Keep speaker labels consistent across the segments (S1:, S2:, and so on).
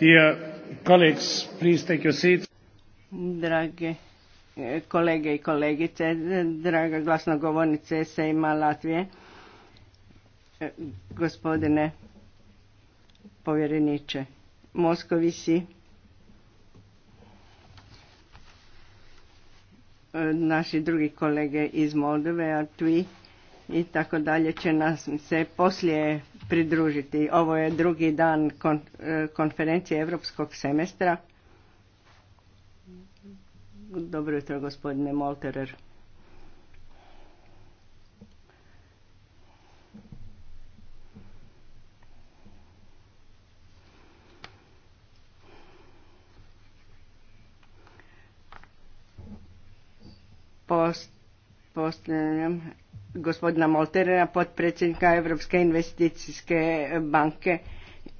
S1: Drage
S2: eh, kolege i kolegice, draga glasnogovornice Sejma Latvije, eh, gospodine povjereniče Moskovisi, eh, naši drugi kolege iz Moldove, a i tako dalje će nas se poslije pridružiti. Ovo je drugi dan e, konferencije Europskog semestra. Dobro jutro gospodine Molterer. Post, gospodina Molterena, potpredsjednika Europske investicijske banke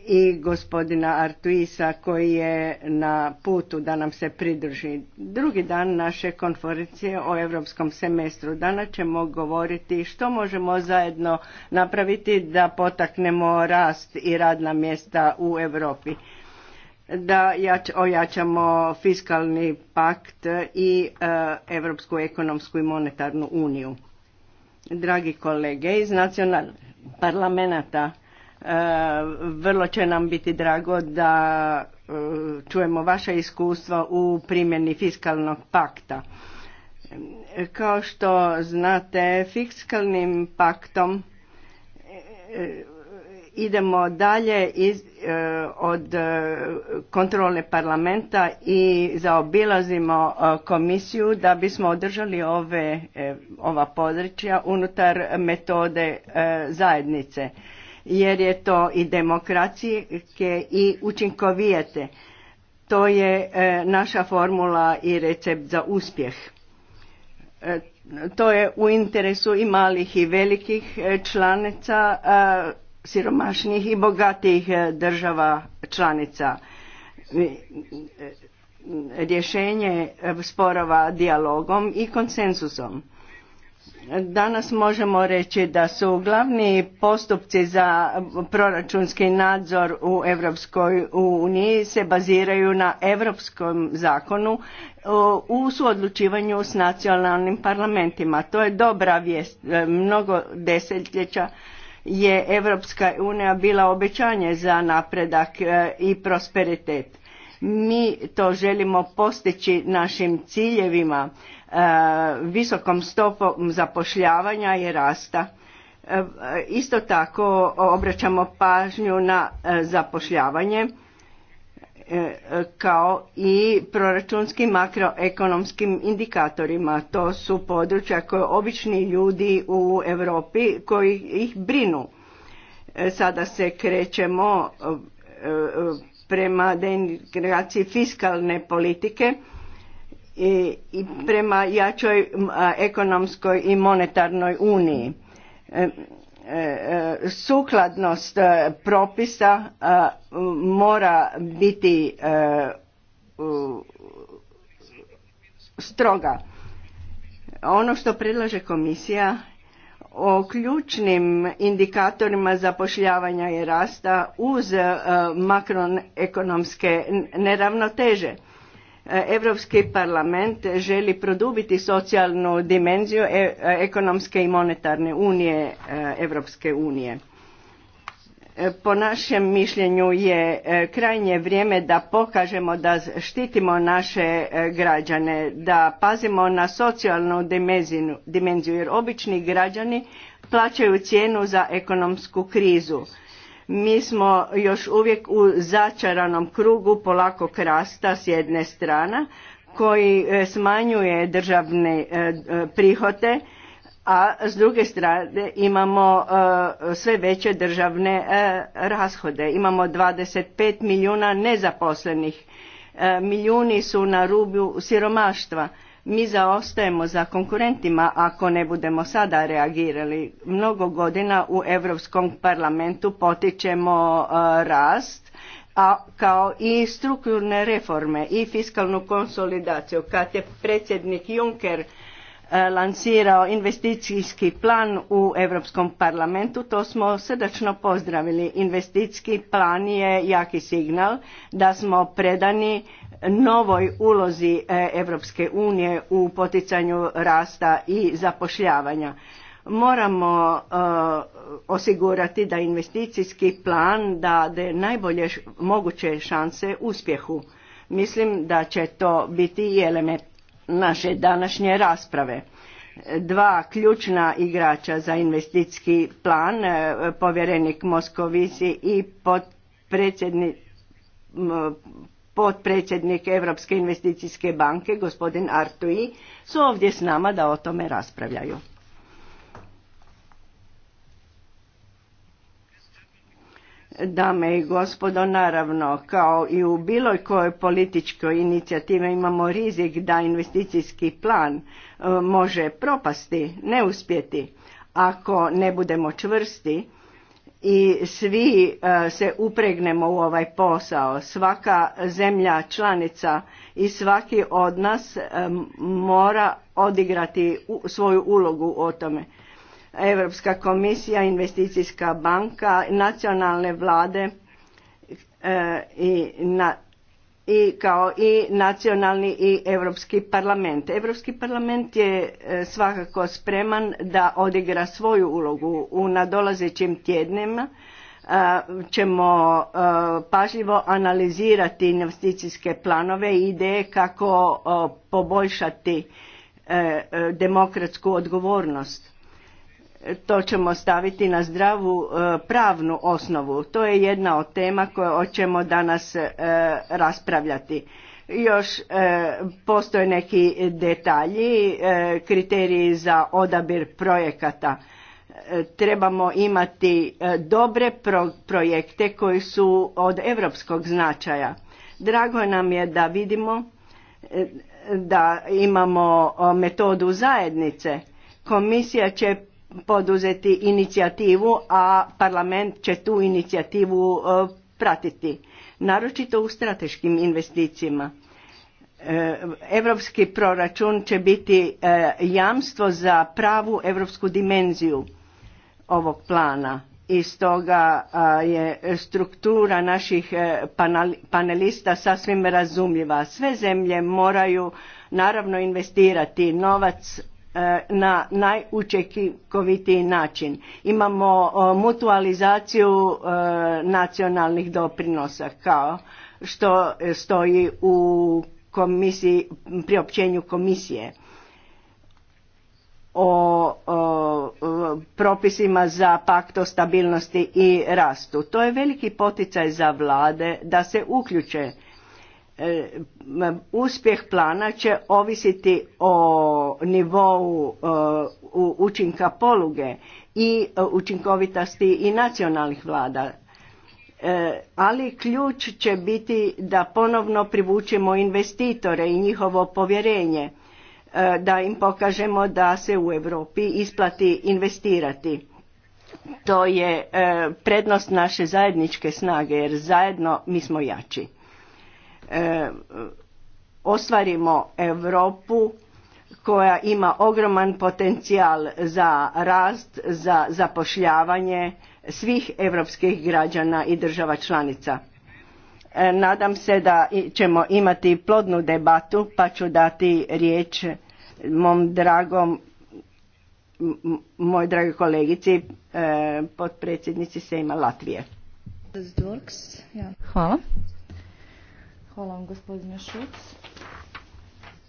S2: i gospodina Artuisa koji je na putu da nam se pridruži. Drugi dan naše konferencije o europskom semestru. Danas ćemo govoriti što možemo zajedno napraviti da potaknemo rast i radna mjesta u Europi da ojačamo fiskalni pakt i Europsku ekonomsku i monetarnu uniju dragi kolege iz nacionalnog parlamenta, e, vrlo će nam biti drago da e, čujemo vaša iskustva u primjeni fiskalnog pakta. Kao što znate, fiskalnim paktom e, idemo dalje iz, e, od e, kontrole parlamenta i zaobilazimo e, komisiju da bismo održali ove, ova područja unutar metode zajednice jer je to i demokracije i učinkovijete. To je naša formula i recept za uspjeh. To je u interesu i malih i velikih članica siromašnijih i bogatijih e, država članica. E, rješenje e, sporova dijalogom i konsensusom. Danas možemo reći da su glavni postupci za proračunski nadzor u Europskoj uniji se baziraju na europskom zakonu u suodlučivanju s nacionalnim parlamentima. To je dobra vijest. Mnogo desetljeća je Europska unija bila obećanje za napredak e, i prosperitet. Mi to želimo postići našim ciljevima, e, visokom stopom zapošljavanja i rasta. E, isto tako obraćamo pažnju na zapošljavanje E, kao i proračunskim makroekonomskim indikatorima. To su područja koje obični ljudi u Europi koji ih brinu. E, sada se krećemo e, prema denigraciji fiskalne politike i prema jačoj ekonomskoj i monetarnoj uniji sukladnost e, propisa e, mora biti e, stroga. Ono što predlaže komisija o ključnim indikatorima zapošljavanja i rasta uz makroekonomske neravnoteže Europski parlament želi produbiti socijalnu dimenziju e, ekonomske i monetarne unije Europske unije. E, po našem mišljenju je e, krajnje vrijeme da pokažemo da štitimo naše građane, da pazimo na socijalnu dimenziju jer obični građani plaćaju cijenu za ekonomsku krizu mi smo još uvijek u začaranom krugu polako krasta s jedne strane koji e, smanjuje državne e, e, prihode, a s druge strane imamo sve veće državne rashode. Imamo 25 milijuna nezaposlenih, milijuni su na rubu siromaštva mi zaostajemo za konkurentima ako ne budemo sada reagirali. Mnogo godina u Europskom parlamentu potičemo uh, rast, a kao i strukturne reforme i fiskalnu konsolidaciju. Kad je predsjednik Juncker uh, lansirao investicijski plan u Europskom parlamentu, to smo srdačno pozdravili. Investicijski plan je jaki signal da smo predani novoj ulozi Europske unije u poticanju rasta i zapošljavanja. Moramo e, osigurati da investicijski plan dade najbolje moguće šanse uspjehu. Mislim da će to biti i element naše današnje rasprave. Dva ključna igrača za investicijski plan, e, povjerenik Moskovici i potpredsjednik potpredsjednik Europske investicijske banke, gospodin Artui, su ovdje s nama da o tome raspravljaju. Dame i gospodo, naravno, kao i u bilo kojoj političkoj inicijativi imamo rizik da investicijski plan e, može propasti, ne uspjeti. Ako ne budemo čvrsti, i svi e, se upregnemo u ovaj posao. Svaka zemlja članica i svaki od nas e, mora odigrati svoju ulogu o tome. Europska komisija, investicijska banka, nacionalne vlade e, i na i kao i nacionalni i Europski parlament. Europski parlament je e, svakako spreman da odigra svoju ulogu u nadolazećim tjednima e, ćemo e, pažljivo analizirati investicijske planove i ideje kako poboljšati demokratsku odgovornost to ćemo staviti na zdravu e, pravnu osnovu. To je jedna od tema koje ćemo danas e, raspravljati. Još e, postoje neki detalji, kriteriji za odabir projekata. Trebamo imati dobre projekte koji su od europskog značaja. Drago nam je da vidimo da imamo metodu zajednice. Komisija će poduzeti inicijativu, a parlament će tu inicijativu e, pratiti, naročito u strateškim investicijama. Europski proračun će biti e, jamstvo za pravu europsku dimenziju ovog plana i stoga je struktura naših e, panelista sasvim razumljiva. Sve zemlje moraju naravno investirati novac E, na najučekovitiji način. Imamo mutualizaciju e, nacionalnih doprinosa kao što stoji u komisiji, priopćenju komisije o, o propisima za pakt o stabilnosti i rastu. To je veliki poticaj za vlade da se uključe E, uspjeh plana će ovisiti o nivou e, učinka poluge i e, učinkovitosti i nacionalnih vlada. Ali ključ će biti da ponovno privučemo investitore i njihovo povjerenje, da im pokažemo da se u Europi isplati investirati. To je prednost naše zajedničke snage jer zajedno mi smo jači. E, ostvarimo Europu koja ima ogroman potencijal za rast, za zapošljavanje svih europskih građana i država članica. E, nadam se da ćemo imati plodnu debatu pa ću dati riječ mom dragom moj dragoj kolegici e, potpredsjednici Sejma Latvije.
S1: Hvala. Hvala vam gospodine Šuc,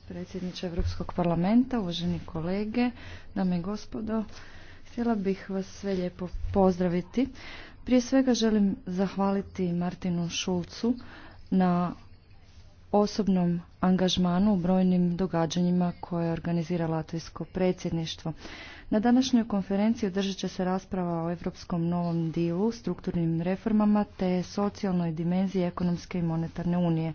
S1: predsjedniče Europskog parlamenta, uvaženi kolege, dame i gospodo. Htjela bih vas sve lijepo pozdraviti. Prije svega želim zahvaliti Martinu Šulcu na osobnom angažmanu u brojnim događanjima koje je organizira Latvijsko predsjedništvo. Na današnjoj konferenciji održat će se rasprava o europskom novom dilu, strukturnim reformama te socijalnoj dimenziji ekonomske i monetarne unije.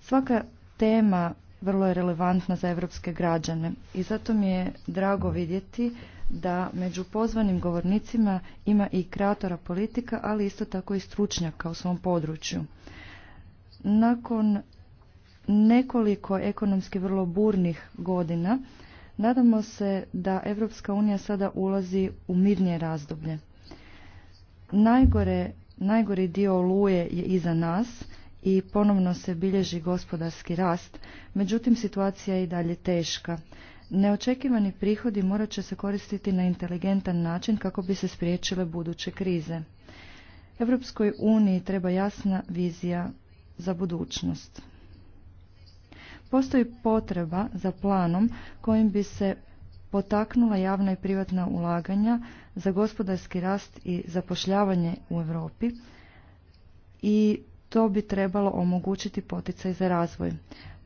S1: Svaka tema vrlo je relevantna za evropske građane i zato mi je drago vidjeti da među pozvanim govornicima ima i kreatora politika, ali isto tako i stručnjaka u svom području. Nakon nekoliko ekonomski vrlo burnih godina Nadamo se da Evropska unija sada ulazi u mirnije razdoblje. najgori dio oluje je iza nas i ponovno se bilježi gospodarski rast, međutim situacija je i dalje teška. Neočekivani prihodi morat će se koristiti na inteligentan način kako bi se spriječile buduće krize. Europskoj uniji treba jasna vizija za budućnost. Postoji potreba za planom kojim bi se potaknula javna i privatna ulaganja za gospodarski rast i zapošljavanje u Europi i to bi trebalo omogućiti poticaj za razvoj.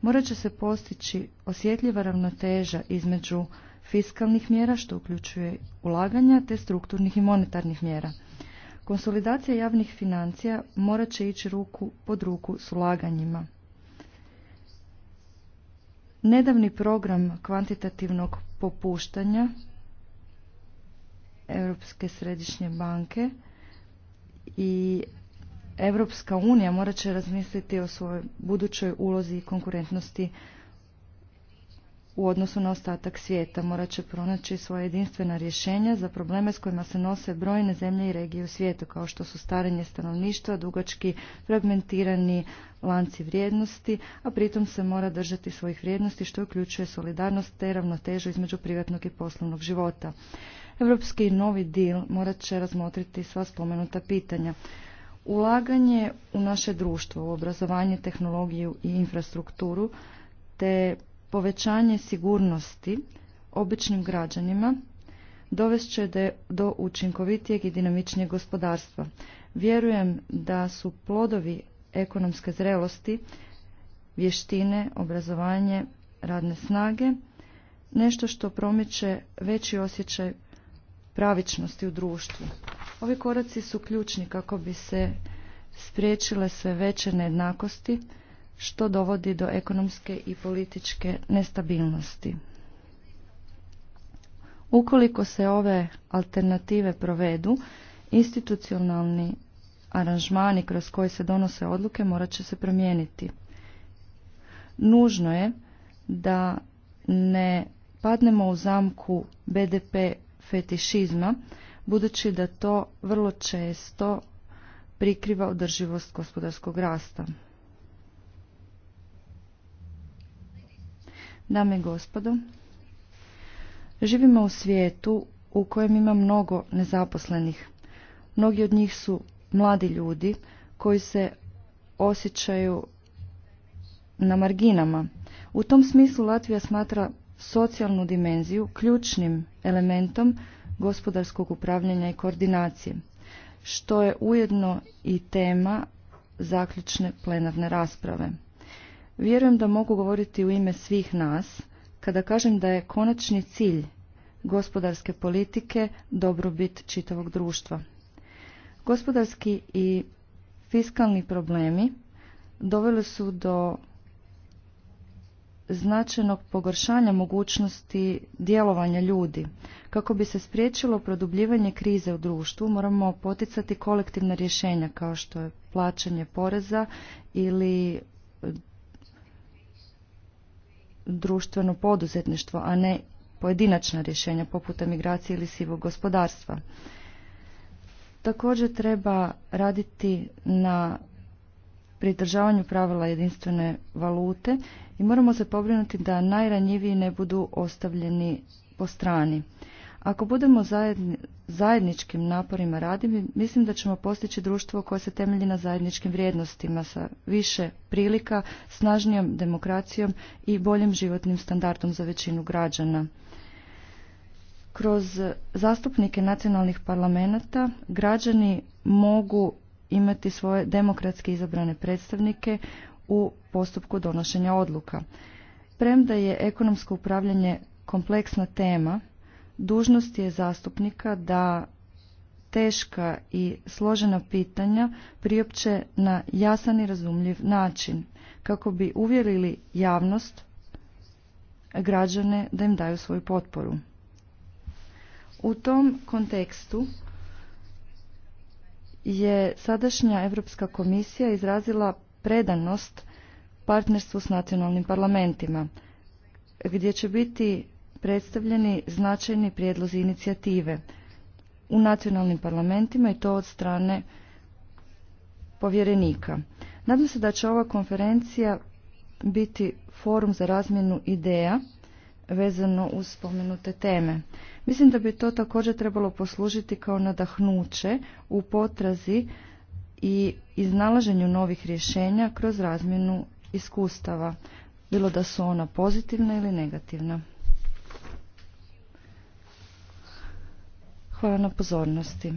S1: Morat će se postići osjetljiva ravnoteža između fiskalnih mjera, što uključuje ulaganja, te strukturnih i monetarnih mjera. Konsolidacija javnih financija morat će ići ruku pod ruku s ulaganjima. Nedavni program kvantitativnog popuštanja Europske središnje banke i Europska unija morat će razmisliti o svojoj budućoj ulozi i konkurentnosti u odnosu na ostatak svijeta. Morat će pronaći svoje jedinstvena rješenja za probleme s kojima se nose brojne zemlje i regije u svijetu, kao što su starenje stanovništva, dugački fragmentirani lanci vrijednosti, a pritom se mora držati svojih vrijednosti što uključuje solidarnost te ravnotežu između privatnog i poslovnog života. Europski novi dil morat će razmotriti sva spomenuta pitanja. Ulaganje u naše društvo, u obrazovanje, tehnologiju i infrastrukturu, te povećanje sigurnosti običnim građanima dovest će do učinkovitijeg i dinamičnijeg gospodarstva. Vjerujem da su plodovi ekonomske zrelosti, vještine, obrazovanje, radne snage, nešto što promiče veći osjećaj pravičnosti u društvu. Ovi koraci su ključni kako bi se spriječile sve veće nejednakosti, što dovodi do ekonomske i političke nestabilnosti. Ukoliko se ove alternative provedu, institucionalni aranžmani kroz koje se donose odluke morat će se promijeniti. Nužno je da ne padnemo u zamku BDP fetišizma, budući da to vrlo često prikriva održivost gospodarskog rasta. Dame i gospodo, živimo u svijetu u kojem ima mnogo nezaposlenih. Mnogi od njih su mladi ljudi koji se osjećaju na marginama. U tom smislu Latvija smatra socijalnu dimenziju ključnim elementom gospodarskog upravljanja i koordinacije, što je ujedno i tema zaključne plenarne rasprave. Vjerujem da mogu govoriti u ime svih nas kada kažem da je konačni cilj gospodarske politike dobrobit čitavog društva. Gospodarski i fiskalni problemi doveli su do značajnog pogoršanja mogućnosti djelovanja ljudi. Kako bi se spriječilo produbljivanje krize u društvu, moramo poticati kolektivna rješenja kao što je plaćanje poreza ili društveno poduzetništvo, a ne pojedinačna rješenja poput emigracije ili sivog gospodarstva. Također treba raditi na pridržavanju pravila jedinstvene valute i moramo se pobrinuti da najranjiviji ne budu ostavljeni po strani. Ako budemo zajedničkim naporima radili, mislim da ćemo postići društvo koje se temelji na zajedničkim vrijednostima sa više prilika, snažnijom demokracijom i boljim životnim standardom za većinu građana. Kroz zastupnike nacionalnih parlamenata građani mogu imati svoje demokratski izabrane predstavnike u postupku donošenja odluka. Premda je ekonomsko upravljanje kompleksna tema, dužnost je zastupnika da teška i složena pitanja priopće na jasan i razumljiv način kako bi uvjerili javnost građane da im daju svoju potporu. U tom kontekstu je sadašnja Europska komisija izrazila predanost partnerstvu s nacionalnim parlamentima, gdje će biti predstavljeni značajni prijedlozi inicijative u nacionalnim parlamentima i to od strane povjerenika. Nadam se da će ova konferencija biti forum za razmjenu ideja vezano uz spomenute teme. Mislim da bi to također trebalo poslužiti kao nadahnuće u potrazi i iznalaženju novih rješenja kroz razmjenu iskustava, bilo da su ona pozitivna ili negativna. Hvala na pozornosti.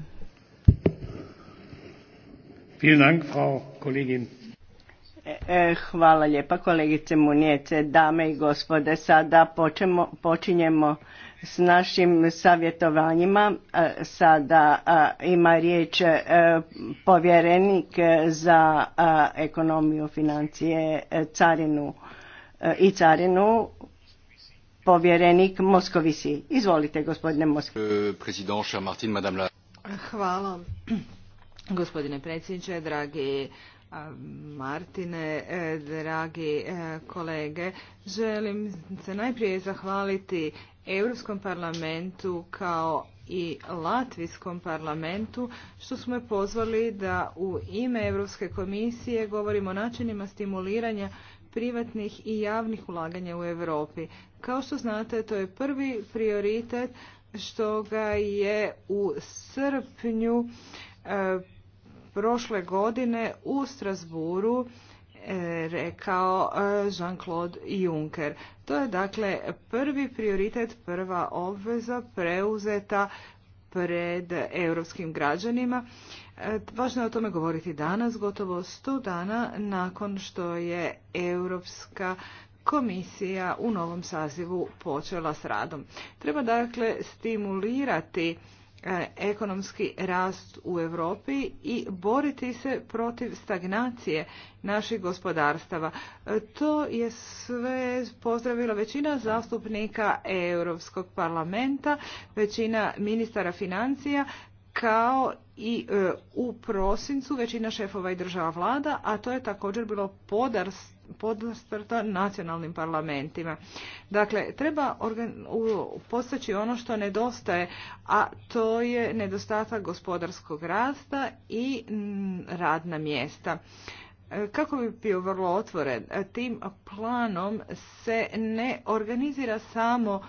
S2: E, e, hvala lijepa kolegice Munijece, dame i gospode. Sada počinjemo s našim savjetovanjima. E, sada ima riječ povjerenik za ekonomiju, financije, carinu i carinu povjerenik Moskovisi. Izvolite, gospodine e,
S3: Hvala, gospodine predsjedniče, dragi e, Martine, e, dragi kolege. Želim se najprije zahvaliti Europskom parlamentu kao i Latvijskom parlamentu što smo je pozvali da u ime Europske komisije govorimo o načinima stimuliranja privatnih i javnih ulaganja u Europi. Kao što znate, to je prvi prioritet što ga je u srpnju e, prošle godine u Strasburu e, rekao e, Jean-Claude Juncker. To je dakle prvi prioritet, prva obveza preuzeta pred europskim građanima E, važno je o tome govoriti danas, gotovo sto dana nakon što je Europska komisija u novom sazivu počela s radom. Treba dakle stimulirati e, ekonomski rast u Europi i boriti se protiv stagnacije naših gospodarstava. E, to je sve pozdravila većina zastupnika Europskog parlamenta, većina ministara financija kao i e, u prosincu većina šefova i država vlada, a to je također bilo podastrta nacionalnim parlamentima. Dakle, treba postaći ono što nedostaje, a to je nedostatak gospodarskog rasta i radna mjesta. E, kako bi bio vrlo otvoren, tim planom se ne organizira samo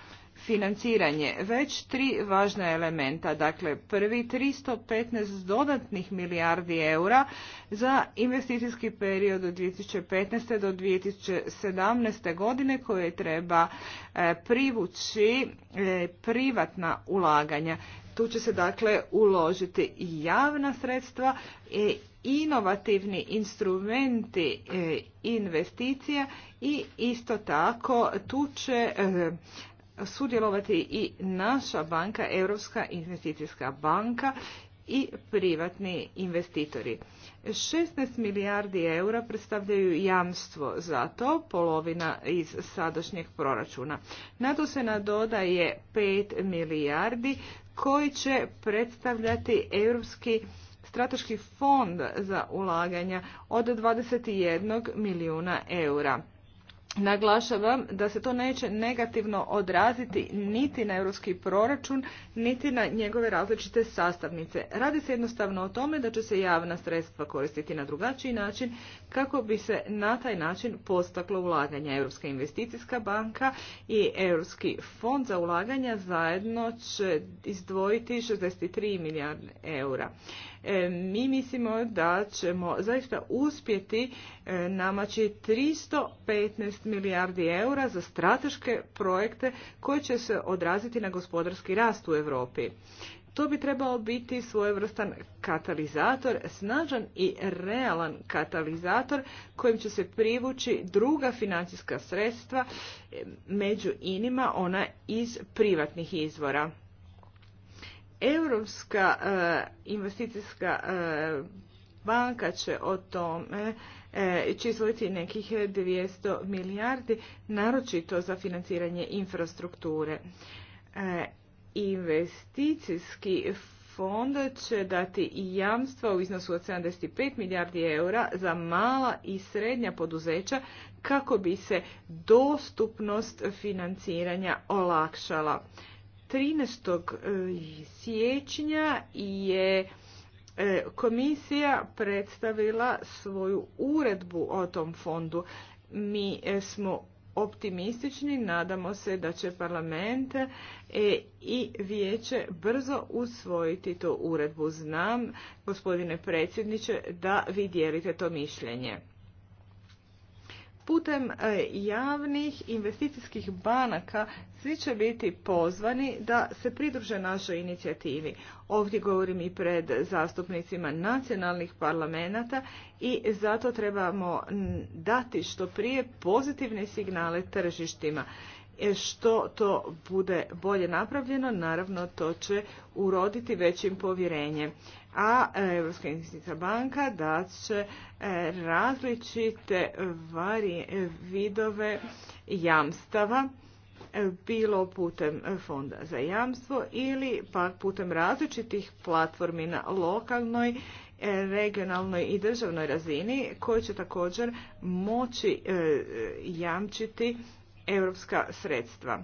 S3: financiranje, već tri važna elementa. Dakle, prvi 315 dodatnih milijardi eura za investicijski period od 2015. do 2017. godine koje treba e, privući e, privatna ulaganja. Tu će se dakle uložiti javna sredstva i inovativni instrumenti e, investicija i isto tako tu će sudjelovati i naša banka, Europska investicijska banka i privatni investitori. 16 milijardi eura predstavljaju jamstvo za to, polovina iz sadašnjeg proračuna. Na to se nadodaje 5 milijardi koji će predstavljati Europski strateški fond za ulaganja od 21 milijuna eura. Naglašavam da se to neće negativno odraziti niti na europski proračun, niti na njegove različite sastavnice. Radi se jednostavno o tome da će se javna sredstva koristiti na drugačiji način kako bi se na taj način postaklo ulaganje. Europska investicijska banka i Europski fond za ulaganja zajedno će izdvojiti 63 milijarde eura. E, mi mislimo da ćemo zaista uspjeti e, namaći 315 milijardi eura za strateške projekte koji će se odraziti na gospodarski rast u Europi. To bi trebao biti svojevrstan katalizator, snažan i realan katalizator kojim će se privući druga financijska sredstva, e, među inima ona iz privatnih izvora. Europska eh, investicijska eh, banka će o tome će eh, nekih 200 milijardi, naročito za financiranje infrastrukture. Investicijski fond će dati i jamstva u iznosu od 75 milijardi eura za mala i srednja poduzeća kako bi se dostupnost financiranja olakšala. 13. siječnja je e, komisija predstavila svoju uredbu o tom fondu. Mi e, smo optimistični, nadamo se da će parlament e, i vijeće brzo usvojiti tu uredbu. Znam, gospodine predsjedniče, da vi dijelite to mišljenje putem e, javnih investicijskih banaka svi će biti pozvani da se pridruže našoj inicijativi. Ovdje govorim i pred zastupnicima nacionalnih parlamenta i zato trebamo dati što prije pozitivne signale tržištima E, što to bude bolje napravljeno, naravno to će uroditi većim povjerenjem. A Europska investicijska banka daće će e, različite varije, vidove jamstava, e, bilo putem fonda za jamstvo ili pak putem različitih platformi na lokalnoj, regionalnoj i državnoj razini koji će također moći jamčiti europska sredstva.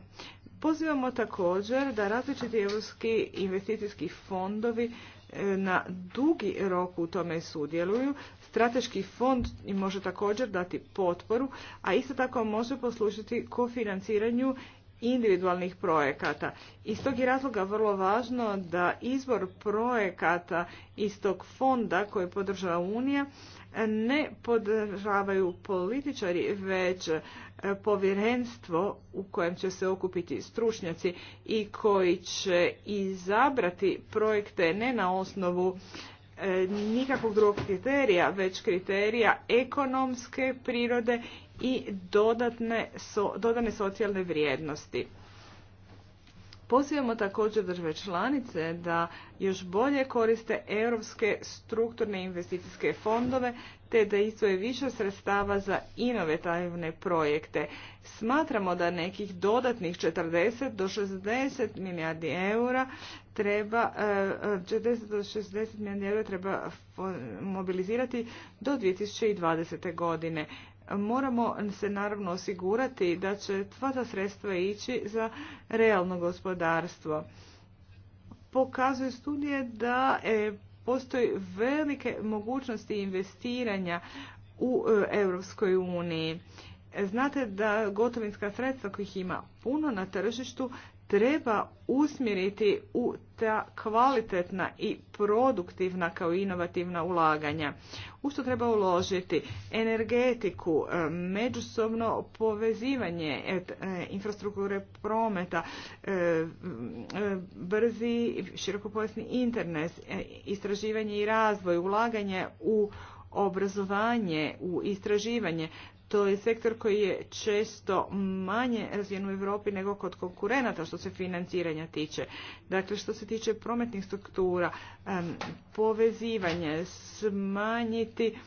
S3: Pozivamo također da različiti europski investicijski fondovi e, na dugi rok u tome sudjeluju. Strateški fond im može također dati potporu, a isto tako može poslužiti kofinanciranju individualnih projekata. Iz tog je razloga vrlo važno da izbor projekata iz tog fonda koje podržava Unija ne podržavaju političari, već E, povjerenstvo u kojem će se okupiti stručnjaci i koji će izabrati projekte ne na osnovu e, nikakvog drugog kriterija, već kriterija ekonomske prirode i dodane socijalne vrijednosti. Pozivamo također države članice da još bolje koriste europske strukturne investicijske fondove te da istoje više sredstava za inovativne projekte. Smatramo da nekih dodatnih 40 do 60 milijardi eura treba 40 e, do 60 milijardi eura treba mobilizirati do 2020. godine. Moramo se naravno osigurati da će sva ta sredstva ići za realno gospodarstvo. Pokazuju studije da e, postoji velike mogućnosti investiranja u e, Europskoj uniji. E, znate da gotovinska sredstva kojih ima puno na tržištu treba usmjeriti u ta kvalitetna i produktivna kao inovativna ulaganja. U što treba uložiti? Energetiku, e, međusobno povezivanje e, e, infrastrukture prometa, brzi širokopojasni internet, istraživanje i razvoj, ulaganje u obrazovanje, u istraživanje. To je sektor koji je često manje razvijen u Europi nego kod konkurenata što se financiranja tiče. Dakle, što se tiče prometnih struktura, povezivanje, smanjiti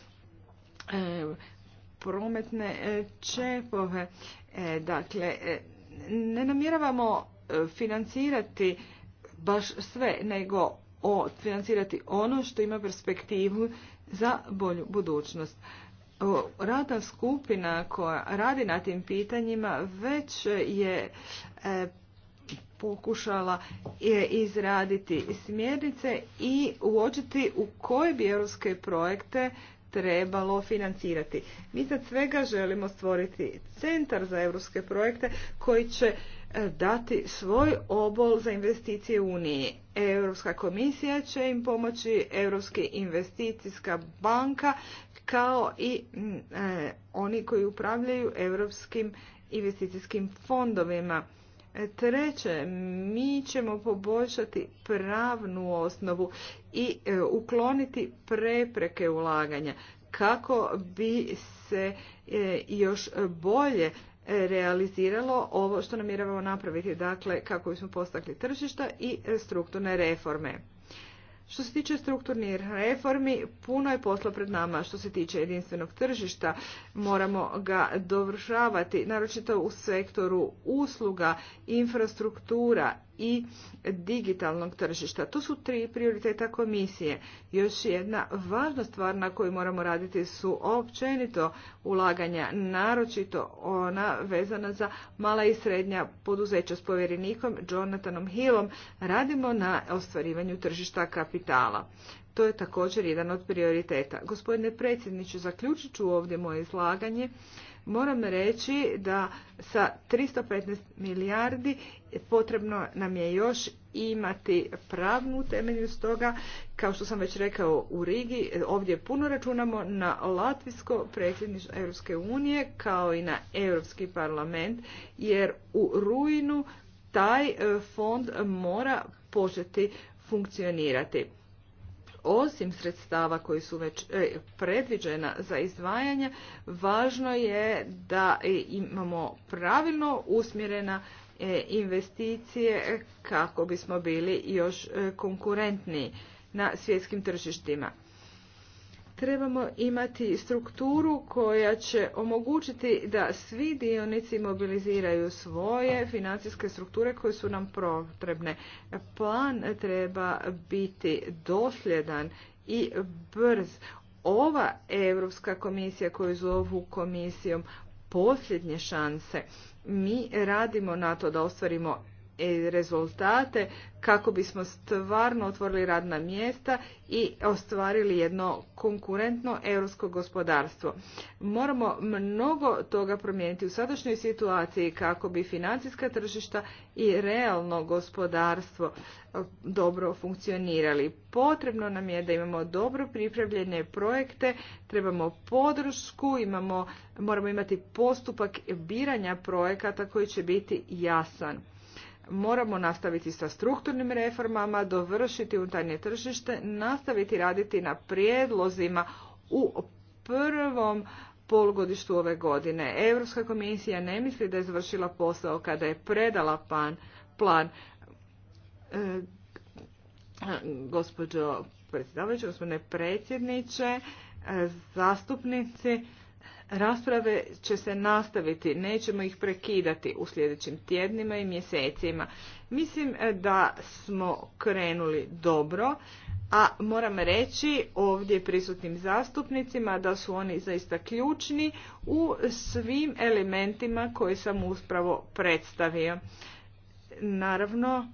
S3: prometne e, čepove. E, dakle, e, ne namjeravamo financirati baš sve, nego financirati ono što ima perspektivu za bolju budućnost radna skupina koja radi na tim pitanjima već je e, pokušala e, izraditi smjernice i uočiti u koje bi europske projekte trebalo financirati. Mi sad svega želimo stvoriti centar za europske projekte koji će e, dati svoj obol za investicije u Uniji. Europska komisija će im pomoći, Europska investicijska banka kao i mm, e, oni koji upravljaju europskim investicijskim fondovima. E, treće, mi ćemo poboljšati pravnu osnovu i e, ukloniti prepreke ulaganja kako bi se još bolje realiziralo ovo što namjeravamo napraviti, dakle kako bismo postakli tržišta i strukturne reforme. Što se tiče strukturnih reformi, puno je posla pred nama. Što se tiče jedinstvenog tržišta, moramo ga dovršavati, naročito u sektoru usluga, infrastruktura, i digitalnog tržišta. To su tri prioriteta komisije. Još jedna važna stvar na koju moramo raditi su općenito ulaganja, naročito ona vezana za mala i srednja poduzeća s povjerenikom Jonathanom Hillom. Radimo na ostvarivanju tržišta kapitala. To je također jedan od prioriteta. Gospodine predsjedniče, zaključit ću ovdje moje izlaganje Moram reći da sa 315 milijardi potrebno nam je još imati pravnu temelju stoga, kao što sam već rekao u Rigi, ovdje puno računamo na Latvijsko predsjedništvo Europske unije kao i na Europski parlament, jer u rujnu taj e, fond mora početi funkcionirati osim sredstava koji su već e, predviđena za izdvajanje, važno je da e, imamo pravilno usmjerena e, investicije kako bismo bili još konkurentniji na svjetskim tržištima trebamo imati strukturu koja će omogućiti da svi dionici mobiliziraju svoje financijske strukture koje su nam potrebne. Plan treba biti dosljedan i brz. Ova Europska komisija koju zovu komisijom posljednje šanse. Mi radimo na to da ostvarimo E, rezultate kako bismo stvarno otvorili radna mjesta i ostvarili jedno konkurentno europsko gospodarstvo. Moramo mnogo toga promijeniti u sadašnjoj situaciji kako bi financijska tržišta i realno gospodarstvo e, dobro funkcionirali. Potrebno nam je da imamo dobro pripravljene projekte, trebamo podršku, moramo imati postupak biranja projekata koji će biti jasan. Moramo nastaviti sa strukturnim reformama, dovršiti unutarnje tržište, nastaviti raditi na prijedlozima u prvom polugodištu ove godine. Europska komisija ne misli da je završila posao kada je predala pan, plan e, gospođo predsjedavajući, gospodine predsjedniče, e, zastupnici. Rasprave će se nastaviti, nećemo ih prekidati u sljedećim tjednima i mjesecima. Mislim e, da smo krenuli dobro, a moram reći ovdje prisutnim zastupnicima da su oni zaista ključni u svim elementima koje sam uspravo predstavio. Naravno,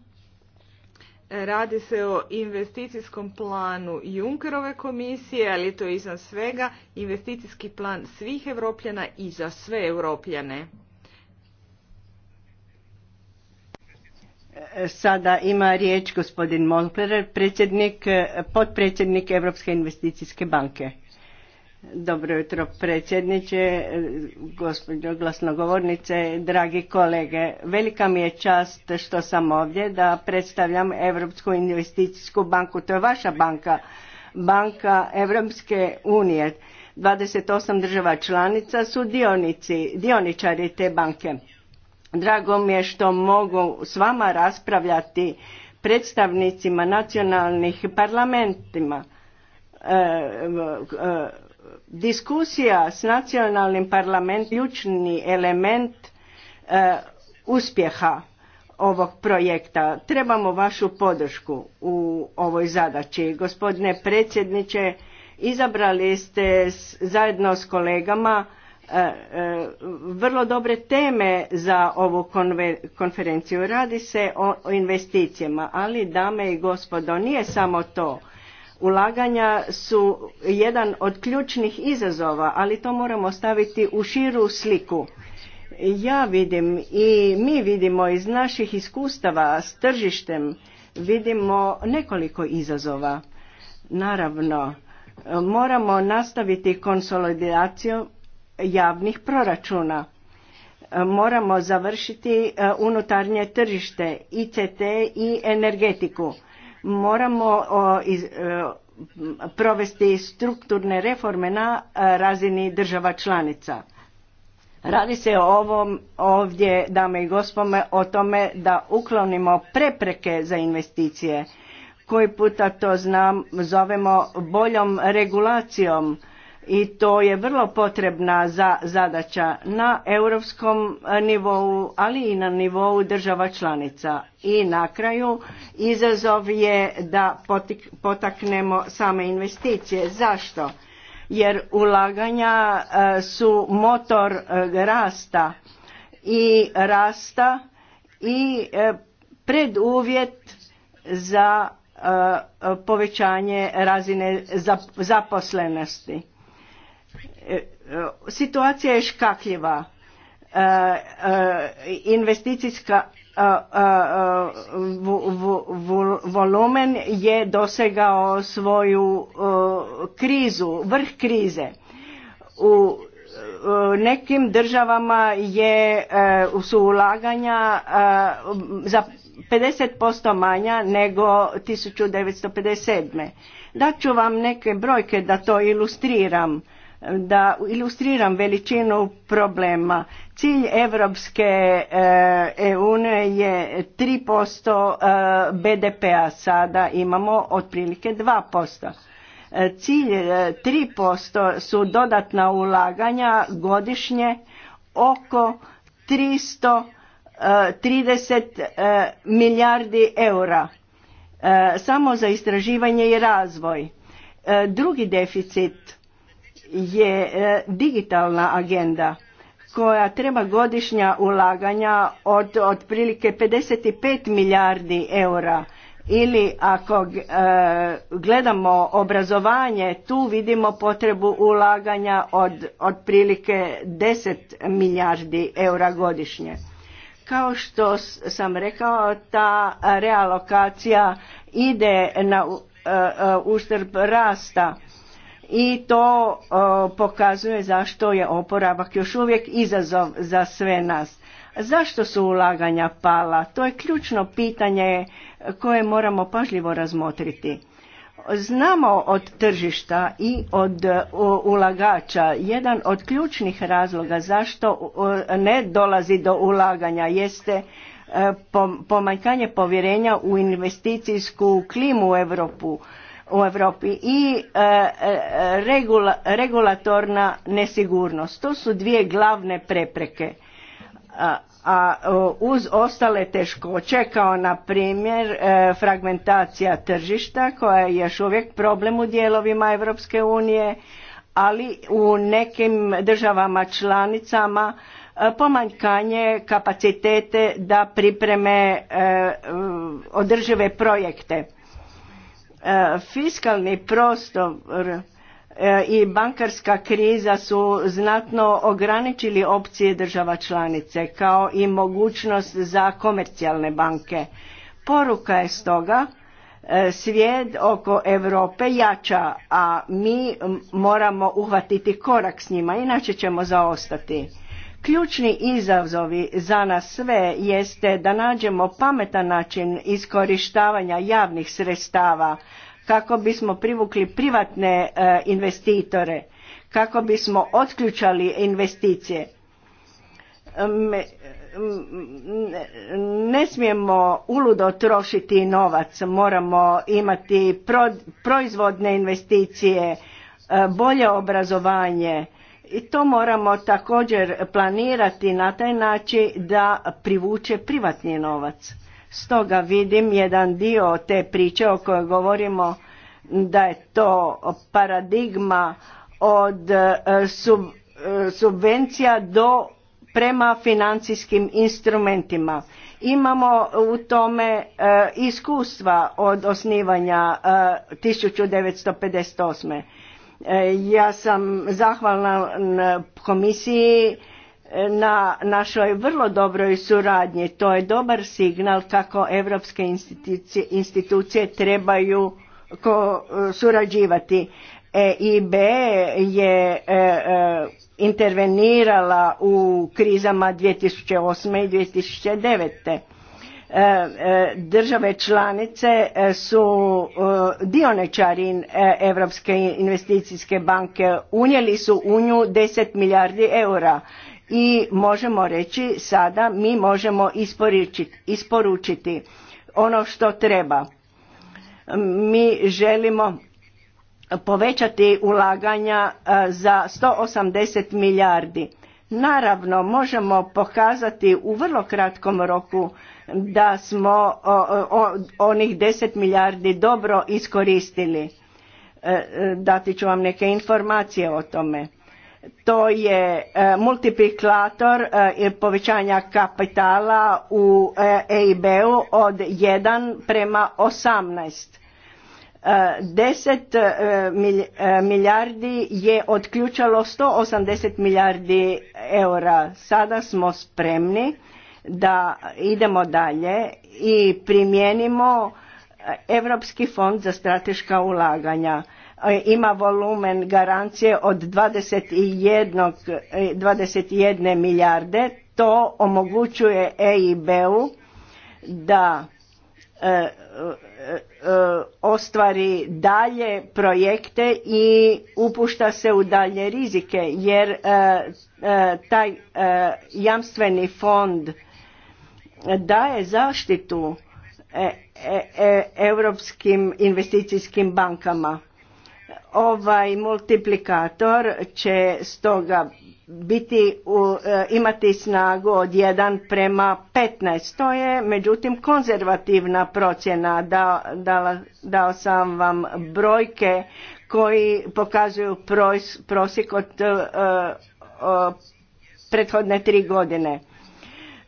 S3: Radi se o investicijskom planu Junkerove komisije, ali to je svega investicijski plan svih europljana i za sve Evropljane.
S2: E, sada ima riječ gospodin Molkler, predsjednik, potpredsjednik Europske investicijske banke. Dobro jutro predsjedniče, gospođo glasnogovornice, dragi kolege. Velika mi je čast što sam ovdje da predstavljam Europsku investicijsku banku. To je vaša banka, banka Europske unije. 28 država članica su dionici, dioničari te banke. Drago mi je što mogu s vama raspravljati predstavnicima nacionalnih parlamentima. E, e, Diskusija s nacionalnim parlamentom je ključni element e, uspjeha ovog projekta. Trebamo vašu podršku u ovoj zadaći. Gospodine predsjedniče, izabrali ste zajedno s kolegama e, e, vrlo dobre teme za ovu konferenciju. Radi se o investicijama, ali dame i gospodo, nije samo to. Ulaganja su jedan od ključnih izazova, ali to moramo staviti u širu sliku. Ja vidim i mi vidimo iz naših iskustava s tržištem, vidimo nekoliko izazova. Naravno, moramo nastaviti konsolidaciju javnih proračuna. Moramo završiti e, unutarnje tržište, ICT i energetiku Moramo e, provesti strukturne reforme na e, razini država članica. Radi se o ovom ovdje, dame i gospome, o tome da uklonimo prepreke za investicije. Koji puta to znam, zovemo boljom regulacijom i to je vrlo potrebna za zadaća na europskom e, nivou, ali i na nivou država članica. I na kraju izazov je da potaknemo same investicije. Zašto? Jer ulaganja e, su motor e, rasta i rasta i preduvjet za povećanje razine zaposlenosti E, e, situacija je škakljiva. E, investicijska volumen je dosegao svoju krizu, vrh krize. U nekim državama je, su ulaganja za 50% manja nego 1957. Daću vam neke brojke da to ilustriram da ilustriram veličinu problema. Cilj Evropske eh, unije je 3% eh, BDP-a, sada imamo otprilike 2%. Eh, cilj 3% su dodatna ulaganja godišnje oko 330 milijardi eura samo za istraživanje i razvoj. Drugi deficit je e, digitalna agenda koja treba godišnja ulaganja od otprilike 55 milijardi eura ili ako e, gledamo obrazovanje tu vidimo potrebu ulaganja od otprilike 10 milijardi eura godišnje kao što sam rekao ta realokacija ide na e, e uštrb rasta i to pokazuje zašto je oporavak još uvijek izazov za sve nas. Zašto su ulaganja pala? To je ključno pitanje koje moramo pažljivo razmotriti. Znamo od tržišta i od ulagača jedan od ključnih razloga zašto ne dolazi do ulaganja jeste e, pomanjkanje povjerenja u investicijsku klimu u Europu u Europi i e, e, regulatorna nesigurnost. To su dvije glavne prepreke. A, uz ostale teškoće kao na primjer e, fragmentacija tržišta koja je još uvijek problem u dijelovima Europske unije, ali u nekim državama članicama pomanjkanje kapacitete da pripreme održive projekte E, fiskalni prostor e, i bankarska kriza su znatno ograničili opcije država članice kao i mogućnost za komercijalne banke. Poruka je stoga e, svijet oko Europe jača, a mi moramo uhvatiti korak s njima, inače ćemo zaostati. Ključni izazovi za nas sve jeste da nađemo pametan način iskorištavanja javnih sredstava kako bismo privukli privatne e, investitore, kako bismo otključali investicije. ne smijemo uludo trošiti novac, moramo imati proizvodne investicije, e, bolje obrazovanje, i to moramo također planirati na taj način da privuče privatni novac. Stoga vidim jedan dio te priče o kojoj govorimo da je to paradigma od e, e, subvencija do prema financijskim instrumentima. Imamo u tome e, iskustva od osnivanja 1958. Ja sam zahvalna komisiji na našoj vrlo dobroj suradnji. To je dobar signal kako evropske institucije, trebaju surađivati. EIB je e, e, intervenirala u krizama 2008. i 2009. E, e, države članice e, su dioničari Europske investicijske banke, unijeli su u nju 10 milijardi eura i možemo reći sada mi možemo isporučiti ono što treba. Mi želimo povećati ulaganja za 180 milijardi. Naravno, možemo pokazati u vrlo kratkom roku da smo onih 10 milijardi dobro iskoristili. E, e, dati ću vam neke informacije o tome. To je e, multiplikator povećanja kapitala u EIB-u od 1 prema 18. 10 milijardi je otključalo 180 milijardi eura. Sada smo spremni da idemo dalje i primijenimo Europski eh, fond za strateška ulaganja. Eh, ima volumen garancije od 21, 21 eh, milijarde. To omogućuje EIB-u da ostvari dalje projekte i upušta se u dalje rizike jer taj jamstveni fond daje zaštitu europskim e, e, investicijskim bankama. Ovaj multiplikator će stoga biti e, imati snagu od 1 prema 15. To je međutim konzervativna procjena. Da, da, dao sam vam brojke koji pokazuju prosjek od prethodne tri godine.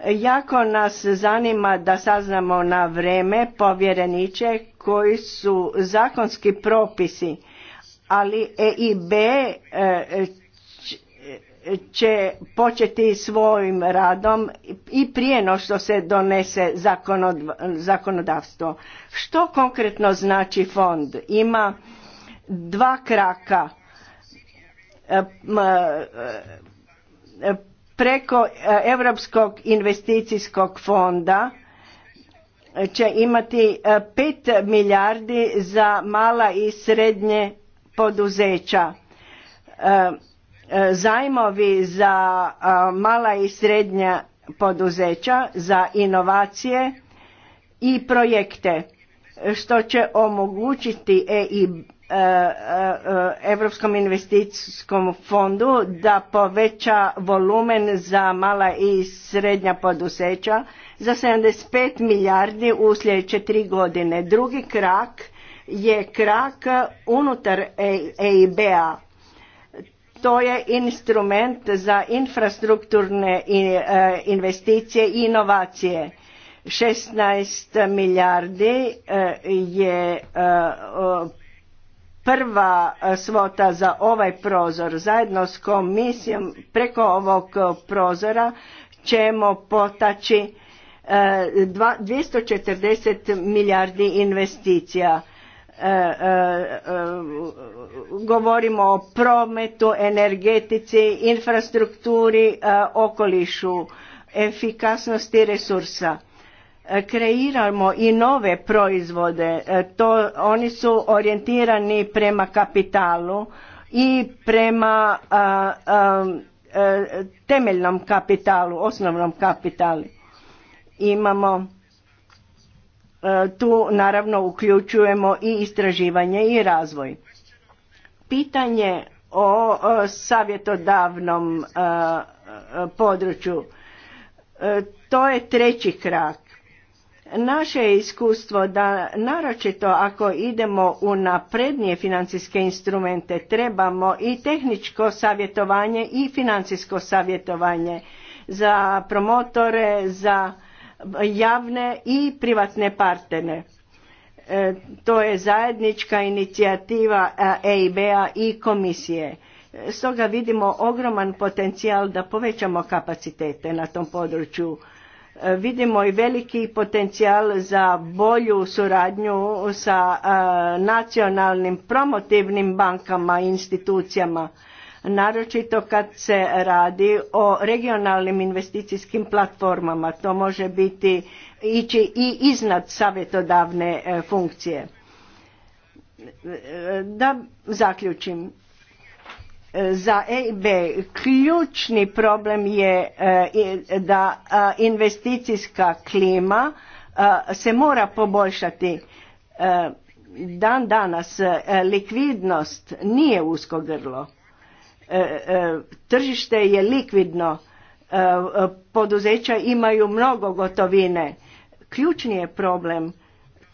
S2: Jako nas zanima da saznamo na vreme povjereniče koji su zakonski propisi, ali EIB e, će početi svojim radom i prije no što se donese zakonodavstvo. Što konkretno znači fond? Ima dva kraka e, e, preko e, Europskog investicijskog fonda će imati 5 e, milijardi za mala i srednje poduzeća. E, zajmovi za mala i srednja poduzeća za inovacije i projekte što će omogućiti EIB Europskom e, e, investicijskom fondu da poveća volumen za mala i srednja poduzeća za 75 milijardi u sljedeće tri godine. Drugi krak je krak unutar EIB-a. To je instrument za infrastrukturne e, investicije i inovacije. 16 milijardi je prva e, svota za ovaj prozor zajedno s komisijom preko ovog e, prozora ćemo potaći 240 e, milijardi investicija. Govorimo o prometu, energetici, infrastrukturi, okolišu, efikasnosti resursa E, kreiramo i nove proizvode e, to oni su orijentirani prema kapitalu i prema e, temeljnom kapitalu osnovnom kapitalu imamo tu naravno uključujemo i istraživanje i razvoj pitanje o, o savjetodavnom području to je treći krak Naše je iskustvo da naročito ako idemo u naprednije financijske instrumente trebamo i tehničko savjetovanje i financijsko savjetovanje za promotore, za javne i privatne partnere. E, to je zajednička inicijativa EIB-a e i komisije. Stoga vidimo ogroman potencijal da povećamo kapacitete na tom području Vidimo i veliki potencijal za bolju suradnju sa nacionalnim promotivnim bankama i institucijama, naročito kad se radi o regionalnim investicijskim platformama. To može biti ići i iznad savjetodavne e, funkcije. E, da zaključim, E, za EIB ključni problem je e, da e, investicijska klima se mora poboljšati. Dan danas likvidnost nije usko grlo. Tržište je likvidno, poduzeća imaju mnogo gotovine. Ključni je problem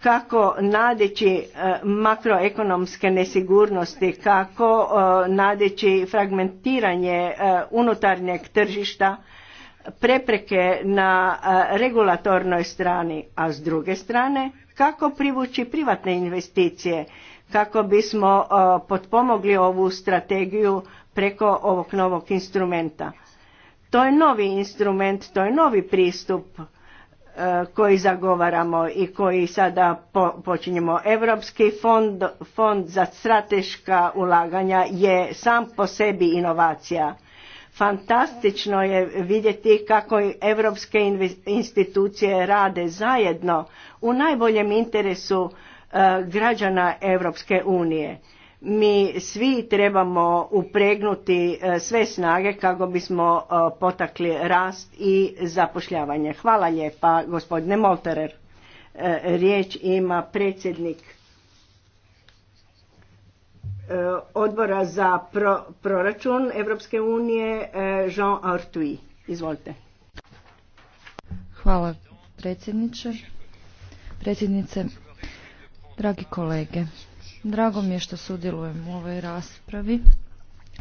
S2: kako nadeći e, makroekonomske nesigurnosti, kako e, nadeći fragmentiranje e, unutarnjeg tržišta, prepreke na regulatornoj strani, a s druge strane kako privući privatne investicije, kako bismo potpomogli ovu strategiju preko ovog novog instrumenta. To je novi instrument, to je novi pristup koji zagovaramo i koji sada počinjemo. Europski fond, fond za strateška ulaganja je sam po sebi inovacija. Fantastično je vidjeti kako europske institucije rade zajedno u najboljem interesu eh, građana Europske unije mi svi trebamo upregnuti e, sve snage kako bismo e, potakli rast i zapošljavanje. Hvala lijepa gospodine Molterer. E, riječ ima predsjednik odbora za proračun Europske unije Jean Artui. Izvolite.
S1: Hvala predsjedniče. Predsjednice, dragi kolege, Drago mi je što sudjelujem u ovoj raspravi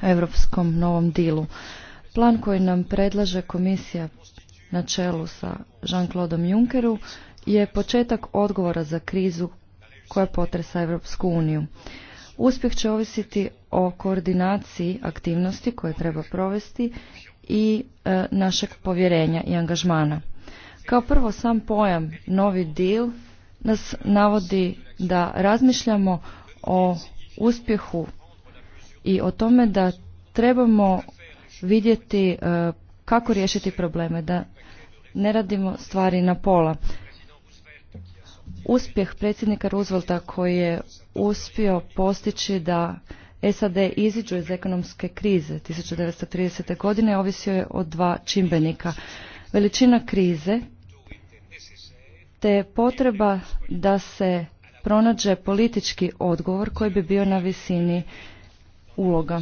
S1: o Europskom novom dilu. Plan koji nam predlaže komisija na čelu sa Jean-Claude Junckeru je početak odgovora za krizu koja potresa Europsku uniju. Uspjeh će ovisiti o koordinaciji aktivnosti koje treba provesti i e, našeg povjerenja i angažmana. Kao prvo sam pojam novi dil, nas navodi da razmišljamo o uspjehu i o tome da trebamo vidjeti e, kako riješiti probleme, da ne radimo stvari na pola. Uspjeh predsjednika Roosevelta koji je uspio postići da SAD iziđu iz ekonomske krize 1930. godine ovisio je o dva čimbenika. Veličina krize te potreba da se pronađe politički odgovor koji bi bio na visini uloga.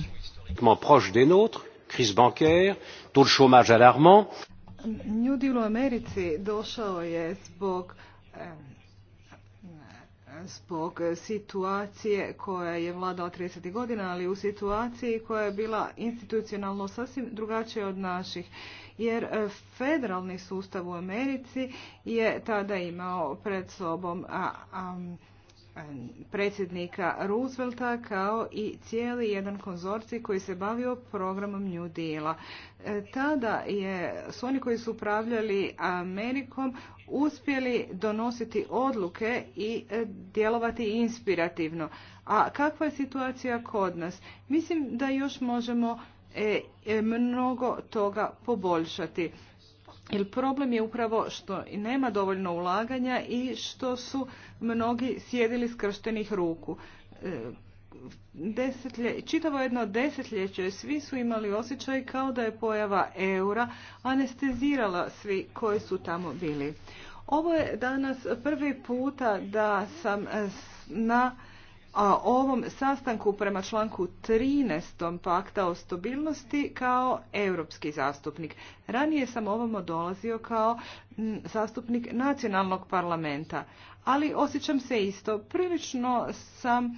S1: New Deal u Americi došao
S3: je zbog zbog situacije koja je vladao 30. godina, ali u situaciji koja je bila institucionalno sasvim drugačija od naših. Jer federalni sustav u Americi je tada imao pred sobom a predsjednika Roosevelta kao i cijeli jedan konzorcij koji se bavio programom New Deal-a. E, tada je, su oni koji su upravljali Amerikom uspjeli donositi odluke i e, djelovati inspirativno. A kakva je situacija kod nas? Mislim da još možemo e, mnogo toga poboljšati. Jer problem je upravo što nema dovoljno ulaganja i što su mnogi sjedili skrštenih ruku. E, desetlje, čitavo jedno desetljeće svi su imali osjećaj kao da je pojava eura anestezirala svi koji su tamo bili. Ovo je danas prvi puta da sam na a ovom sastanku prema članku 13. pakta o stabilnosti kao europski zastupnik. Ranije sam ovom dolazio kao zastupnik nacionalnog parlamenta, ali osjećam se isto. Prilično sam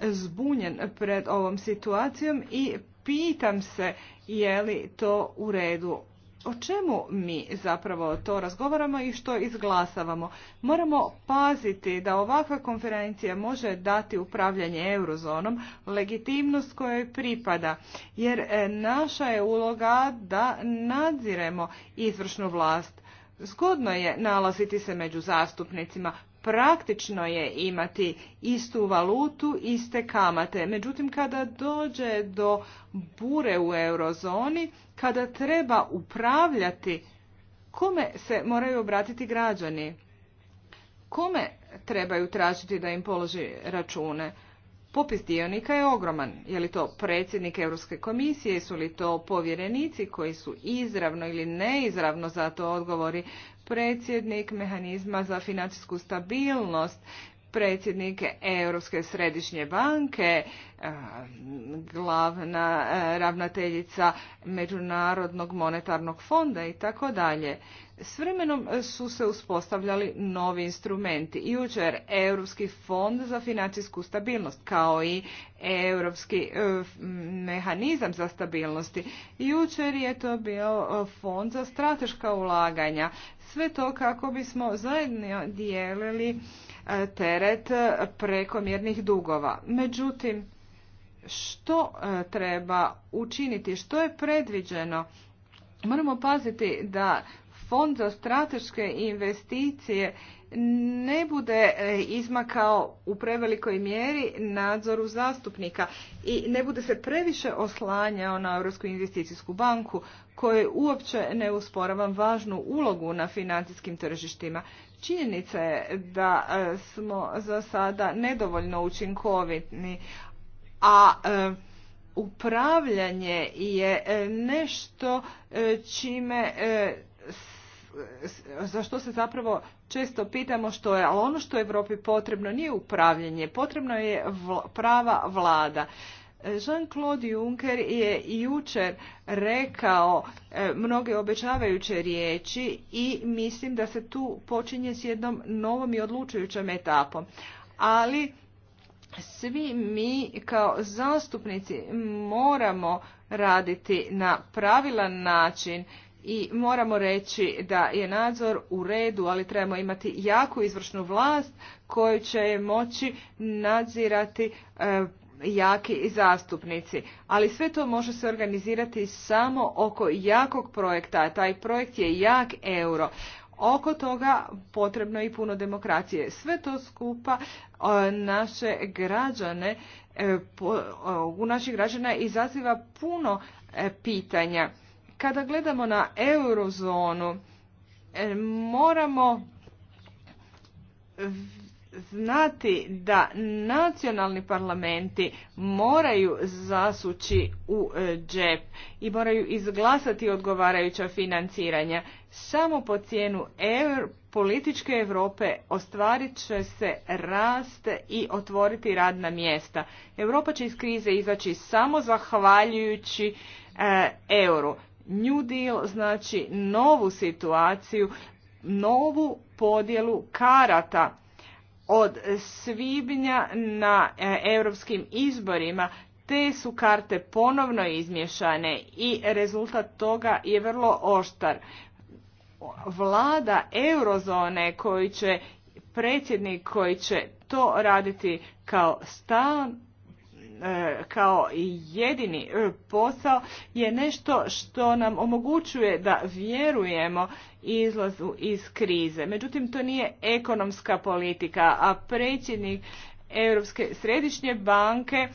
S3: zbunjen pred ovom situacijom i pitam se je li to u redu o čemu mi zapravo to razgovaramo i što izglasavamo. Moramo paziti da ovakva konferencija može dati upravljanje eurozonom legitimnost kojoj pripada, jer e, naša je uloga da nadziremo izvršnu vlast. Zgodno je nalaziti se među zastupnicima, praktično je imati istu valutu, iste kamate. Međutim, kada dođe do bure u eurozoni, kada treba upravljati, kome se moraju obratiti građani? Kome trebaju tražiti da im položi račune? Popis dionika je ogroman. Je li to predsjednik Europske komisije, su li to povjerenici koji su izravno ili neizravno za to odgovori? predsjednik mehanizma za financijsku stabilnost, predsjednik Europske središnje banke, e, glavna e, ravnateljica Međunarodnog monetarnog fonda i tako dalje. S vremenom e, su se uspostavljali novi instrumenti. Jučer Europski fond za financijsku stabilnost kao i Europski e, mehanizam za stabilnosti. Jučer je to bio e, fond za strateška ulaganja. Sve to kako bismo zajedno dijelili teret prekomjernih dugova. Međutim, što treba učiniti, što je predviđeno? Moramo paziti da fond za strateške investicije ne bude e, izmakao u prevelikoj mjeri nadzoru zastupnika i ne bude se previše oslanjao na Europsku investicijsku banku koje uopće ne usporavam važnu ulogu na financijskim tržištima. Činjenica je da e, smo za sada nedovoljno učinkovitni, a e, upravljanje je nešto čime za što se zapravo često pitamo što je, ali ono što je Europi potrebno nije upravljanje, potrebno je prava vlada. E, Jean-Claude Juncker je jučer rekao e, mnoge obećavajuće riječi i mislim da se tu počinje s jednom novom i odlučujućom etapom. Ali svi mi kao zastupnici moramo raditi na pravilan način i moramo reći da je nadzor u redu, ali trebamo imati jaku izvršnu vlast koju će moći nadzirati e, jaki zastupnici. Ali sve to može se organizirati samo oko jakog projekta. Taj projekt je jak euro. Oko toga potrebno je i puno demokracije. Sve to skupa e, naše građane, e, u naših građana izaziva puno pitanja kada gledamo na eurozonu, e, moramo znati da nacionalni parlamenti moraju zasući u e, džep i moraju izglasati odgovarajuća financiranja. Samo po cijenu eur političke Europe ostvarit će se rast i otvoriti radna mjesta. Europa će iz krize izaći samo zahvaljujući e, euru. New Deal znači novu situaciju, novu podjelu karata od svibnja na e, europskim izborima. Te su karte ponovno izmješane i rezultat toga je vrlo oštar. Vlada eurozone koji će predsjednik koji će to raditi kao stan E, kao jedini e, posao je nešto što nam omogućuje da vjerujemo izlazu iz krize. Međutim, to nije ekonomska politika, a predsjednik Europske središnje banke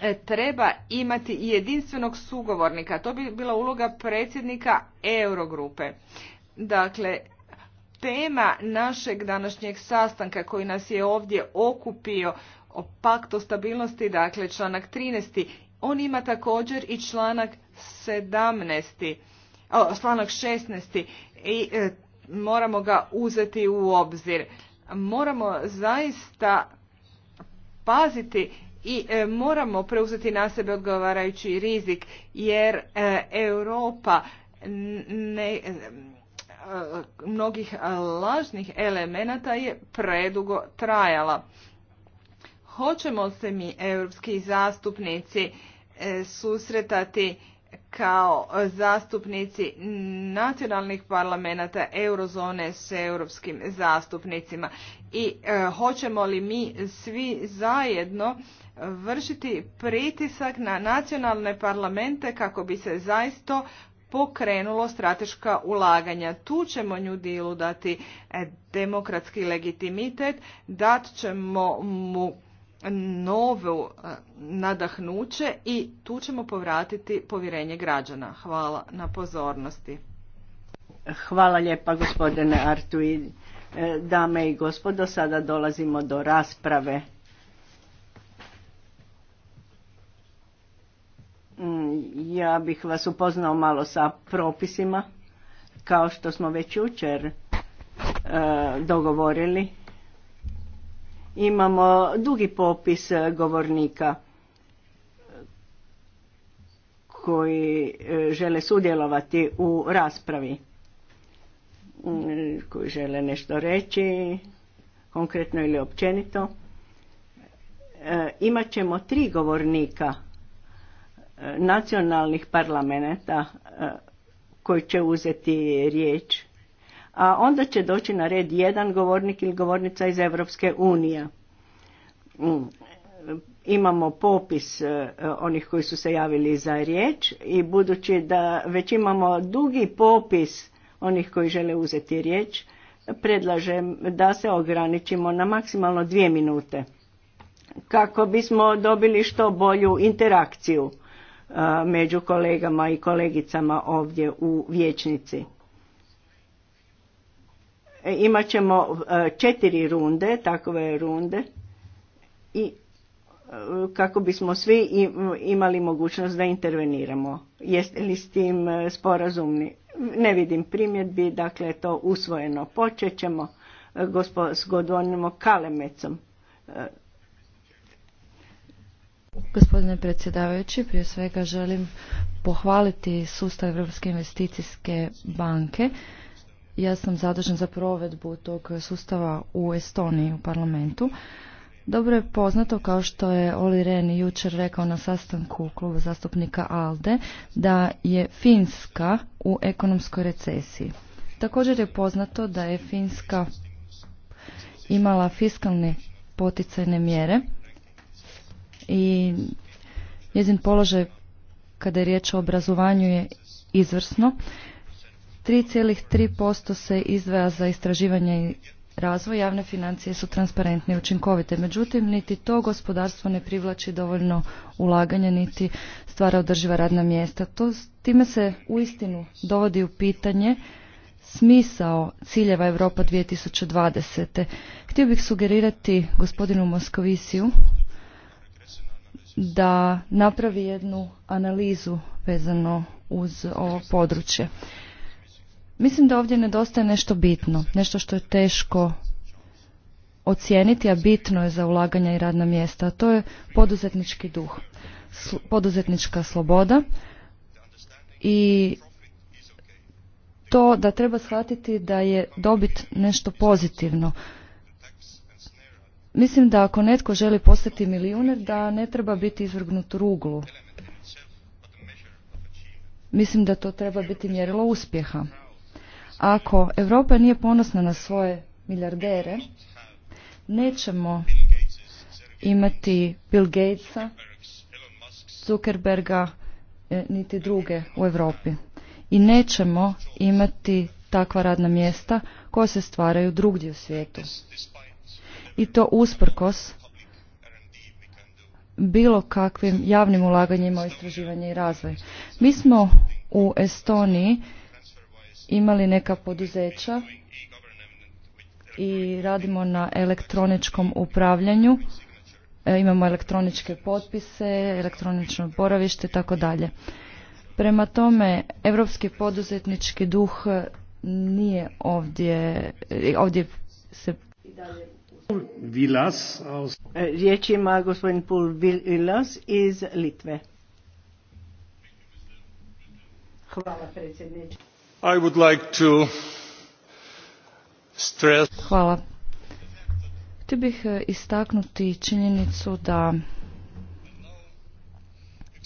S3: e, treba imati jedinstvenog sugovornika. To bi bila uloga predsjednika Eurogrupe. Dakle, tema našeg današnjeg sastanka koji nas je ovdje okupio o paktu stabilnosti, dakle članak 13. On ima također i članak 17. članak 16. i e, moramo ga uzeti u obzir. Moramo zaista paziti i e, moramo preuzeti na sebe odgovarajući rizik jer e, Europa ne, mnogih lažnih elemenata je predugo trajala. Hoćemo se mi, europski zastupnici, e, susretati kao zastupnici nacionalnih parlamenta eurozone s europskim zastupnicima i e, hoćemo li mi svi zajedno vršiti pritisak na nacionalne parlamente kako bi se zaista pokrenulo strateška ulaganja. Tu ćemo nju dilu dati e, demokratski legitimitet, dat ćemo mu novo eh, nadahnuće i tu ćemo povratiti povjerenje građana.
S2: Hvala na
S3: pozornosti.
S2: Hvala lijepa gospodine Artu i eh, Dame i gospodo, sada dolazimo do rasprave. Mm, ja bih vas upoznao malo sa propisima, kao što smo već jučer eh, dogovorili. Imamo dugi popis e, govornika koji e, žele sudjelovati u raspravi, mm, koji žele nešto reći, konkretno ili općenito. E, imat ćemo tri govornika nacionalnih parlamenta koji će uzeti riječ a onda će doći na red jedan govornik ili govornica iz Europske unije. Mm. Imamo popis e, onih koji su se javili za riječ i budući da već imamo dugi popis onih koji žele uzeti riječ, predlažem da se ograničimo na maksimalno dvije minute kako bismo dobili što bolju interakciju e, među kolegama i kolegicama ovdje u vječnici. E, imat ćemo e, četiri runde, takove runde, i e, kako bismo svi imali mogućnost da interveniramo. Jeste li s tim sporazumni? Ne vidim primjedbi, dakle to usvojeno. Počet ćemo s Kalemecom.
S1: Gospodine predsjedavajući, prije svega želim pohvaliti sustav Europske investicijske banke ja sam zadužen za provedbu tog sustava u Estoniji u parlamentu. Dobro je poznato, kao što je Oli Ren jučer rekao na sastanku kluba zastupnika ALDE, da je Finska u ekonomskoj recesiji. Također je poznato da je Finska imala fiskalne poticajne mjere i njezin položaj kada je riječ o obrazovanju je izvrsno. 3,3% se izdvaja za istraživanje i razvoj, javne financije su transparentne i učinkovite. Međutim, niti to gospodarstvo ne privlači dovoljno ulaganja, niti stvara održiva radna mjesta. To, time se uistinu dovodi u pitanje smisao ciljeva Europa 2020. Htio bih sugerirati gospodinu Moskovisiju da napravi jednu analizu vezano uz ovo područje. Mislim da ovdje nedostaje nešto bitno, nešto što je teško ocijeniti, a bitno je za ulaganja i radna mjesta, a to je poduzetnički duh, poduzetnička sloboda i to da treba shvatiti da je dobit nešto pozitivno. Mislim da ako netko želi postati milijuner, da ne treba biti izvrgnut ruglu. Mislim da to treba biti mjerilo uspjeha. Ako Europa nije ponosna na svoje milijardere, nećemo imati Bill Gatesa, Zuckerberga, e, niti druge u Europi. I nećemo imati takva radna mjesta koja se stvaraju drugdje u svijetu. I to usprkos bilo kakvim javnim ulaganjima u istraživanje i razvoj. Mi smo u Estoniji imali neka poduzeća i radimo na elektroničkom upravljanju. E, imamo elektroničke potpise, elektronično boravište i tako dalje. Prema tome, europski poduzetnički duh nije ovdje,
S2: ovdje se Vilas. E, riječ ima gospodin Pul Vilas iz Litve. Hvala predsjedniče.
S1: Htio bih e, istaknuti činjenicu da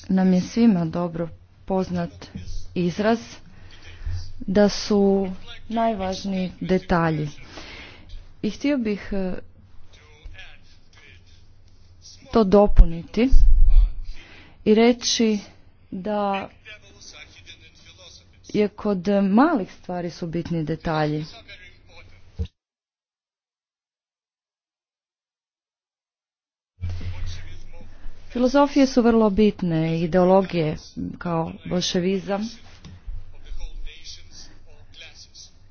S1: nam je svima dobro poznat izraz da su najvažniji detalji. I htio bih e, to dopuniti i reći da je kod e, malih stvari su bitni detalji. Filozofije su vrlo bitne, ideologije kao bolševizam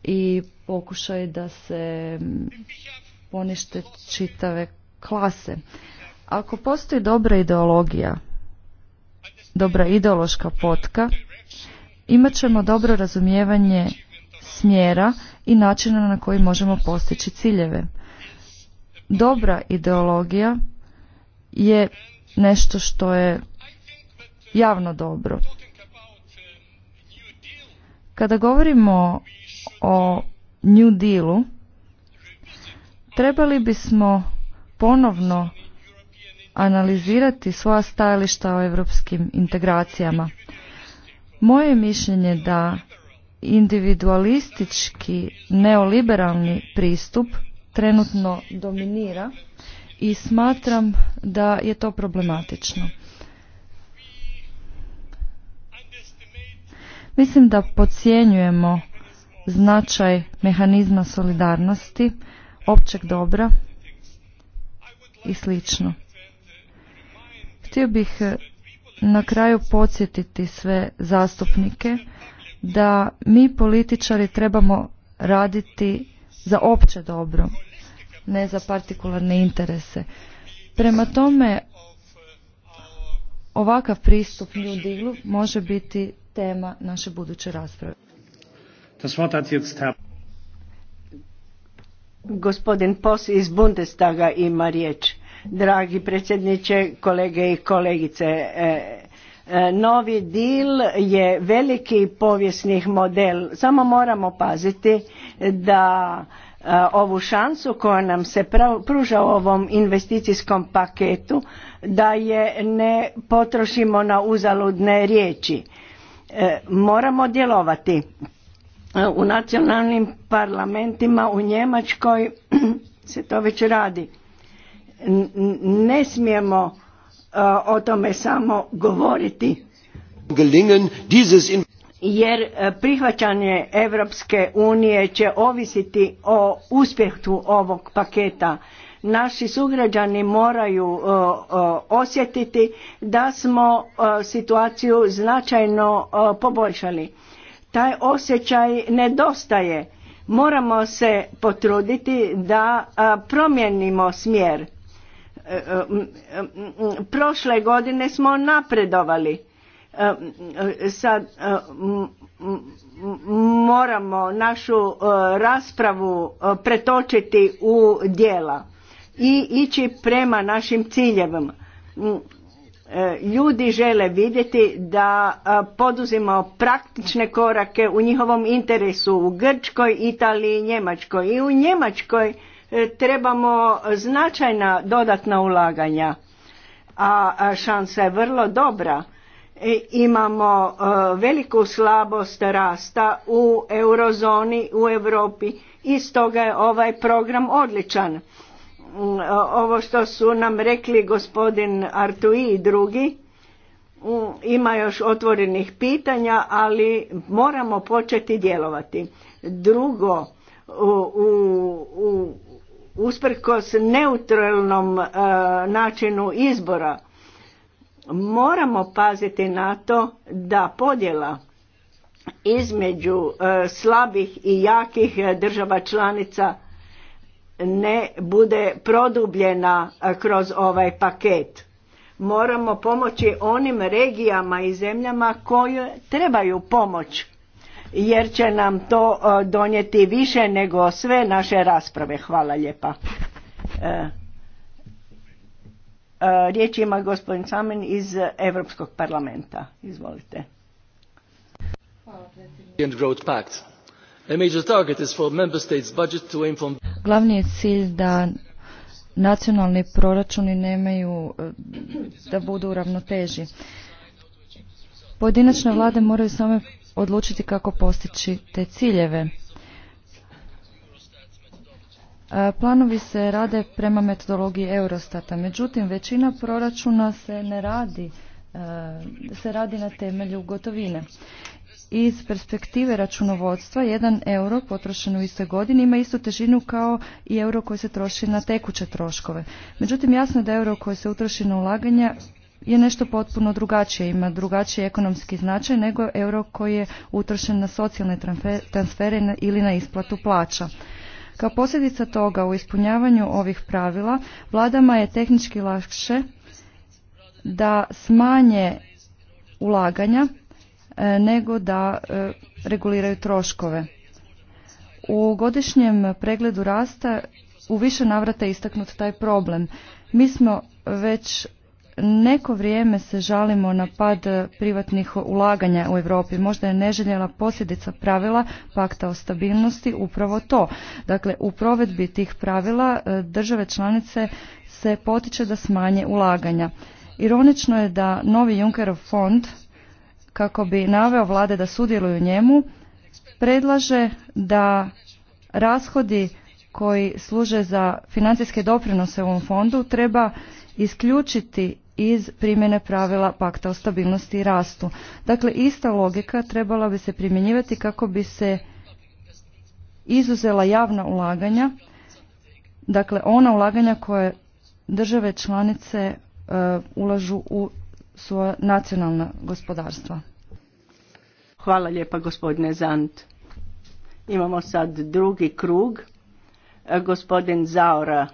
S1: i pokušaj da se ponište čitave klase. Ako postoji dobra ideologija, dobra ideološka potka, imat ćemo dobro razumijevanje smjera i načina na koji možemo postići ciljeve. Dobra ideologija je nešto što je javno dobro. Kada govorimo o New Dealu, trebali bismo ponovno analizirati svoja stajališta o europskim integracijama. Moje mišljenje da individualistički neoliberalni pristup trenutno dominira i smatram da je to problematično. Mislim da podcjenjujemo značaj mehanizma solidarnosti, općeg dobra i slično. Htio bih na kraju podsjetiti sve zastupnike da mi političari trebamo raditi za opće dobro, ne za partikularne interese. Prema tome, ovakav pristup New Dealu može biti tema
S2: naše buduće rasprave. Gospodin Pos iz Bundestaga ima riječ dragi predsjedniče, kolege i kolegice. E, e, novi dil je veliki povijesnih model, samo moramo paziti da e, ovu šansu koja nam se pruža u ovom investicijskom paketu da je ne potrošimo na uzaludne riječi. Moramo djelovati u nacionalnim parlamentima u Njemačkoj se to već radi ne smijemo e, o tome samo govoriti jer e, prihvaćanje Europske unije će ovisiti o uspjehu ovog paketa. Naši sugrađani moraju e, osjetiti da smo situaciju značajno poboljšali. Taj osjećaj nedostaje. Moramo se potruditi da promijenimo smjer Prošle godine smo napredovali. E, e, sad e, moramo našu raspravu pretočiti u djela i ići prema našim ciljevima. Ljudi žele vidjeti da poduzimo praktične korake u njihovom interesu u Grčkoj, Italiji i Njemačkoj. I u Njemačkoj E, trebamo značajna dodatna ulaganja, a šansa je vrlo dobra. E, imamo e, veliku slabost rasta u eurozoni, u Europi i stoga je ovaj program odličan. Ovo što su nam rekli gospodin Artui i drugi, ima još otvorenih pitanja, ali moramo početi djelovati. Drugo, u, u, u usprkos neutralnom e, načinu izbora moramo paziti na to da podjela između e, slabih i jakih država članica ne bude produbljena e, kroz ovaj paket. Moramo pomoći onim regijama i zemljama koje trebaju pomoć jer će nam to e, donijeti više nego sve naše rasprave. Hvala lijepa. E, e, riječ ima gospodin Samen iz Europskog parlamenta. Izvolite.
S1: Glavni je cilj da nacionalni proračuni nemaju da budu u ravnoteži. Pojedinačne vlade moraju same odlučiti kako postići te ciljeve. E, planovi se rade prema metodologiji Eurostata, međutim većina proračuna se ne radi, e, se radi na temelju gotovine. Iz perspektive računovodstva, jedan euro potrošen u istoj godini ima istu težinu kao i euro koji se troši na tekuće troškove. Međutim, jasno je da euro koji se utroši na ulaganja je nešto potpuno drugačije, ima drugačiji ekonomski značaj nego euro koji je utrošen na socijalne transfere ili na isplatu plaća. Kao posljedica toga u ispunjavanju ovih pravila vladama je tehnički lakše da smanje ulaganja e, nego da e, reguliraju troškove. U godišnjem pregledu rasta u više navrata je istaknut taj problem. Mi smo već Neko vrijeme se žalimo na pad privatnih ulaganja u Europi. Možda je neželjela posljedica pravila pakta o stabilnosti upravo to. Dakle, u provedbi tih pravila e, države članice se potiče da smanje ulaganja. Ironično je da novi Junckerov fond, kako bi naveo vlade da sudjeluju njemu, predlaže da rashodi koji služe za financijske doprinose u ovom fondu treba isključiti iz primjene pravila pakta o stabilnosti i rastu. Dakle, ista logika trebala bi se primjenjivati kako bi se izuzela javna ulaganja, dakle ona ulaganja koje države članice e, ulažu u svoja nacionalna gospodarstva.
S2: Hvala lijepa gospodine Zant. Imamo sad drugi krug. E, gospodin Zaora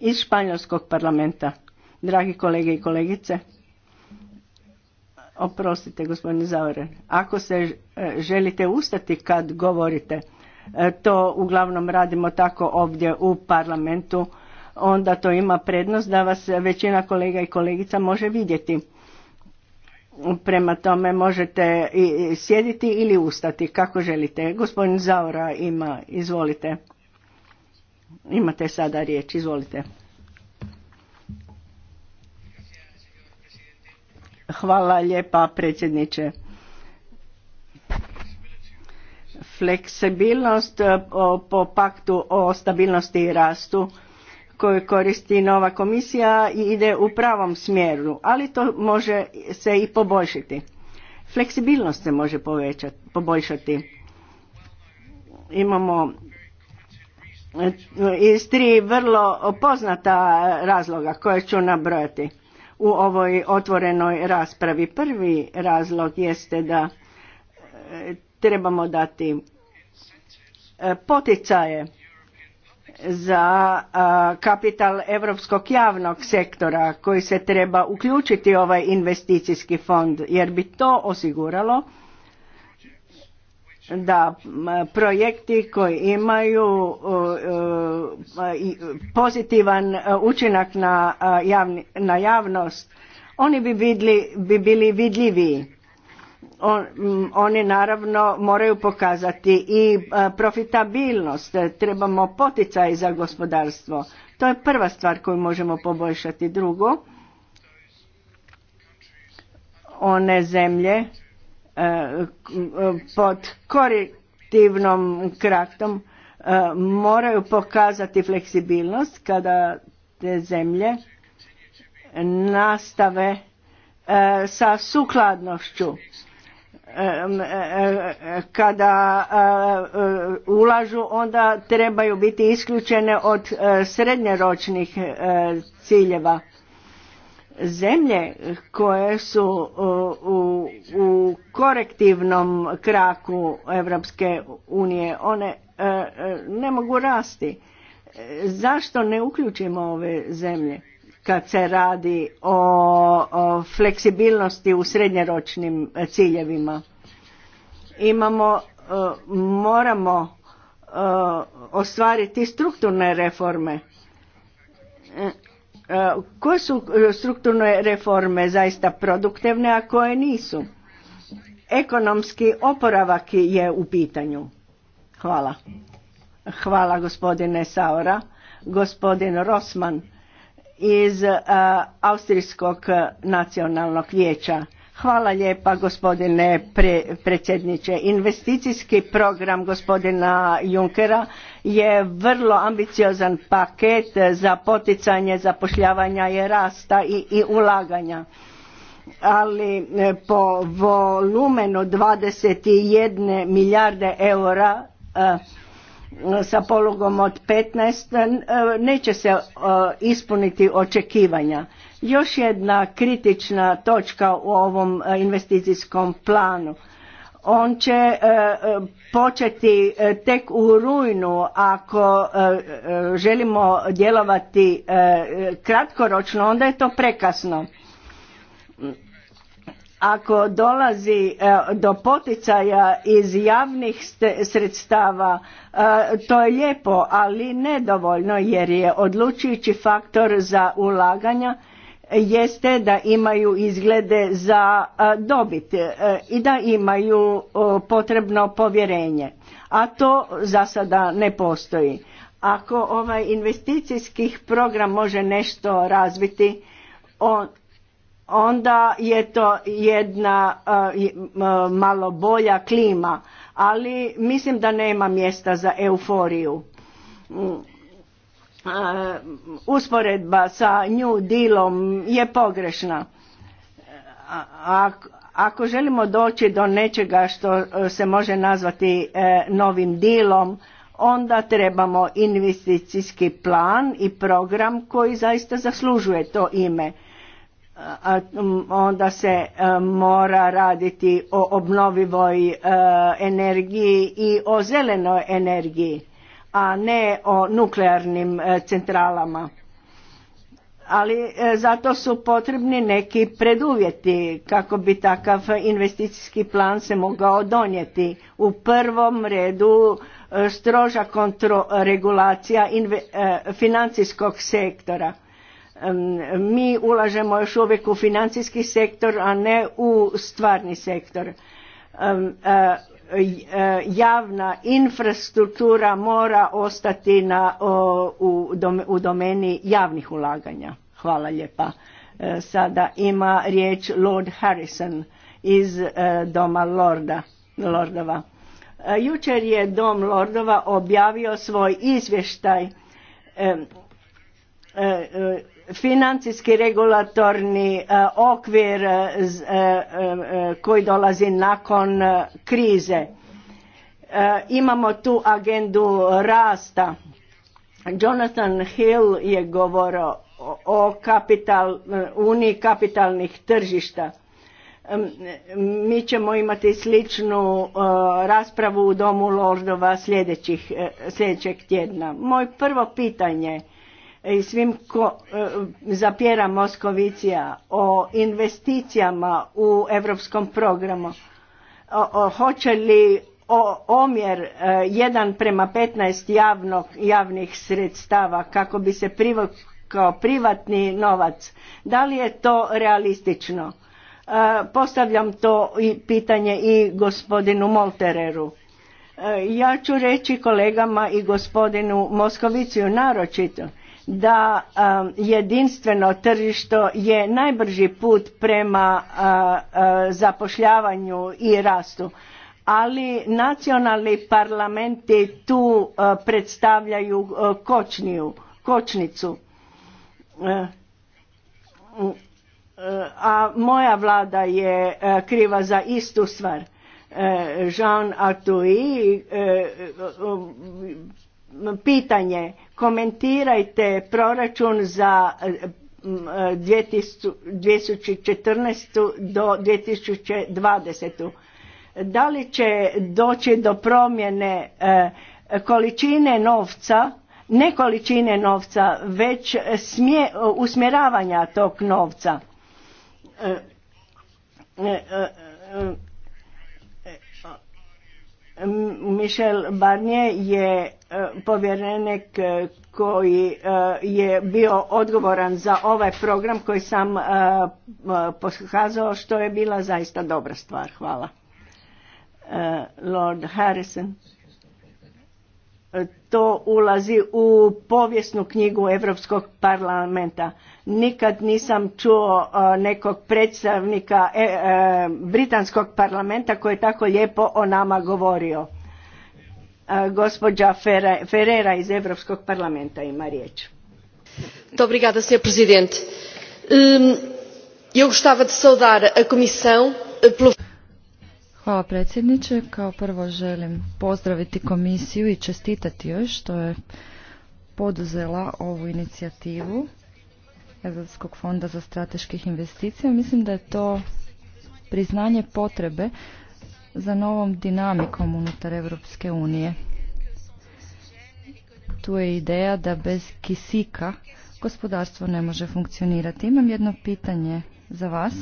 S2: iz Španjolskog parlamenta dragi kolege i kolegice. Oprostite, gospodine Zaure. Ako se e, želite ustati kad govorite, e, to uglavnom radimo tako ovdje u parlamentu, onda to ima prednost da vas većina kolega i kolegica može vidjeti. Prema tome možete i sjediti ili ustati, kako želite. Gospodin Zaura ima, izvolite. Imate sada riječ, izvolite. Hvala lijepa predsjedniče. Fleksibilnost eh, po paktu o stabilnosti i rastu koju koristi nova komisija i ide u pravom smjeru, ali to može se i poboljšati. Fleksibilnost se može poboljšati. Imamo eh, iz tri vrlo poznata razloga koje ću nabrojati u ovoj otvorenoj raspravi. Prvi razlog jeste da e, trebamo dati e, poticaje za kapital europskog javnog sektora koji se treba uključiti u ovaj investicijski fond jer bi to osiguralo da projekti koji imaju pozitivan e, učinak na, javnost, oni bi, bi bili vidljiviji. oni naravno moraju pokazati i e, profitabilnost, trebamo poticaj za gospodarstvo. To je prva stvar koju možemo poboljšati. Drugo, one zemlje E, e, pod korektivnom kraktom e, moraju pokazati fleksibilnost kada te zemlje nastave sa sukladnošću kada ulažu onda trebaju biti isključene od srednjeročnih ciljeva zemlje koje su u, u korektivnom kraku Europske unije, one e, e, ne mogu rasti. E, zašto ne uključimo ove zemlje kad se radi o, fleksibilnosti u srednjeročnim ciljevima? Imamo, moramo ostvariti strukturne reforme Eh, koje su eh, strukturne reforme zaista produktivne, a koje nisu? Ekonomski oporavak je u pitanju. Hvala. Hvala gospodine Saura. Gospodin Rosman iz eh, Austrijskog nacionalnog vijeća. Hvala lijepa gospodine predsjedniče. Investicijski program gospodina Junkera je vrlo ambiciozan paket za poticanje zapošljavanja i rasta i, i ulaganja ali e, po volumenu 21 milijarde eura e, sa polugom od 15 e, neće se ispuniti očekivanja. Još jedna kritična točka u ovom investicijskom planu on će e, e, početi e, tek u rujnu ako želimo djelovati kratkoročno onda je to prekasno ako dolazi do poticaja iz javnih sredstava to je lijepo ali nedovoljno jer je odlučujući faktor za ulaganja jeste da imaju izglede za dobit e, i da imaju potrebno povjerenje. A to za sada ne postoji. Ako ovaj investicijski program može nešto razviti, onda je to jedna malo bolja klima, ali mislim da nema mjesta za euforiju mm usporedba sa nju dilom je pogrešna. Ako želimo doći do nečega što e, se može nazvati e, novim dilom, onda trebamo investicijski plan i program koji zaista zaslužuje to ime. Onda se e, mora raditi o obnovivoj energiji i o zelenoj energiji a ne o nuklearnim e, centralama. Ali e, zato su potrebni neki preduvjeti kako bi takav investicijski plan se mogao donijeti. U prvom redu e, stroža kontroregulacija financijskog sektora. Mi ulažemo još uvijek u financijski sektor, a ne u stvarni sektor javna infrastruktura mora ostati na, u, domeni javnih ulaganja. Hvala lijepa. E, sada ima riječ Lord Harrison iz e, Doma Lorda, Lordova. E, jučer je Dom Lordova objavio svoj izvještaj financijski regulatorni e, okvir e, e, koji dolazi nakon krize. Imamo tu agendu rasta. Jonathan Hill je govorio o kapital, uniji kapitalnih tržišta. Mi ćemo imati sličnu raspravu u Domu Loždova sljedećeg tjedna. Moje prvo pitanje i svim ko, e, zapjera Moskovicija o investicijama u europskom programu. O, hoće li o, omjer e, jedan prema 15 javnog, javnih sredstava kako bi se privukao privatni novac? Da li je to realistično? E, postavljam to i pitanje i gospodinu Moltereru. Ja ću reći kolegama i gospodinu Moskoviciju naročito da jedinstveno tržišto je najbrži put prema zapošljavanju i rastu ali nacionalni parlamenti tu predstavljaju kočniju, kočnicu a moja vlada je kriva za istu stvar Jean Artui pitanje komentirajte proračun za 2014. Eh, eh, do 2020. Da li će doći do promjene eh, količine novca, ne količine novca, već usmjeravanja tog novca? Michel Barnier je e, povjerenik e, koji e, je bio odgovoran za ovaj program koji sam pokazao što je bila zaista dobra stvar. Hvala. Lord Harrison. E, to ulazi u povijesnu knjigu Europskog parlamenta. Nikad nisam čuo e, nekog predstavnika e, Britanskog parlamenta koji je tako lijepo o nama govorio. Gospođa Ferreira iz Europskog parlamenta ima riječ. Obrigada, Sr. Presidente. Eu gostava de saudar a Comissão eh,
S1: Hvala predsjedniče. Kao prvo želim pozdraviti komisiju i čestitati joj što je poduzela ovu inicijativu Europskog fonda za strateških investicija. Mislim da je to priznanje potrebe za novom dinamikom unutar Europske unije. Tu je ideja da bez kisika gospodarstvo ne može funkcionirati. Imam jedno pitanje za vas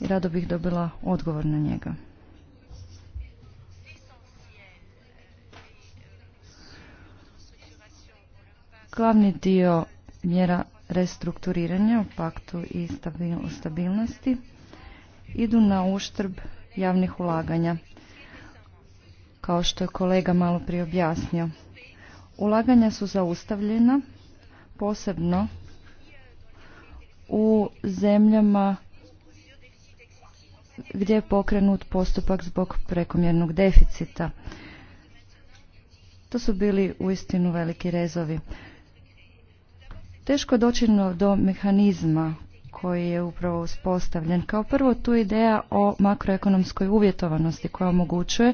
S1: i rado bih dobila odgovor na njega. glavni dio mjera restrukturiranja u paktu i stabilnosti idu na uštrb javnih ulaganja. Kao što je kolega malo prije objasnio, ulaganja su zaustavljena posebno u zemljama gdje je pokrenut postupak zbog prekomjernog deficita. To su bili uistinu veliki rezovi. Teško doći do mehanizma koji je upravo uspostavljen. Kao prvo tu ideja o makroekonomskoj uvjetovanosti koja omogućuje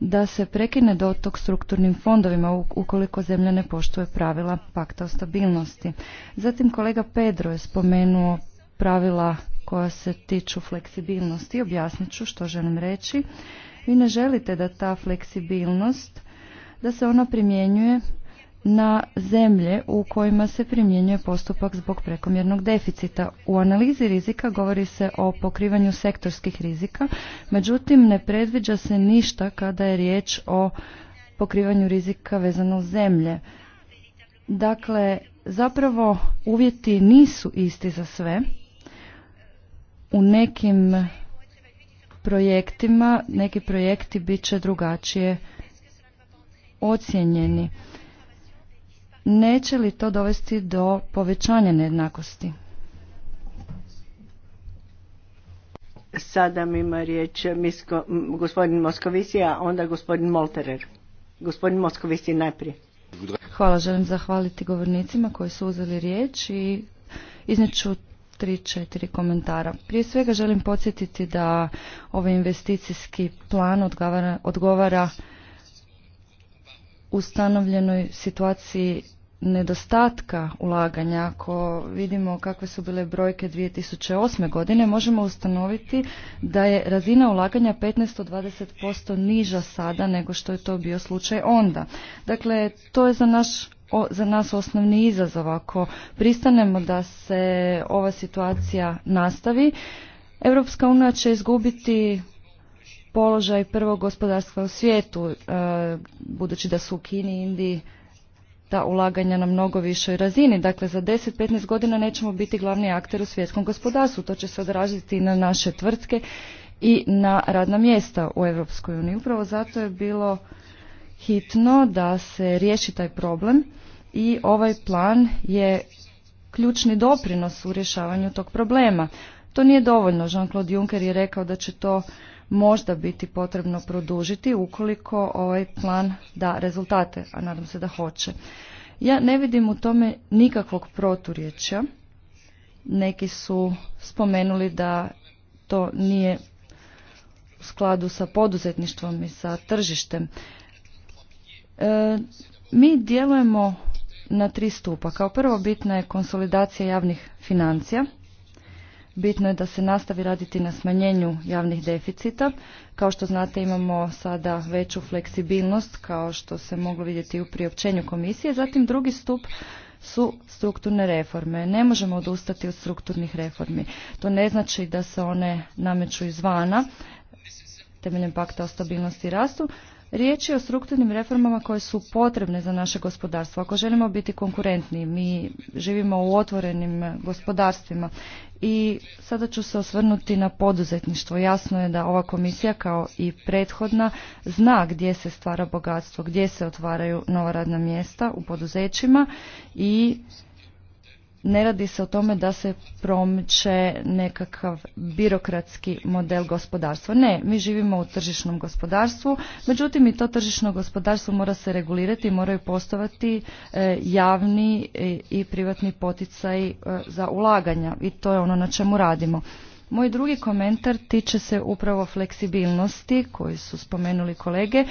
S1: da se prekine dotok strukturnim fondovima ukoliko zemlja ne poštuje pravila pakta o stabilnosti. Zatim kolega Pedro je spomenuo pravila koja se tiču fleksibilnosti. Objasnit ću što želim reći. Vi ne želite da ta fleksibilnost, da se ona primjenjuje na zemlje u kojima se primjenjuje postupak zbog prekomjernog deficita. U analizi rizika govori se o pokrivanju sektorskih rizika, međutim ne predviđa se ništa kada je riječ o pokrivanju rizika vezano uz zemlje. Dakle, zapravo uvjeti nisu isti za sve. U nekim projektima, neki projekti bit će drugačije ocijenjeni. Neće li to dovesti do povećanja nejednakosti?
S2: Sada mi ima riječ eh, gospodin Moskovisi, a onda gospodin Molterer. Gospodin Moskovisi najprije. Hvala, želim zahvaliti
S1: govornicima koji su uzeli riječ i izneću tri, četiri komentara. Prije svega želim podsjetiti da ovaj investicijski plan odgovara, odgovara ustanovljenoj situaciji nedostatka ulaganja, ako vidimo kakve su bile brojke 2008. godine, možemo ustanoviti da je razina ulaganja 15-20% niža sada nego što je to bio slučaj onda. Dakle, to je za naš za nas osnovni izazov. Ako pristanemo da se ova situacija nastavi, Europska unija će izgubiti položaj prvog gospodarstva u svijetu, e, budući da su u Kini i Indiji ta ulaganja na mnogo višoj razini. Dakle, za 10-15 godina nećemo biti glavni akter u svjetskom gospodarstvu. To će se odraziti na naše tvrtke i na radna mjesta u Europskoj uniji. Upravo zato je bilo hitno da se riješi taj problem i ovaj plan je ključni doprinos u rješavanju tog problema. To nije dovoljno. Jean-Claude Juncker je rekao da će to možda biti potrebno produžiti ukoliko ovaj plan da rezultate, a nadam se da hoće. Ja ne vidim u tome nikakvog proturječja. Neki su spomenuli da to nije u skladu sa poduzetništvom i sa tržištem. E, mi djelujemo na tri stupa. Kao prvo bitna je konsolidacija javnih financija, Bitno je da se nastavi raditi na smanjenju javnih deficita. Kao što znate imamo sada veću fleksibilnost kao što se moglo vidjeti u priopćenju komisije. Zatim drugi stup su strukturne reforme. Ne možemo odustati od strukturnih reformi. To ne znači da se one nameću izvana temeljem pakta o stabilnosti i rastu, Riječ je o strukturnim reformama koje su potrebne za naše gospodarstvo. Ako želimo biti konkurentni, mi živimo u otvorenim gospodarstvima i sada ću se osvrnuti na poduzetništvo. Jasno je da ova komisija kao i prethodna zna gdje se stvara bogatstvo, gdje se otvaraju nova radna mjesta u poduzećima i ne radi se o tome da se promiče nekakav birokratski model gospodarstva. Ne, mi živimo u tržišnom gospodarstvu, međutim i to tržišno gospodarstvo mora se regulirati, i moraju postovati e, javni e, i privatni poticaj e, za ulaganja i to je ono na čemu radimo. Moj drugi komentar tiče se upravo fleksibilnosti koju su spomenuli kolege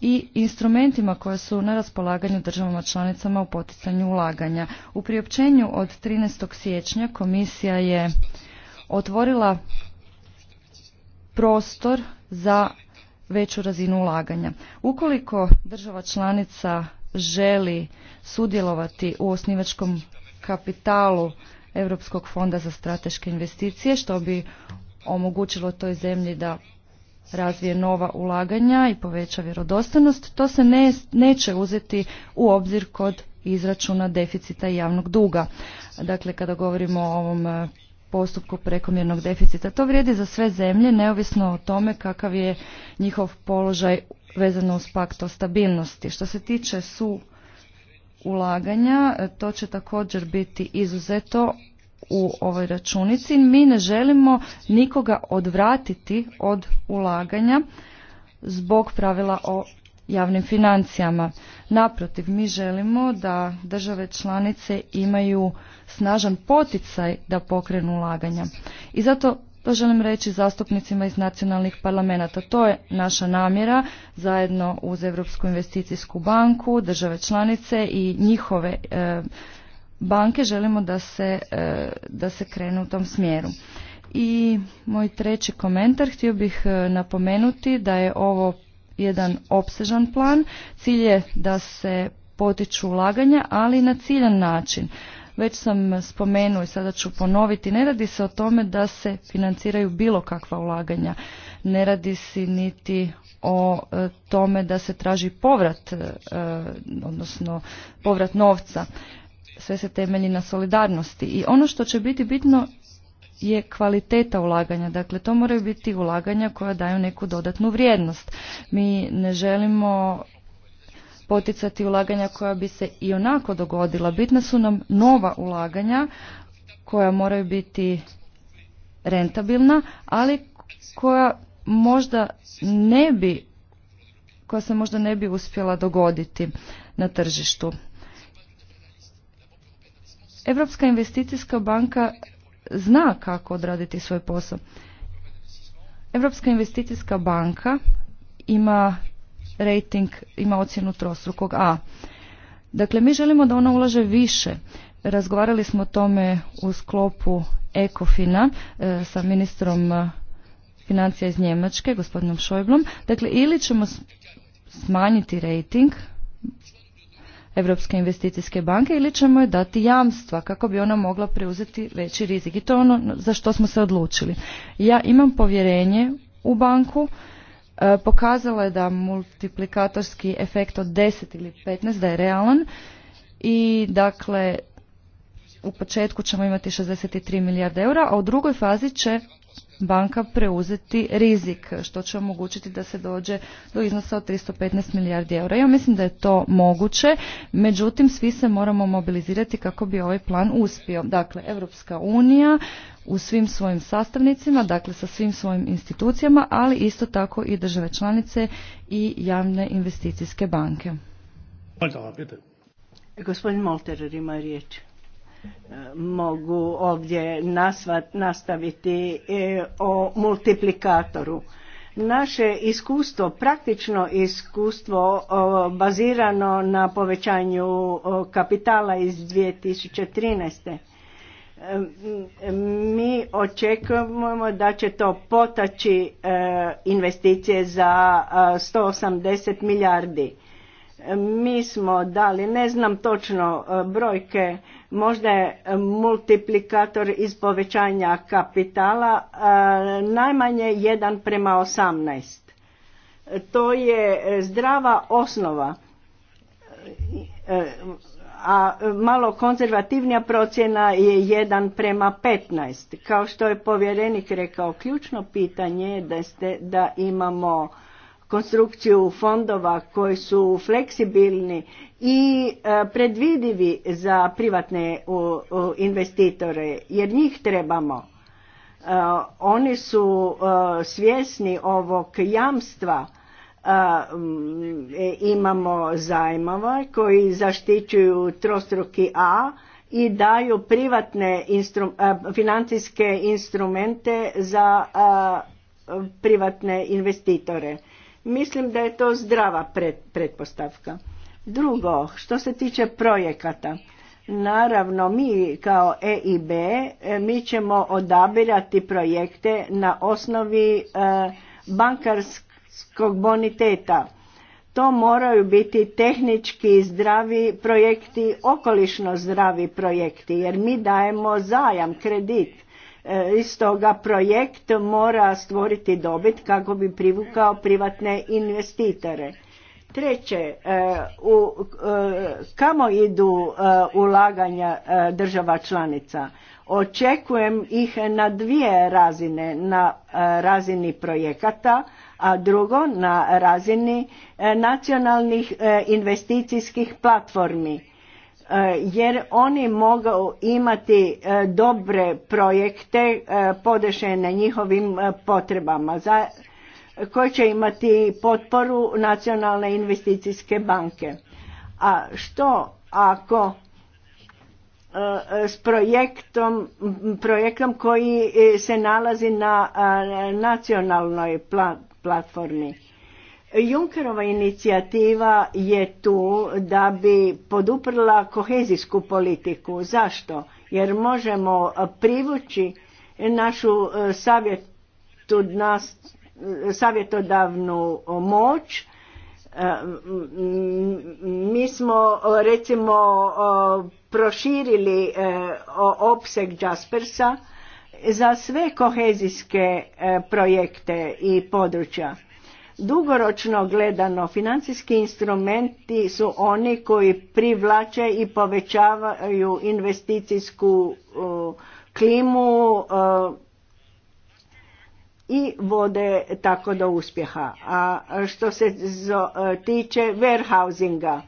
S1: i instrumentima koje su na raspolaganju državama članicama u poticanju ulaganja. U priopćenju od 13. siječnja komisija je otvorila prostor za veću razinu ulaganja. Ukoliko država članica želi sudjelovati u osnivačkom kapitalu Europskog fonda za strateške investicije, što bi omogućilo toj zemlji da razvije nova ulaganja i poveća vjerodostojnost, to se ne, neće uzeti u obzir kod izračuna deficita javnog duga. Dakle, kada govorimo o ovom e, postupku prekomjernog deficita, to vrijedi za sve zemlje, neovisno o tome kakav je njihov položaj vezano uz pakt o stabilnosti. Što se tiče su ulaganja, e, to će također biti izuzeto u ovoj računici. Mi ne želimo nikoga odvratiti od ulaganja zbog pravila o javnim financijama. Naprotiv, mi želimo da države članice imaju snažan poticaj da pokrenu ulaganja. I zato to želim reći zastupnicima iz nacionalnih parlamenta. To je naša namjera zajedno uz Europsku investicijsku banku, države članice i njihove e, banke želimo da se, e, da se krene u tom smjeru. I moj treći komentar, htio bih e, napomenuti da je ovo jedan opsežan plan. Cilj je da se potiču ulaganja, ali na ciljan način. Već sam spomenuo i sada ću ponoviti, ne radi se o tome da se financiraju bilo kakva ulaganja. Ne radi se niti o e, tome da se traži povrat, odnosno povrat novca sve se temelji na solidarnosti i ono što će biti bitno je kvaliteta ulaganja. Dakle, to moraju biti ulaganja koja daju neku dodatnu vrijednost. Mi ne želimo poticati ulaganja koja bi se i onako dogodila. Bitna su nam nova ulaganja koja moraju biti rentabilna, ali koja možda ne bi koja se možda ne bi uspjela dogoditi na tržištu. Evropska investicijska banka zna kako odraditi svoj posao. Europska investicijska banka ima rating, ima ocjenu trostrukog A. Dakle, mi želimo da ona ulaže više. Razgovarali smo o tome u sklopu Ekofina e, sa ministrom e, financija iz Njemačke, gospodinom Šojblom. Dakle, ili ćemo smanjiti rating Europske investicijske banke ili ćemo joj dati jamstva kako bi ona mogla preuzeti veći rizik. I to je ono za što smo se odlučili. Ja imam povjerenje u banku, e, pokazala je da multiplikatorski efekt od 10 ili 15 da je realan i dakle u početku ćemo imati 63 milijarde eura, a u drugoj fazi će banka preuzeti rizik, što će omogućiti da se dođe do iznosa od 315 milijardi eura. Ja mislim da je to moguće, međutim svi se moramo mobilizirati kako bi ovaj plan uspio. Dakle, Europska unija u svim svojim sastavnicima, dakle sa svim svojim institucijama, ali isto tako i države članice i javne investicijske banke.
S2: Gospodin Molterer ima riječ mogu ovdje nasvat, nastaviti e, o multiplikatoru. Naše iskustvo, praktično iskustvo bazirano na povećanju kapitala iz 2013. E, mi očekujemo da će to potaći e, investicije za 180 milijardi mi smo dali, ne znam točno e, brojke, možda je multiplikator iz povećanja kapitala e, najmanje 1 prema 18. To je zdrava osnova, e, a malo konzervativnija procjena je 1 prema 15. Kao što je povjerenik rekao, ključno pitanje je da, ste, da imamo konstrukciju fondova koji su fleksibilni i e, predvidivi za privatne investitore jer njih trebamo. E, oni su e, svjesni ovog jamstva mm, imamo zajmova koji zaštićuju trostruki A i daju privatne financijske instrumente za privatne investitore Mislim da je to zdrava pretpostavka. Drugo, što se tiče projekata, naravno mi kao EIB e, mi ćemo odabirati projekte na osnovi e, bankarskog boniteta. To moraju biti tehnički zdravi projekti, okolišno zdravi projekti jer mi dajemo zajam, kredit E, iz toga projekt mora stvoriti dobit kako bi privukao privatne investitore. Treće, e, u, e, kamo idu ulaganja država članica? Očekujem ih na dvije razine, na razini projekata, a drugo na razini nacionalnih investicijskih platformi E, jer oni mogu imati e, dobre projekte e, podešene njihovim potrebama za, koji će imati potporu nacionalne investicijske banke. A što ako s projektom, projektom koji se nalazi na nacionalnoj platformi? Junkerova inicijativa je tu da bi poduprla kohezijsku politiku. Zašto? Jer možemo eh, privući našu eh, eh, savjetodavnu moć. Mi smo recimo proširili opseg Jaspersa za sve kohezijske projekte i područja Dugoročno gledano, financijski instrumenti su oni koji privlače i povećavaju investicijsku klimu i vode tako do uspjeha. A što se e, tiče warehousinga,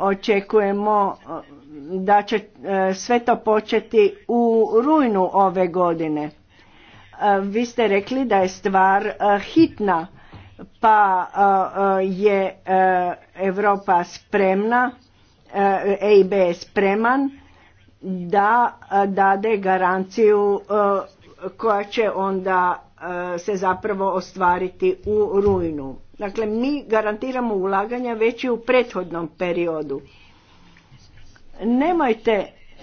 S2: očekujemo da će e, sve to početi u rujnu ove godine vi ste rekli da je stvar hitna, pa je Europa spremna, EIB je spreman da dade garanciju koja će onda se zapravo ostvariti u rujnu. Dakle, mi garantiramo ulaganja već i u prethodnom periodu. Nemojte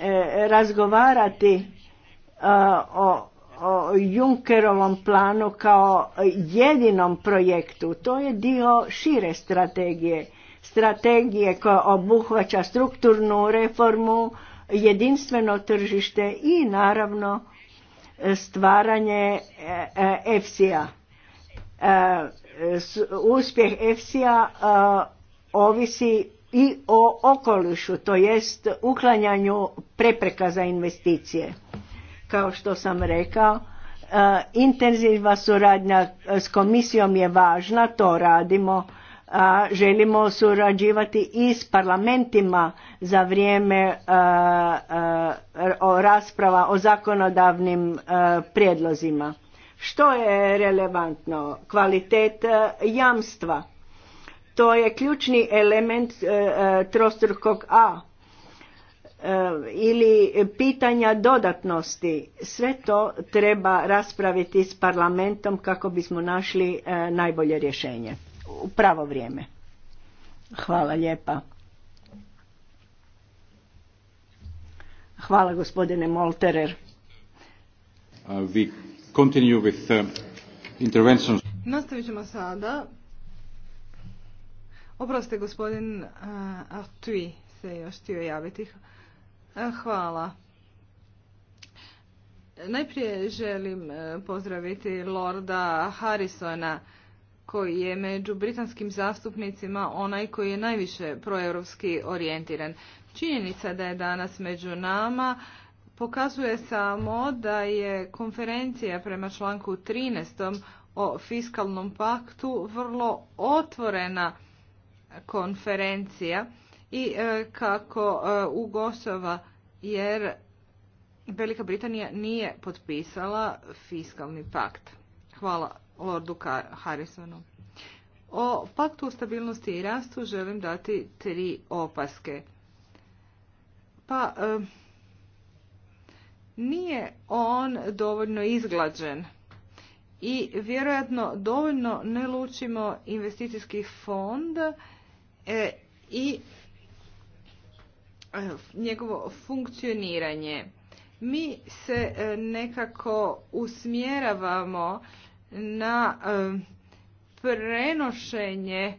S2: e, razgovarati o o Junckerovom planu kao jedinom projektu. To je dio šire strategije. Strategije koja obuhvaća strukturnu reformu, jedinstveno tržište i naravno stvaranje EFSI-a. E, e, uspjeh EFSI-a e, ovisi i o okolišu, to jest uklanjanju prepreka za investicije. Kao što sam rekao, eh, intenzivna suradnja eh, s komisijom je važna, to radimo. želimo surađivati i s parlamentima za vrijeme eh, rasprava o zakonodavnim prijedlozima. Što je relevantno? Kvalitet jamstva. To je ključni element trostrukog A Eh, ili pitanja dodatnosti. Sve to treba raspraviti s parlamentom kako bismo našli eh, najbolje rješenje u pravo vrijeme. Hvala lijepa. Hvala gospodine Molterer.
S1: Uh, uh,
S3: Nastavit ćemo sada. Oproste gospodin eh, Artui se još htio javiti. Hvala. Najprije želim e, pozdraviti Lorda Harrisona koji je među britanskim zastupnicima onaj koji je najviše proeuropski orijentiran. Činjenica da je danas među nama pokazuje samo da je konferencija prema članku 13. o fiskalnom paktu vrlo otvorena konferencija i e, kako e, Gosova, jer Velika Britanija nije potpisala fiskalni pakt. Hvala Lordu Harrisonu. O paktu o stabilnosti i rastu želim dati tri opaske. Pa, e, nije on dovoljno izglađen i vjerojatno dovoljno ne lučimo investicijski fond i Eh, njegovo funkcioniranje. Mi se eh, nekako usmjeravamo na eh, prenošenje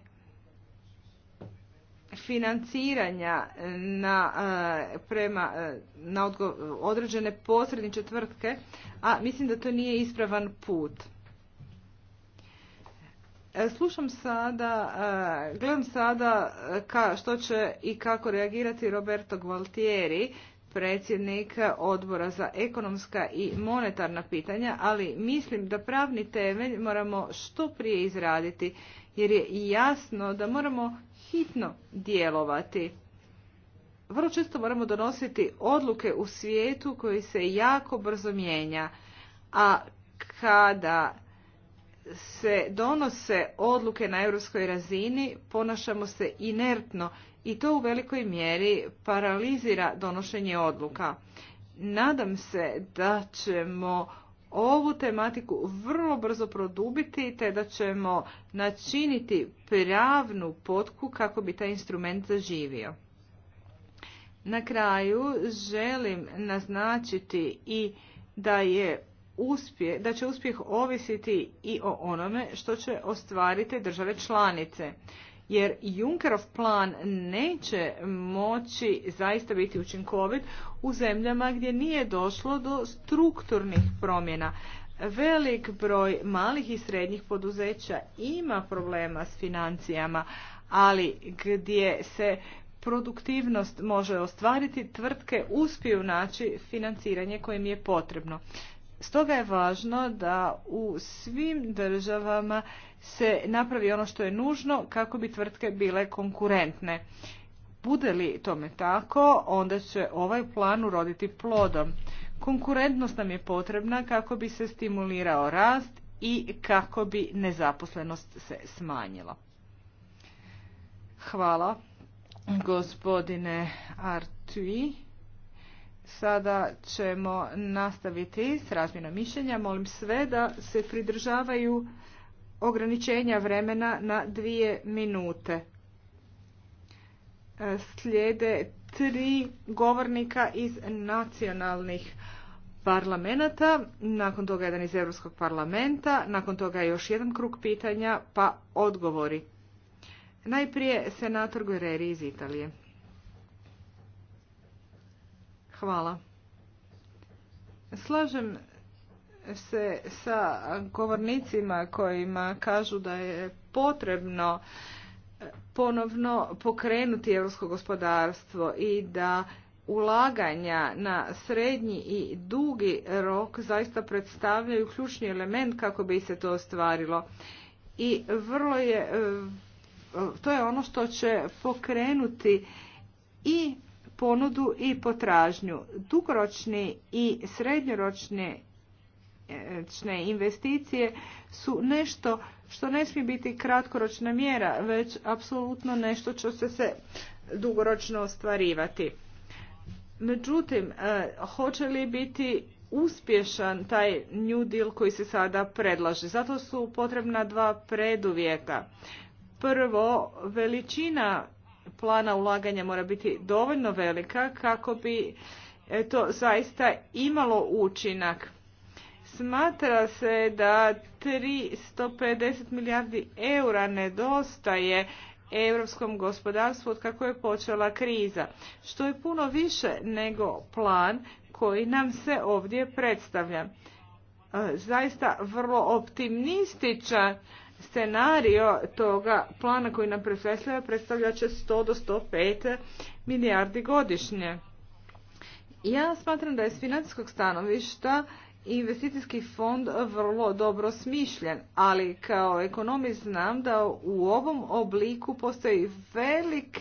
S3: financiranja na, prema, određene posredniče tvrtke, a mislim da to nije ispravan put. E, slušam sada, e, gledam sada e, što će i kako reagirati Roberto Gualtieri, predsjednik odbora za ekonomska i monetarna pitanja, ali mislim da pravni temelj moramo što prije izraditi, jer je jasno da moramo hitno djelovati. Vrlo često moramo donositi odluke u svijetu koji se jako brzo mijenja, a kada se donose odluke na europskoj razini, ponašamo se inertno i to u velikoj mjeri paralizira donošenje odluka. Nadam se da ćemo ovu tematiku vrlo brzo produbiti te da ćemo načiniti pravnu potku kako bi taj instrument zaživio. Na kraju želim naznačiti i da je uspjeh, da će uspjeh ovisiti i o onome što će ostvariti države članice. Jer Junckerov plan neće moći zaista biti učinkovit u zemljama gdje nije došlo do strukturnih promjena. Velik broj malih i srednjih poduzeća ima problema s financijama, ali gdje se produktivnost može ostvariti, tvrtke uspiju naći financiranje kojim je potrebno. Stoga je važno da u svim državama se napravi ono što je nužno kako bi tvrtke bile konkurentne. Bude li tome tako, onda će ovaj plan uroditi plodom. Konkurentnost nam je potrebna kako bi se stimulirao rast i kako bi nezaposlenost se smanjila. Hvala, gospodine Artui. Sada ćemo nastaviti s razmjenom mišljenja. Molim sve da se pridržavaju ograničenja vremena na dvije minute. E, slijede tri govornika iz nacionalnih parlamenta, nakon toga jedan iz Europskog parlamenta, nakon toga još jedan krug pitanja, pa odgovori. Najprije senator Guerreri iz Italije. Hvala. Slažem se sa govornicima kojima kažu da je potrebno eh, ponovno pokrenuti europsko gospodarstvo i da ulaganja na srednji i dugi rok zaista predstavljaju ključni element kako bi se to ostvarilo. I vrlo je, eh, to je ono što će pokrenuti i ponudu i potražnju. Dugoročne i srednjoročne e, investicije su nešto što ne smije biti kratkoročna mjera, već apsolutno nešto što će se dugoročno ostvarivati. Međutim, e, hoće li biti uspješan taj New Deal koji se sada predlaže? Zato su potrebna dva preduvjeta. Prvo, veličina plana ulaganja mora biti dovoljno velika kako bi e, to zaista imalo učinak. Smatra se da 350 milijardi eura nedostaje europskom gospodarstvu od kako je počela kriza, što je puno više nego plan koji nam se ovdje predstavlja. E, zaista vrlo optimističan scenario toga plana koji nam presvesljava predstavlja će 100 do 105 milijardi godišnje. Ja smatram da je s financijskog stanovišta investicijski fond vrlo dobro smišljen, ali kao ekonomist znam da u ovom obliku postoji velik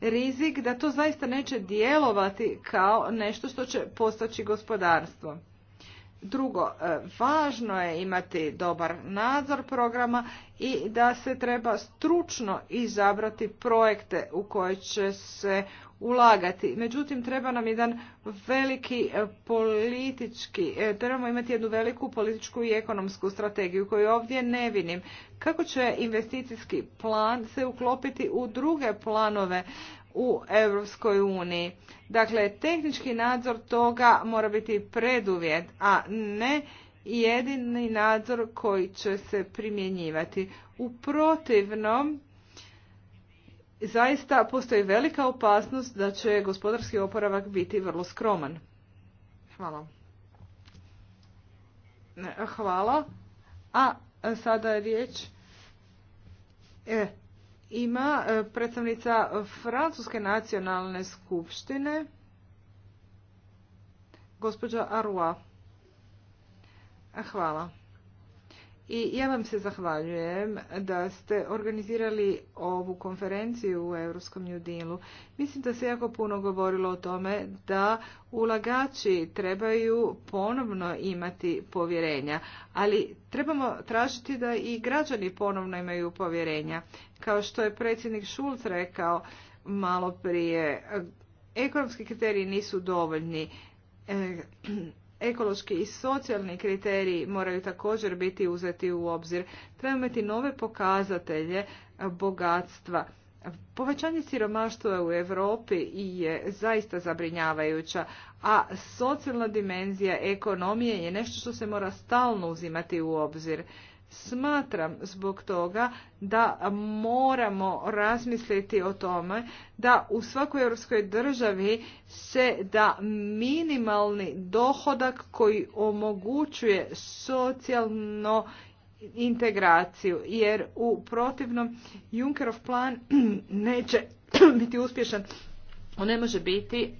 S3: rizik da to zaista neće djelovati kao nešto što će postaći gospodarstvo. Drugo, e, važno je imati dobar nadzor programa i da se treba stručno izabrati projekte u koje će se ulagati. Međutim, treba nam jedan veliki e, politički, e, trebamo imati jednu veliku političku i ekonomsku strategiju koju ovdje ne vidim. Kako će investicijski plan se uklopiti u druge planove u Europskoj uniji. Dakle, tehnički nadzor toga mora biti preduvjet, a ne jedini nadzor koji će se primjenjivati. U protivnom, zaista postoji velika opasnost da će gospodarski oporavak biti vrlo skroman. Hvala. Hvala. A sada je riječ... E, ima e, predstavnica Francuske nacionalne skupštine, gospođa Arua. Hvala. I ja vam se zahvaljujem da ste organizirali ovu konferenciju u Europskom New Mislim da se jako puno govorilo o tome da ulagači trebaju ponovno imati povjerenja, ali trebamo tražiti da i građani ponovno imaju povjerenja. Kao što je predsjednik Šulc rekao malo prije, ekonomski kriteriji nisu dovoljni. E, ekološki i socijalni kriteriji moraju također biti uzeti u obzir. Treba imati nove pokazatelje bogatstva. Povećanje siromaštva u Europi je zaista zabrinjavajuća, a socijalna dimenzija ekonomije je nešto što se mora stalno uzimati u obzir. Smatram zbog toga da moramo razmisliti o tome da u svakoj europskoj državi se da minimalni dohodak koji omogućuje socijalno integraciju jer u protivnom Junckerov plan neće biti uspješan. On ne može biti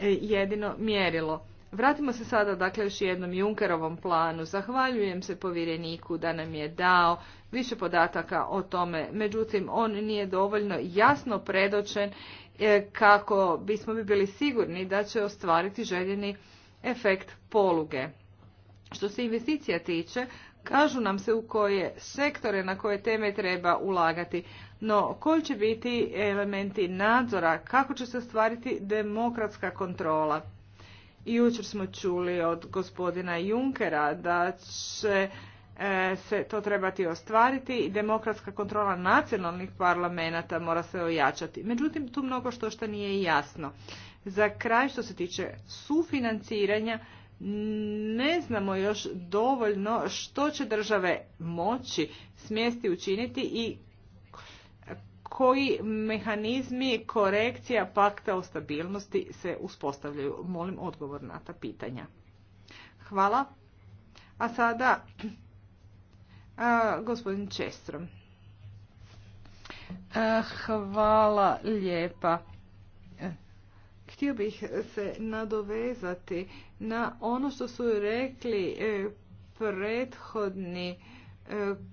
S3: e, jedino mjerilo. Vratimo se sada dakle još jednom Junkerovom planu. Zahvaljujem se povjereniku da nam je dao više podataka o tome. Međutim, on nije dovoljno jasno predočen e, kako bismo bi bili sigurni da će ostvariti željeni efekt poluge. Što se investicija tiče, kažu nam se u koje sektore na koje teme treba ulagati. No, koji će biti elementi nadzora, kako će se ostvariti demokratska kontrola? Jučer smo čuli od gospodina Junkera da će e, se to trebati ostvariti i demokratska kontrola nacionalnih parlamenta mora se ojačati. Međutim, tu mnogo što što nije jasno. Za kraj što se tiče sufinanciranja, ne znamo još dovoljno što će države moći smjesti učiniti i koji mehanizmi korekcija pakta o stabilnosti se uspostavljaju? Molim odgovor na ta pitanja. Hvala. A sada gospodin Čestrom. hvala lijepa. Htio bih se nadovezati na ono što su rekli e, prethodni e,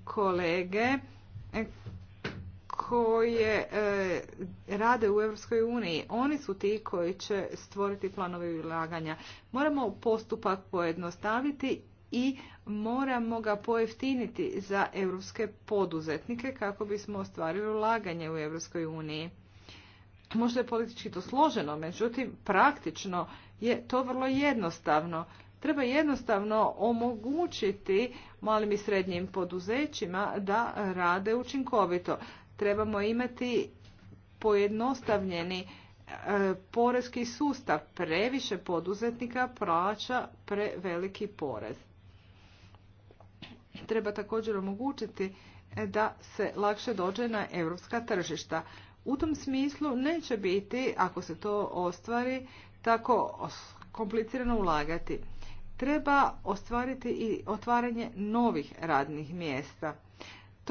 S3: kolege e, koje e, rade u Europskoj uniji. Oni su ti koji će stvoriti planove ulaganja. Moramo postupak pojednostaviti i moramo ga pojeftiniti za europske poduzetnike kako bismo ostvarili ulaganje u Europskoj uniji. Možda je politički to složeno, međutim praktično je to vrlo jednostavno. Treba jednostavno omogućiti malim i srednjim poduzećima da rade učinkovito trebamo imati pojednostavljeni e, porezki sustav. Previše poduzetnika plaća preveliki porez. Treba također omogućiti e, da se lakše dođe na europska tržišta. U tom smislu neće biti, ako se to ostvari, tako komplicirano ulagati. Treba ostvariti i otvaranje novih radnih mjesta.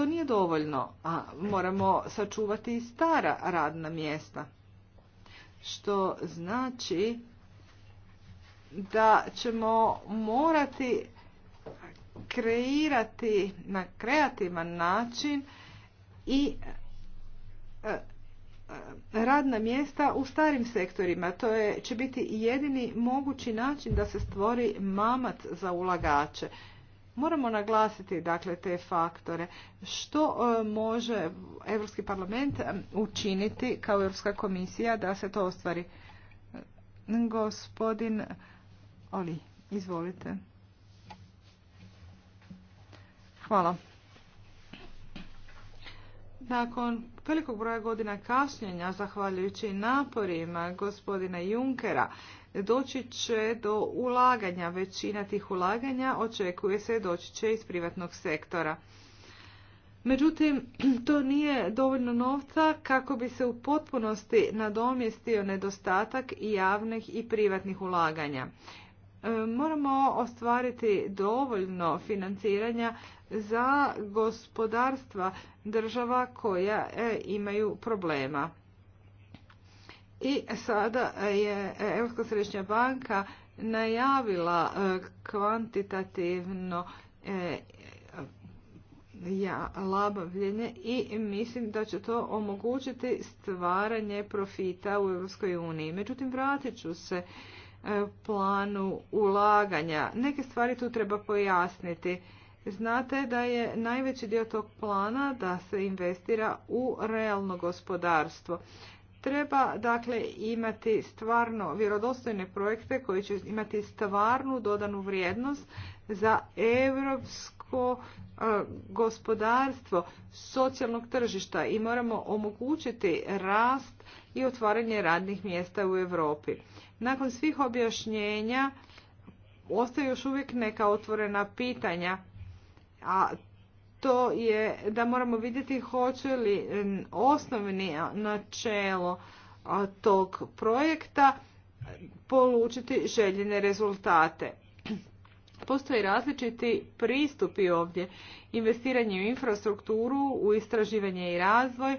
S3: To nije dovoljno, a moramo sačuvati i stara radna mjesta. Što znači da ćemo morati kreirati na kreativan način i e, e, radna mjesta u starim sektorima. To je, će biti jedini mogući način da se stvori mamac za ulagače. Moramo naglasiti dakle te faktore. Što e, može Europski parlament e, učiniti kao Europska komisija da se to ostvari? Gospodin Oli, izvolite. Hvala. Nakon velikog broja godina kašnjenja, zahvaljujući naporima gospodina Junkera, doći će do ulaganja. Većina tih ulaganja očekuje se doći će iz privatnog sektora. Međutim, to nije dovoljno novca kako bi se u potpunosti nadomjestio nedostatak i javnih i privatnih ulaganja. E, moramo ostvariti dovoljno financiranja za gospodarstva država koja e, imaju problema. I sada je Europska središnja banka najavila e, kvantitativno e, ja, labavljenje i mislim da će to omogućiti stvaranje profita u Europskoj uniji. Međutim, vratit ću se e, planu ulaganja. Neke stvari tu treba pojasniti. Znate da je najveći dio tog plana da se investira u realno gospodarstvo. Treba dakle imati stvarno vjerodostojne projekte koji će imati stvarnu dodanu vrijednost za europsko e, gospodarstvo socijalnog tržišta i moramo omogućiti rast i otvaranje radnih mjesta u Europi. Nakon svih objašnjenja ostaju još uvijek neka otvorena pitanja, a to je da moramo vidjeti hoće li osnovni načelo tog projekta polučiti željene rezultate. Postoje različiti pristupi ovdje. Investiranje u infrastrukturu, u istraživanje i razvoj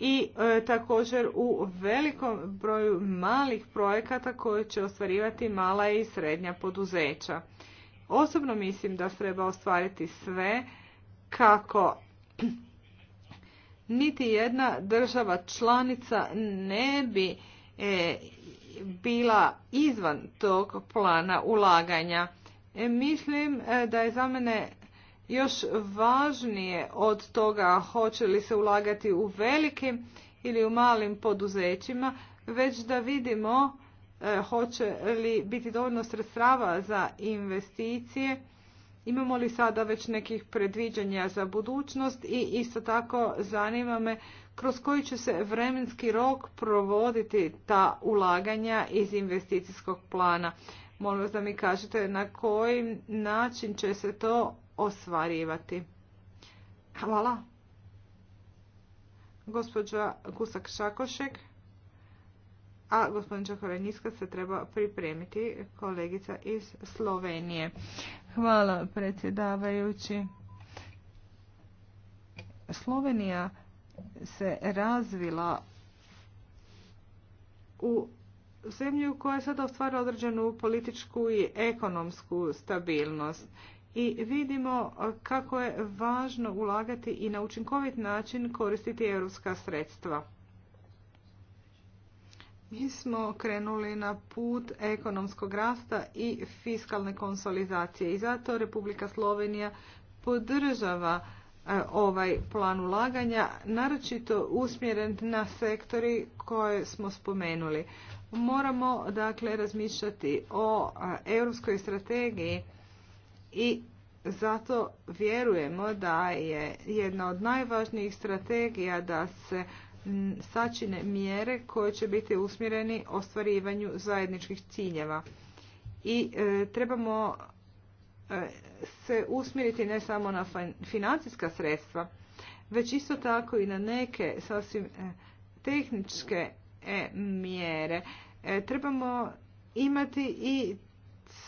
S3: i e, također u velikom broju malih projekata koje će ostvarivati mala i srednja poduzeća. Osobno mislim da treba ostvariti sve kako niti jedna država članica ne bi e, bila izvan tog plana ulaganja. E, mislim e, da je za mene još važnije od toga hoće li se ulagati u velikim ili u malim poduzećima, već da vidimo e, hoće li biti dovoljno sredstava za investicije Imamo li sada već nekih predviđanja za budućnost i isto tako zanima me kroz koji će se vremenski rok provoditi ta ulaganja iz investicijskog plana. Molim vas da mi kažete na koji način će se to osvarivati. Hvala. Gospođa Gusak Šakošek a gospodin Niska se treba pripremiti, kolegica iz Slovenije. Hvala predsjedavajući. Slovenija se razvila u zemlju koja sada ostvara određenu političku i ekonomsku stabilnost. I vidimo kako je važno ulagati i na učinkovit način koristiti europska sredstva. Mi smo krenuli na put ekonomskog rasta i fiskalne konsolidacije i zato Republika Slovenija podržava e, ovaj plan ulaganja, naročito usmjeren na sektori koje smo spomenuli. Moramo dakle razmišljati o e, europskoj strategiji i zato vjerujemo da je jedna od najvažnijih strategija da se sačine mjere koje će biti usmjereni ostvarivanju zajedničkih ciljeva. I e, trebamo e, se usmjeriti ne samo na financijska sredstva, već isto tako i na neke sasvim e, tehničke mjere. Trebamo imati i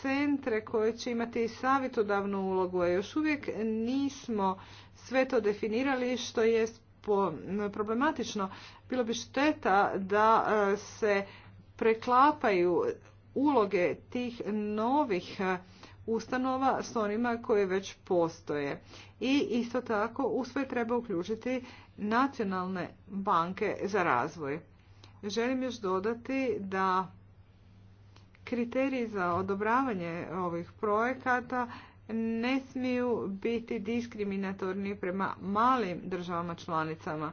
S3: centre koje će imati savjetodavnu ulogu, a još uvijek nismo sve to definirali što je problematično. Bilo bi šteta da e, se preklapaju uloge tih novih e, ustanova s onima koje već postoje. I isto tako u sve treba uključiti nacionalne banke za razvoj. Želim još dodati da kriteriji za odobravanje ovih projekata ne smiju biti diskriminatorni prema malim državama članicama.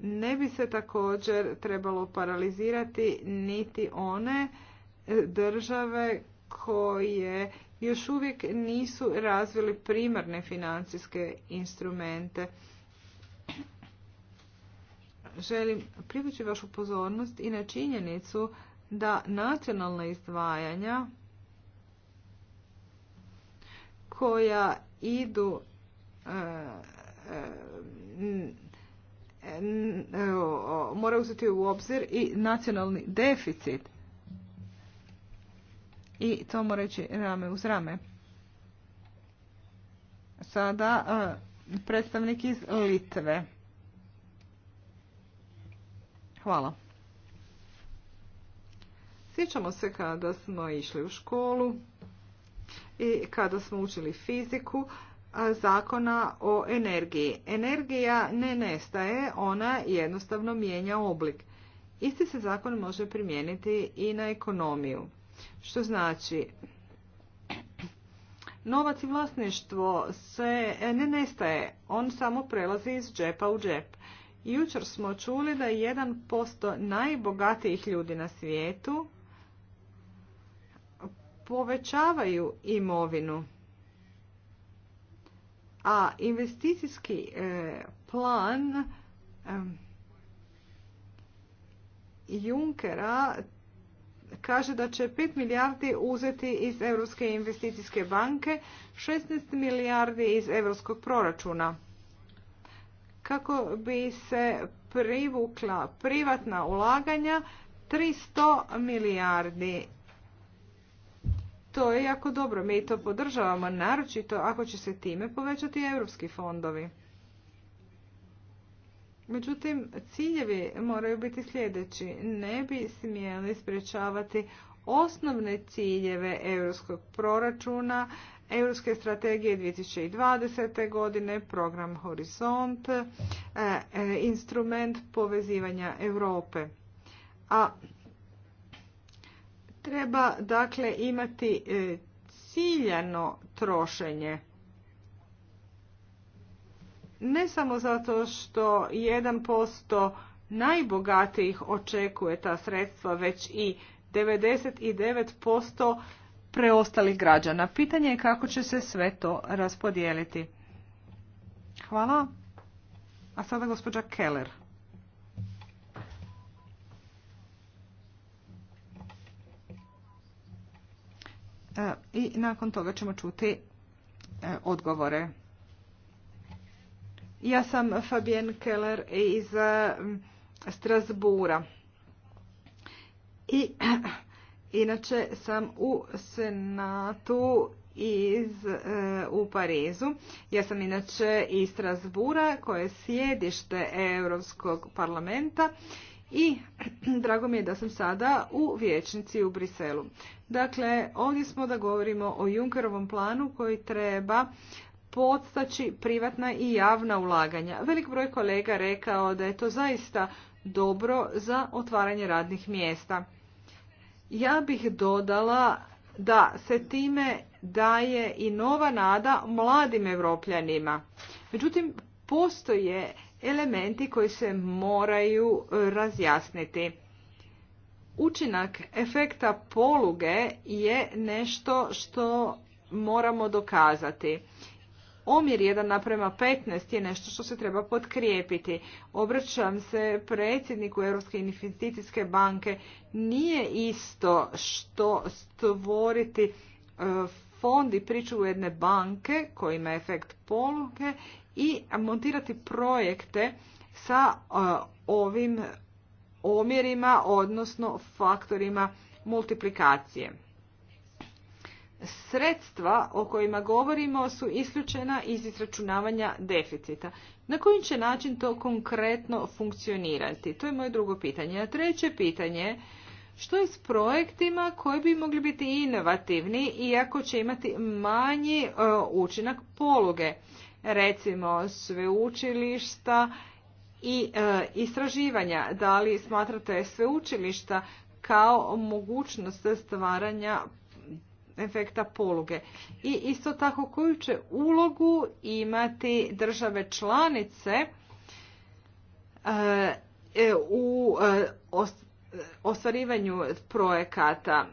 S3: Ne bi se također trebalo paralizirati niti one države koje još uvijek nisu razvili primarne financijske instrumente. Želim privući vašu pozornost i na činjenicu da nacionalna izdvajanja koja idu e, e, e, mora uzeti u obzir i nacionalni deficit. I to mora reći rame uz rame. Sada predstavnik iz Litve. Hvala. Sjećamo se kada smo išli u školu i kada smo učili fiziku zakona o energiji. Energija ne nestaje, ona jednostavno mijenja oblik. Isti se zakon može primijeniti i na ekonomiju. Što znači, novac i vlasništvo se ne nestaje, on samo prelazi iz džepa u džep. Jučer smo čuli da je 1% najbogatijih ljudi na svijetu povećavaju imovinu. A investicijski e, plan Junkera kaže da će 5 milijardi uzeti iz Europske investicijske banke, 16 milijardi iz europskog proračuna. Kako bi se privukla privatna ulaganja 300 milijardi to je jako dobro, mi to podržavamo, naročito ako će se time povećati europski fondovi. Međutim, ciljevi moraju biti sljedeći. Ne bi smjeli sprječavati osnovne ciljeve europskog proračuna, Europske strategije 2020. godine, program Horizont, e, e, instrument povezivanja Europe. A Treba dakle imati e, ciljano trošenje. Ne samo zato što 1% najbogatijih očekuje ta sredstva, već i 99% preostalih građana. Pitanje je kako će se sve to raspodijeliti. Hvala. A sada gospođa Keller. E, i nakon toga ćemo čuti e, odgovore. Ja sam Fabien Keller iz e, Strasbura. I inače sam u Senatu iz, u Parizu. Ja sam inače iz Strasbura koje je sjedište Europskog parlamenta i drago mi je da sam sada u vječnici u Briselu. Dakle, ovdje smo da govorimo o Junkerovom planu koji treba podstaći privatna i javna ulaganja. Velik broj kolega rekao da je to zaista dobro za otvaranje radnih mjesta. Ja bih dodala da se time daje i nova nada mladim evropljanima. Međutim, postoje elementi koji se moraju e, razjasniti. Učinak efekta poluge je nešto što moramo dokazati. Omjer 1 naprema 15 je nešto što se treba potkrijepiti. Obraćam se predsjedniku Europske investicijske banke. Nije isto što stvoriti e, fond i priču jedne banke kojima je efekt poluge i montirati projekte sa ovim omjerima, odnosno faktorima multiplikacije. Sredstva o kojima govorimo su isključena iz izračunavanja deficita. Na koji će način to konkretno funkcionirati? To je moje drugo pitanje. A treće pitanje što je s projektima koji bi mogli biti inovativni iako će imati manji učinak poluge? recimo sveučilišta i e, istraživanja. Da li smatrate sveučilišta kao mogućnost stvaranja efekta poluge? I isto tako koju će ulogu imati države članice e, e, u ostvarivanju projekata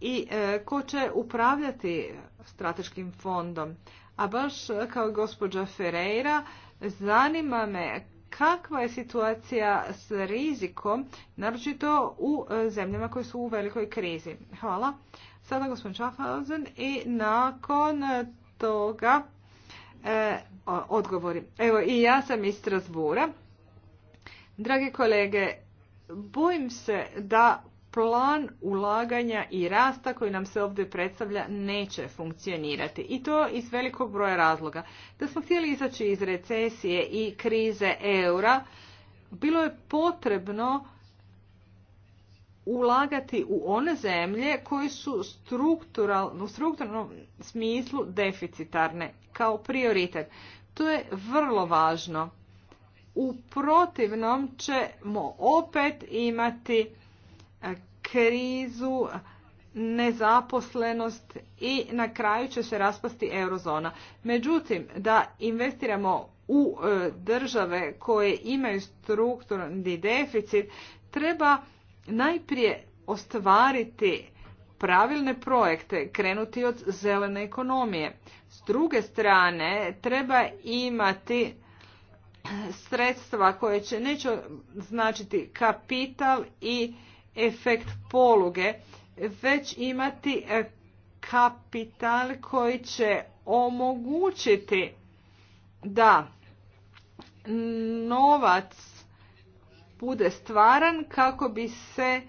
S3: i ko će upravljati strateškim fondom. A baš kao gospođa Ferreira, zanima me kakva je situacija s rizikom, naročito u e, zemljama koje su u velikoj krizi. Hvala. Sada gospodin Schaffhausen i nakon toga e, odgovori. Evo i ja sam iz Strasbura. Dragi kolege, bojim se da plan ulaganja i rasta koji nam se ovdje predstavlja neće funkcionirati. I to iz velikog broja razloga. Da smo htjeli izaći iz recesije i krize eura, bilo je potrebno ulagati u one zemlje koje su u strukturnom smislu deficitarne kao prioritet. To je vrlo važno. U protivnom ćemo opet imati krizu, nezaposlenost i na kraju će se raspasti eurozona. Međutim, da investiramo u e, države koje imaju strukturni deficit, treba najprije ostvariti pravilne projekte, krenuti od zelene ekonomije. S druge strane, treba imati sredstva koje će neće značiti kapital i efekt poluge, već imati e, kapital koji će omogućiti da novac bude stvaran kako bi se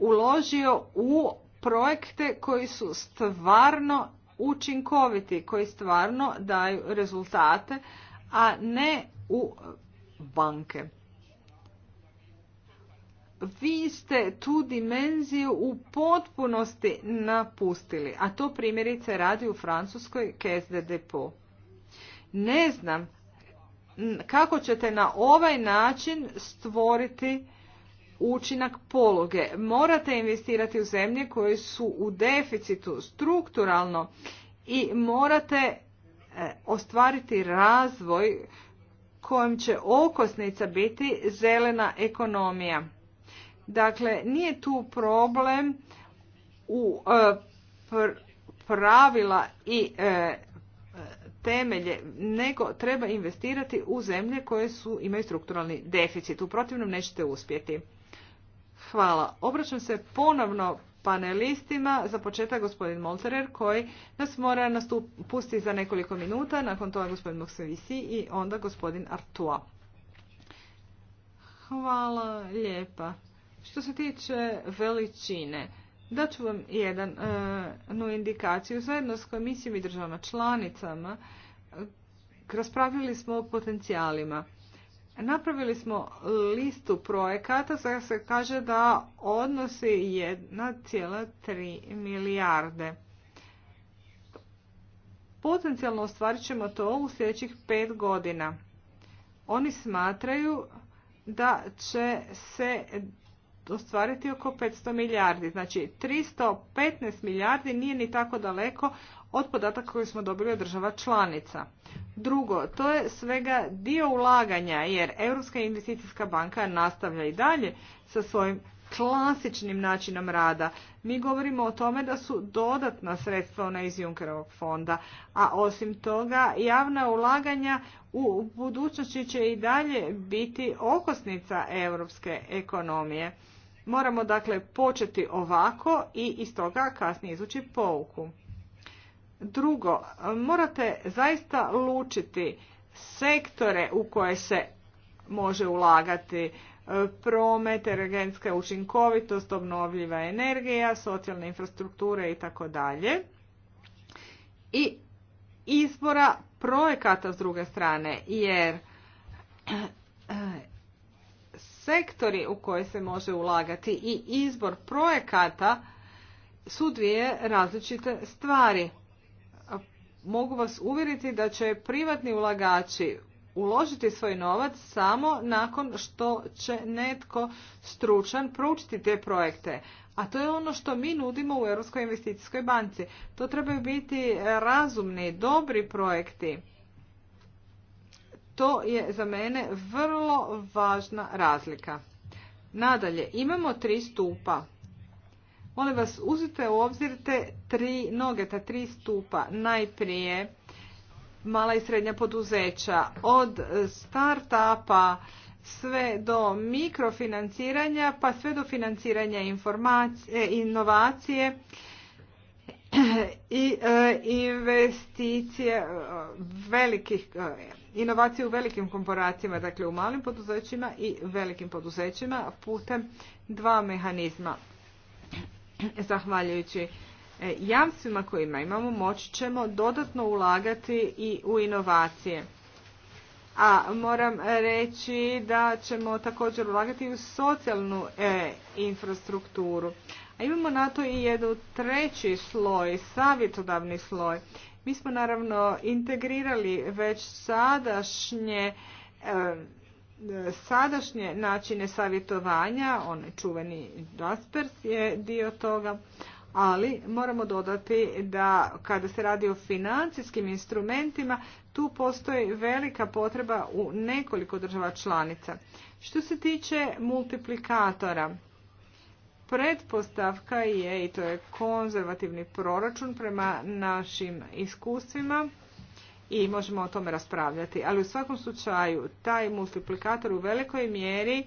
S3: uložio u projekte koji su stvarno učinkoviti, koji stvarno daju rezultate, a ne u banke vi ste tu dimenziju u potpunosti napustili, a to primjerice radi u Francuskoj Caisse de depot. Ne znam kako ćete na ovaj način stvoriti učinak pologe. Morate investirati u zemlje koje su u deficitu strukturalno i morate e, ostvariti razvoj kojem će okosnica biti zelena ekonomija. Dakle, nije tu problem u e, pravila i e, temelje, nego treba investirati u zemlje koje su, imaju strukturalni deficit. U protivnom nećete uspjeti. Hvala. Obraćam se ponovno panelistima. Za početak gospodin Molterer koji nas mora nastup, za nekoliko minuta. Nakon toga gospodin Moksevisi i onda gospodin Artua. Hvala lijepa. Što se tiče veličine, daću vam e, jednu indikaciju. Zajedno s komisijom i državama članicama e, raspravili smo o potencijalima. Napravili smo listu projekata za se kaže da odnosi 1,3 milijarde. Potencijalno ostvarit ćemo to u sljedećih pet godina. Oni smatraju da će se ostvariti oko 500 milijardi. Znači 315 milijardi nije ni tako daleko od podataka koje smo dobili od država članica. Drugo, to je svega dio ulaganja jer Europska investicijska banka nastavlja i dalje sa svojim klasičnim načinom rada. Mi govorimo o tome da su dodatna sredstva ona iz Junkerovog fonda, a osim toga javna ulaganja u budućnosti će i dalje biti okosnica europske ekonomije. Moramo dakle početi ovako i iz toga kasnije izući pouku. Drugo, morate zaista lučiti sektore u koje se može ulagati promet, energetska učinkovitost, obnovljiva energija, socijalne infrastrukture i tako dalje. I izbora projekata s druge strane, jer sektori u koje se može ulagati i izbor projekata su dvije različite stvari. Mogu vas uvjeriti da će privatni ulagači uložiti svoj novac samo nakon što će netko stručan proučiti te projekte. A to je ono što mi nudimo u Europskoj investicijskoj banci. To trebaju biti razumni, dobri projekti to je za mene vrlo važna razlika. Nadalje, imamo tri stupa. Molim vas, uzite u obzir te tri noge, ta tri stupa. Najprije mala i srednja poduzeća, od start-upa sve do mikrofinanciranja, pa sve do financiranja e, inovacije i e, investicije e, velikih inovacije u velikim korporacijama, dakle u malim poduzećima i velikim poduzećima putem dva mehanizma. Zahvaljujući e, jamstvima kojima imamo moći ćemo dodatno ulagati i u inovacije. A moram reći da ćemo također ulagati u socijalnu e, infrastrukturu. A imamo na to i jednu treći sloj, savjetodavni sloj. Mi smo naravno integrirali već sadašnje sadašnje načine savjetovanja, onaj čuveni Jaspers je dio toga, ali moramo dodati da kada se radi o financijskim instrumentima, tu postoji velika potreba u nekoliko država članica. Što se tiče multiplikatora, Pretpostavka je, i to je konzervativni proračun prema našim iskustvima, i možemo o tome raspravljati. Ali u svakom slučaju taj multiplikator u velikoj mjeri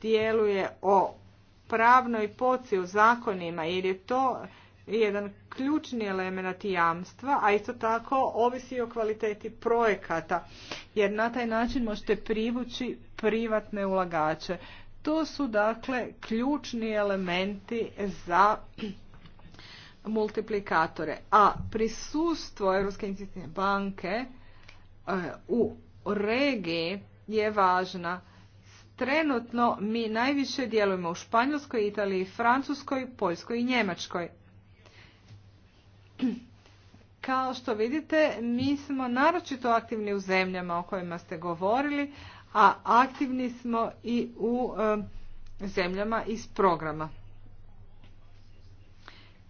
S3: djeluje o pravnoj poci u zakonima jer je to jedan ključni element jamstva, a isto tako ovisi o kvaliteti projekata jer na taj način možete privući privatne ulagače. To su dakle ključni elementi za multiplikatore. A prisustvo Europske investicijske banke e, u regiji je važna. Trenutno mi najviše djelujemo u Španjolskoj, Italiji, Francuskoj, Poljskoj i Njemačkoj. Kao što vidite, mi smo naročito aktivni u zemljama o kojima ste govorili, a aktivni smo i u e, zemljama iz programa.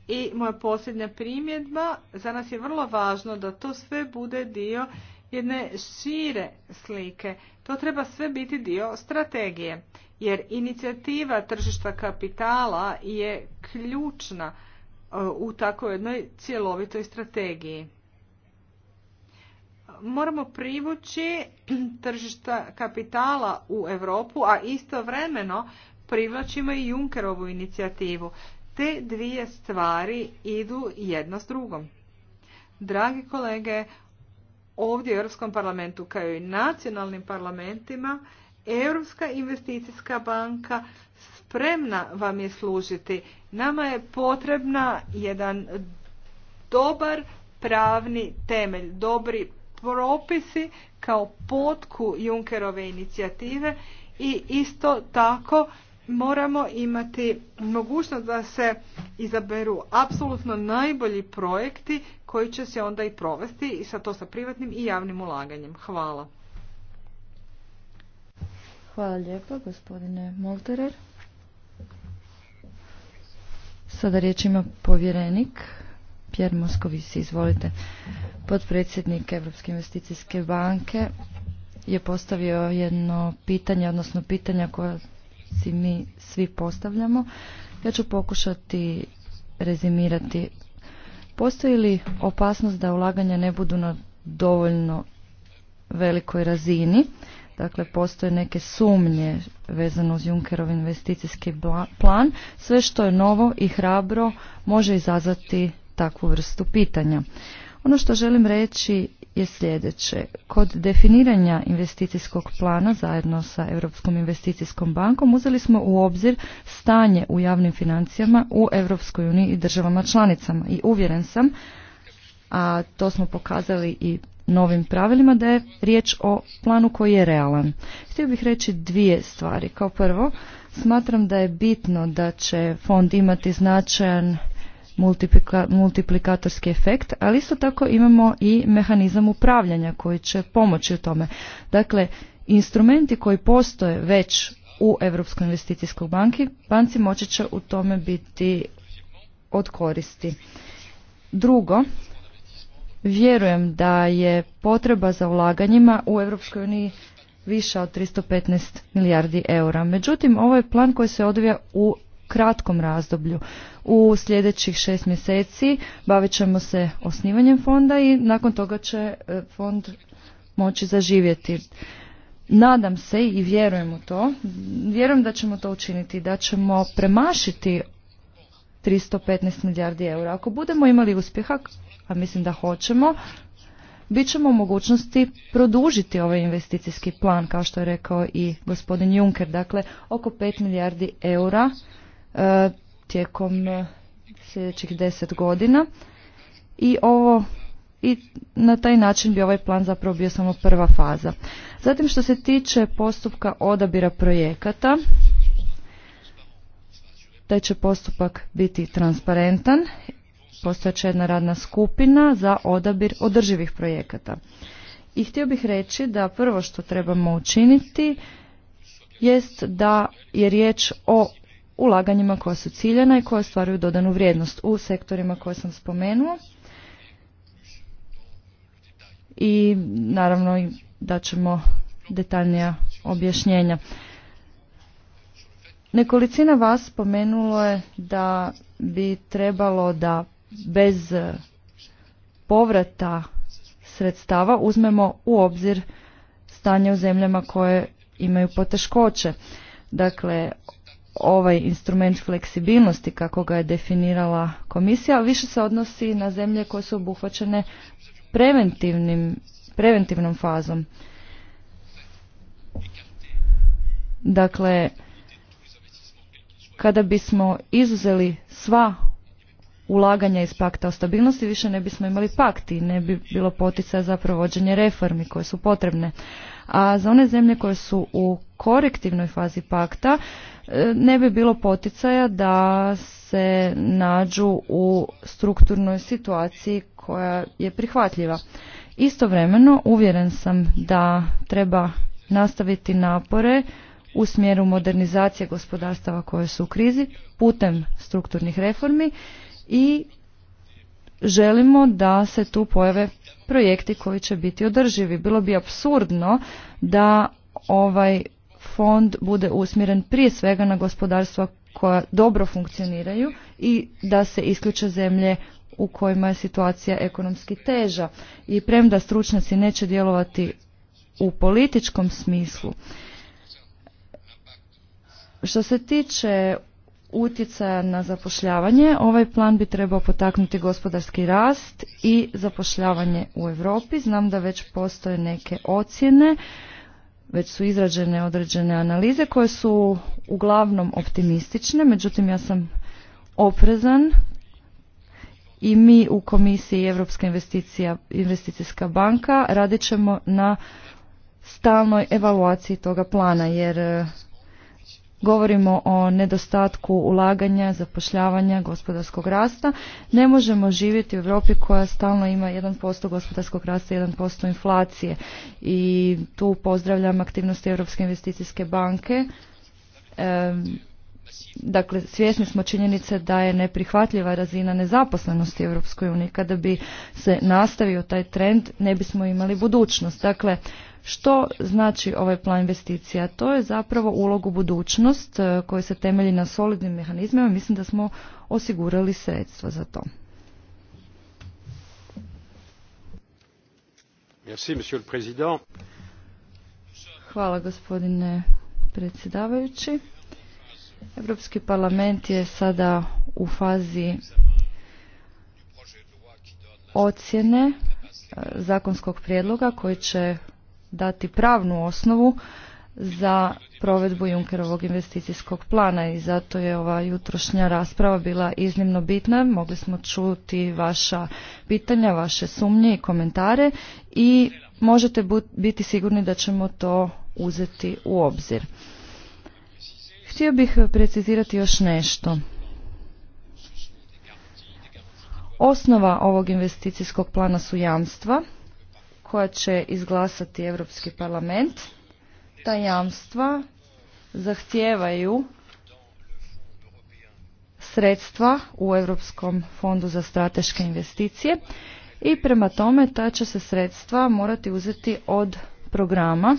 S3: I moja posljednja primjedba, za nas je vrlo važno da to sve bude dio jedne šire slike. To treba sve biti dio strategije, jer inicijativa tržišta kapitala je ključna e, u tako jednoj cjelovitoj strategiji moramo privući tržišta kapitala u Europu, a istovremeno privlačimo i Junkerovu inicijativu. Te dvije stvari idu jedna s drugom. Dragi kolege, ovdje u Europskom parlamentu kao i nacionalnim parlamentima, Europska investicijska banka spremna vam je služiti. Nama je potrebna jedan dobar pravni temelj, dobri propisi kao potku Junkerove inicijative i isto tako moramo imati mogućnost da se izaberu apsolutno najbolji projekti koji će se onda i provesti i sa to sa privatnim i javnim ulaganjem. Hvala.
S1: Hvala lijepa gospodine Molterer. Sada riječ ima povjerenik. Pierre si izvolite. Podpredsjednik Europske investicijske banke je postavio jedno pitanje, odnosno pitanja koja si mi svi postavljamo. Ja ću pokušati rezimirati. Postoji li opasnost da ulaganja ne budu na dovoljno velikoj razini? Dakle, postoje neke sumnje vezano uz Junkerov investicijski plan. Sve što je novo i hrabro može izazvati takvu vrstu pitanja. Ono što želim reći je sljedeće. Kod definiranja investicijskog plana zajedno sa Europskom investicijskom bankom uzeli smo u obzir stanje u javnim financijama u Europskoj uniji i državama članicama i uvjeren sam, a to smo pokazali i novim pravilima, da je riječ o planu koji je realan. Htio bih reći dvije stvari. Kao prvo, smatram da je bitno da će fond imati značajan multiplikatorski efekt, ali isto tako imamo i mehanizam upravljanja koji će pomoći u tome. Dakle, instrumenti koji postoje već u Europskoj investicijskoj banki, banci moći će u tome biti od koristi. Drugo, vjerujem da je potreba za ulaganjima u Europskoj uniji viša od 315 milijardi eura. Međutim, ovo je plan koji se odvija u kratkom razdoblju. U sljedećih šest mjeseci bavit ćemo se osnivanjem fonda i nakon toga će e, fond moći zaživjeti. Nadam se i vjerujem u to. Vjerujem da ćemo to učiniti, da ćemo premašiti 315 milijardi eura. Ako budemo imali uspjeha, a mislim da hoćemo, bit ćemo u mogućnosti produžiti ovaj investicijski plan, kao što je rekao i gospodin Juncker. Dakle, oko 5 milijardi eura E, tijekom e, sljedećih deset godina i ovo i na taj način bi ovaj plan zapravo bio samo prva faza. Zatim što se tiče postupka odabira projekata, taj će postupak biti transparentan, će jedna radna skupina za odabir održivih projekata. I htio bih reći da prvo što trebamo učiniti jest da je riječ o ulaganjima koja su ciljena i koja stvaraju dodanu vrijednost u sektorima koje sam spomenuo. I naravno da ćemo detaljnija objašnjenja. Nekolicina vas spomenulo je da bi trebalo da bez povrata sredstava uzmemo u obzir stanje u zemljama koje imaju poteškoće. Dakle, ovaj instrument fleksibilnosti kako ga je definirala komisija više se odnosi na zemlje koje su obuhvaćene preventivnim, preventivnom fazom. Dakle, kada bismo izuzeli sva ulaganja iz pakta o stabilnosti, više ne bismo imali pakti i ne bi bilo poticaja za provođenje reformi koje su potrebne. A za one zemlje koje su u korektivnoj fazi pakta e, ne bi bilo poticaja da se nađu u strukturnoj situaciji koja je prihvatljiva. Istovremeno uvjeren sam da treba nastaviti napore u smjeru modernizacije gospodarstava koje su u krizi putem strukturnih reformi i želimo da se tu pojave projekti koji će biti održivi. Bilo bi absurdno da ovaj fond bude usmjeren prije svega na gospodarstva koja dobro funkcioniraju i da se isključe zemlje u kojima je situacija ekonomski teža. I premda stručnjaci neće djelovati u političkom smislu. Što se tiče utjecaja na zapošljavanje, ovaj plan bi trebao potaknuti gospodarski rast i zapošljavanje u Europi. Znam da već postoje neke ocjene već su izrađene određene analize koje su uglavnom optimistične, međutim ja sam oprezan i mi u Komisiji Europska investicija, investicijska banka radit ćemo na stalnoj evaluaciji toga plana jer govorimo o nedostatku ulaganja, zapošljavanja, gospodarskog rasta, ne možemo živjeti u Europi koja stalno ima 1% gospodarskog rasta i 1% inflacije. I tu pozdravljam aktivnosti Europske investicijske banke dakle svjesni smo činjenice da je neprihvatljiva razina nezaposlenosti u uniji kada bi se nastavio taj trend ne bismo imali budućnost dakle što znači ovaj plan investicija? To je zapravo ulogu budućnost e, koja se temelji na solidnim mehanizmima. Mislim da smo osigurali sredstva za to.
S2: Merci, monsieur le Hvala
S1: gospodine predsjedavajući. Europski parlament je sada u fazi ocjene e, zakonskog prijedloga koji će dati pravnu osnovu za provedbu Junkerovog investicijskog plana i zato je ova jutrošnja rasprava bila iznimno bitna. Mogli smo čuti vaša pitanja, vaše sumnje i komentare i možete biti sigurni da ćemo to uzeti u obzir. Htio bih eh, precizirati još nešto. Osnova ovog investicijskog plana su jamstva koja će izglasati Europski parlament. Ta jamstva zahtijevaju sredstva u Europskom fondu za strateške investicije i prema tome ta će se sredstva morati uzeti od programa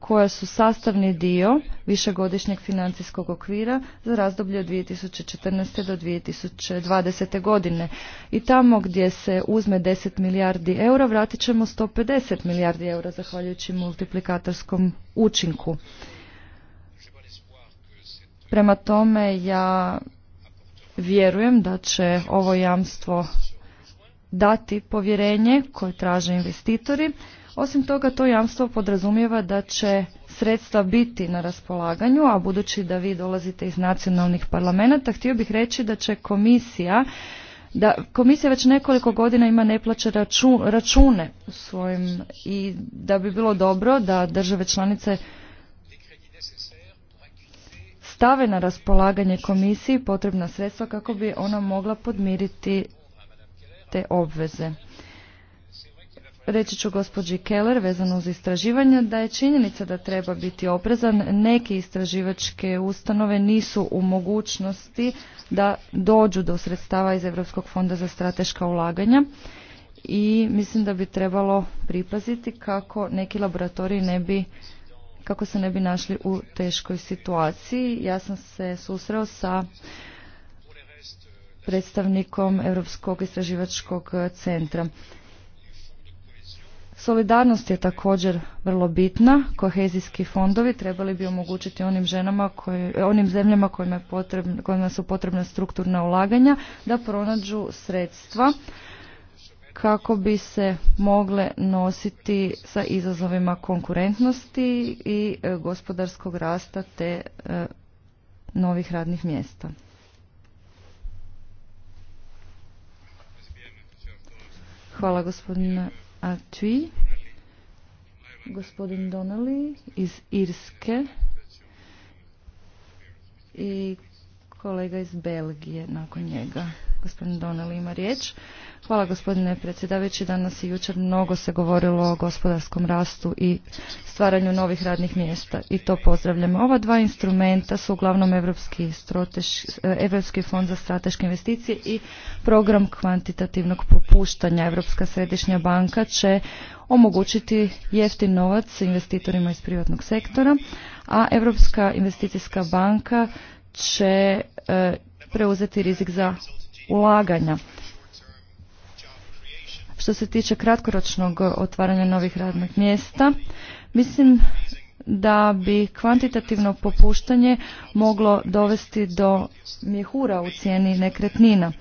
S1: koja su sastavni dio višegodišnjeg financijskog okvira za razdoblje od 2014. do 2020. godine. I tamo gdje se uzme 10 milijardi eura vratit ćemo 150 milijardi eura zahvaljujući multiplikatorskom učinku. Prema tome ja vjerujem da će ovo jamstvo dati povjerenje koje traže investitori osim toga, to jamstvo podrazumijeva da će sredstva biti na raspolaganju, a budući da vi dolazite iz nacionalnih parlamenta, htio bih reći da će komisija da komisija već nekoliko godina ima neplaće račune u svojim i da bi bilo dobro da države članice stave na raspolaganje komisiji potrebna sredstva kako bi ona mogla podmiriti te obveze reći ću gospođi Keller vezano uz istraživanje da je činjenica da treba biti oprezan. Neke istraživačke ustanove nisu u mogućnosti da dođu do sredstava iz Europskog fonda za strateška ulaganja i mislim da bi trebalo pripaziti kako neki laboratoriji ne bi kako se ne bi našli u teškoj situaciji. Ja sam se susreo sa predstavnikom Europskog istraživačkog centra. Solidarnost je također vrlo bitna. Kohezijski fondovi trebali bi omogućiti onim ženama koje onim zemljama kojima, je kojima su potrebna strukturna ulaganja da pronađu sredstva kako bi se mogle nositi sa izazovima konkurentnosti i e, gospodarskog rasta te e, novih radnih mjesta. Hvala gospodine tu gospodin Donnelly iz Irske i kolega iz Belgije nakon njega. Gospodin Donnelly ima riječ. Hvala gospodine predsjedavajući. Danas i jučer mnogo se govorilo o gospodarskom rastu i stvaranju novih radnih mjesta i to pozdravljamo. Ova dva instrumenta su uglavnom Europski, fond za strateške investicije i program kvantitativnog popuštanja. Europska središnja banka će omogućiti jeftin novac investitorima iz privatnog sektora, a Europska investicijska banka će e, preuzeti rizik za ulaganja što se tiče kratkoročnog otvaranja novih radnih mjesta, mislim da bi kvantitativno popuštanje moglo dovesti do mjehura u cijeni nekretnina,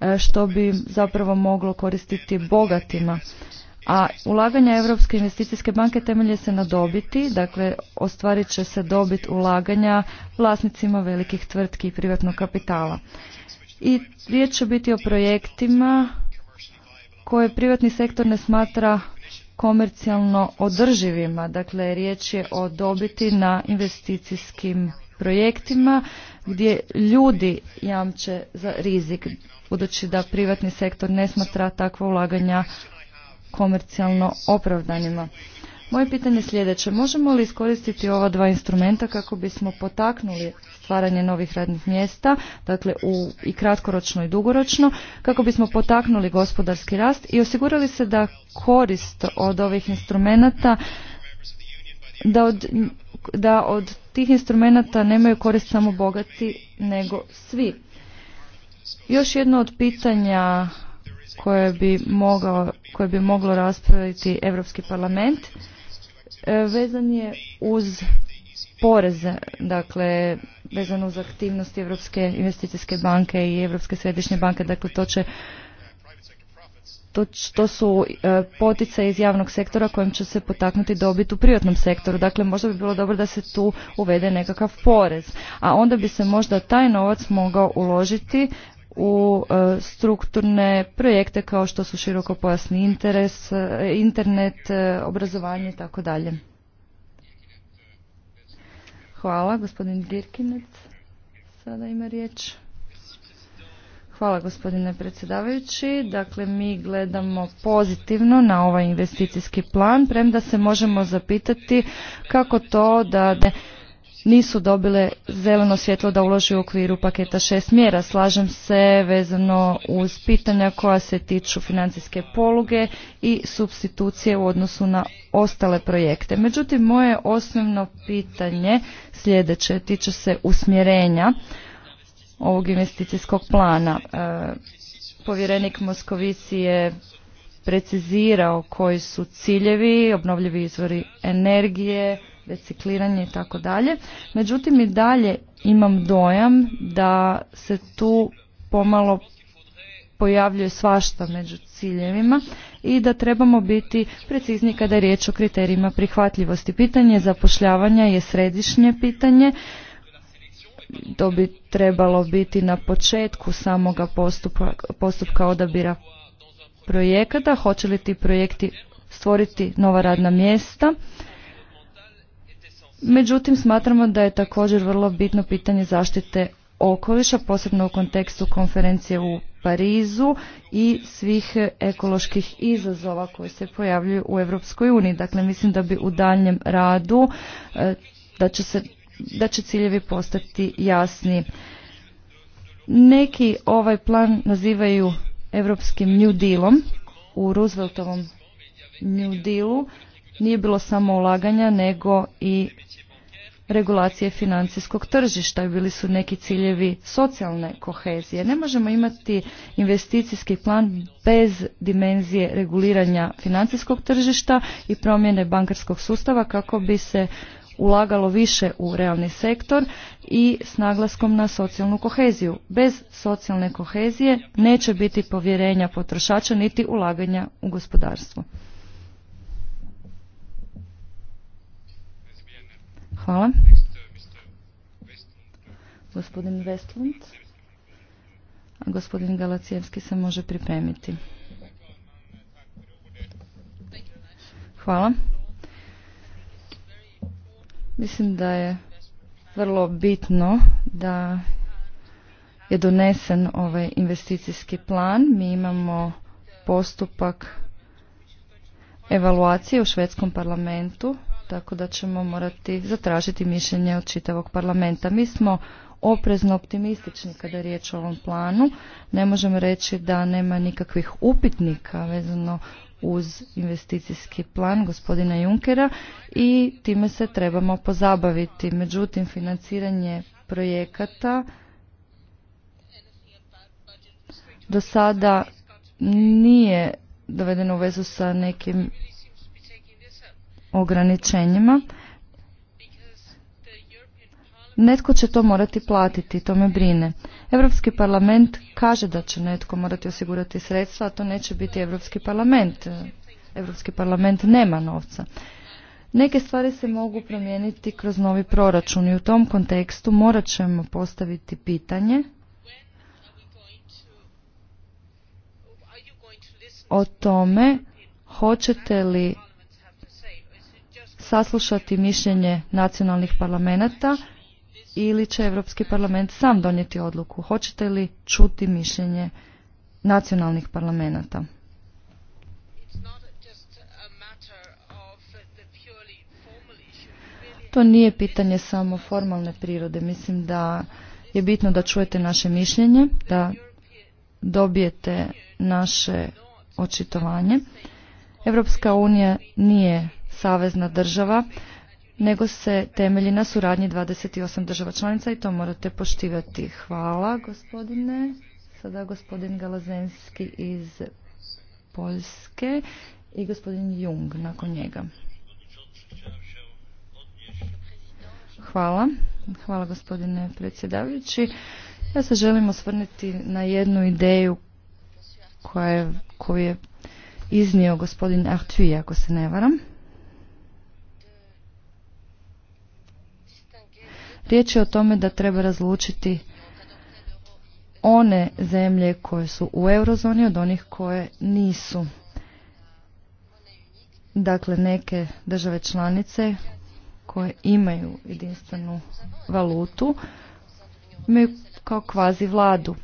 S1: e, što bi zapravo moglo koristiti bogatima. A ulaganja Europske investicijske banke temelje se na dobiti, dakle ostvarit će se dobit ulaganja vlasnicima velikih tvrtki i privatnog kapitala. I riječ će biti o projektima koje privatni sektor ne smatra komercijalno održivima. Dakle, riječ je o dobiti na investicijskim projektima gdje ljudi jamče za rizik, budući da privatni sektor ne smatra takva ulaganja komercijalno opravdanima. Moje pitanje je sljedeće. Možemo li iskoristiti ova dva instrumenta kako bismo potaknuli stvaranje novih radnih mjesta, dakle u, i kratkoročno i dugoročno, kako bismo potaknuli gospodarski rast i osigurali se da korist od ovih instrumenata da od, da od tih instrumenata nemaju korist samo bogati nego svi. Još jedno od pitanja koje bi, mogao, koje bi moglo raspraviti Europski parlament e, vezan je uz poreze, dakle vezano uz aktivnosti Europske investicijske banke i Europske središnje banke, dakle to će to, su e, potice iz javnog sektora kojim će se potaknuti dobit u privatnom sektoru. Dakle, možda bi bilo dobro da se tu uvede nekakav porez. A onda bi se možda taj novac mogao uložiti u e, strukturne projekte kao što su širokopojasni interes, e, internet, e, obrazovanje i tako dalje. Hvala, gospodin dirkinec Sada ima riječ. Hvala gospodine predsjedavajući. Dakle, mi gledamo pozitivno na ovaj investicijski plan, premda se možemo zapitati kako to da nisu dobile zeleno svjetlo da uloži u okviru paketa šest mjera. Slažem se vezano uz pitanja koja se tiču financijske poluge i substitucije u odnosu na ostale projekte. Međutim, moje osnovno pitanje sljedeće tiče se usmjerenja ovog investicijskog plana. E, povjerenik Moskovici je precizirao koji su ciljevi, obnovljivi izvori energije, recikliranje i tako dalje. Međutim i dalje imam dojam da se tu pomalo pojavljuje svašta među ciljevima i da trebamo biti precizni kada je riječ o kriterijima prihvatljivosti. Pitanje zapošljavanja je središnje pitanje. To bi trebalo biti na početku samoga postupka, postupka odabira projekata. Hoće li ti projekti stvoriti nova radna mjesta? Međutim, smatramo da je također vrlo bitno pitanje zaštite okoliša, posebno u kontekstu konferencije u Parizu i svih ekoloških izazova koji se pojavljuju u Europskoj uniji. Dakle, mislim da bi u daljem radu e, da će, se, da će ciljevi postati jasni. Neki ovaj plan nazivaju Europskim New Dealom u Rooseveltovom New Dealu nije bilo samo ulaganja nego i regulacije financijskog tržišta bili su neki ciljevi socijalne kohezije. Ne možemo imati investicijski plan bez dimenzije reguliranja financijskog tržišta i promjene bankarskog sustava kako bi se ulagalo više u realni sektor i s naglaskom na socijalnu koheziju. Bez socijalne kohezije neće biti povjerenja potrošača niti ulaganja u gospodarstvo. Hvala. Gospodin Westlund. Gospodin Galacijevski se može pripremiti. Hvala. Mislim da je vrlo bitno da je donesen ovaj investicijski plan. Mi imamo postupak evaluacije u švedskom parlamentu tako da ćemo morati zatražiti mišljenje od čitavog parlamenta. Mi smo oprezno optimistični kada je riječ o ovom planu. Ne možemo reći da nema nikakvih upitnika vezano uz investicijski plan gospodina Junkera i time se trebamo pozabaviti. Međutim, financiranje projekata do sada nije dovedeno u vezu sa nekim ograničenjima, netko će to morati platiti, to me brine. Europski parlament kaže da će netko morati osigurati sredstva, a to neće biti Europski parlament. Europski parlament nema novca. Neke stvari se mogu promijeniti kroz novi proračun i u tom kontekstu morat ćemo postaviti pitanje o tome hoćete li saslušati mišljenje nacionalnih parlamenata ili će Europski parlament sam donijeti odluku? Hoćete li čuti mišljenje nacionalnih parlamentata? To nije pitanje samo formalne prirode. Mislim da je bitno da čujete naše mišljenje, da dobijete naše očitovanje. Evropska unija nije savezna država, nego se temelji na suradnji 28 država članica i to morate poštivati. Hvala gospodine. Sada gospodin Galazenski iz Poljske i gospodin Jung nakon njega. Hvala. Hvala gospodine predsjedavajući. Ja se želim osvrnuti na jednu ideju koja je, koju je iznio gospodin Artuji, ako se ne varam. Riječ je o tome da treba razlučiti one zemlje koje su u eurozoni od onih koje nisu. Dakle, neke države članice koje imaju jedinstvenu valutu imaju kao kvazi vladu.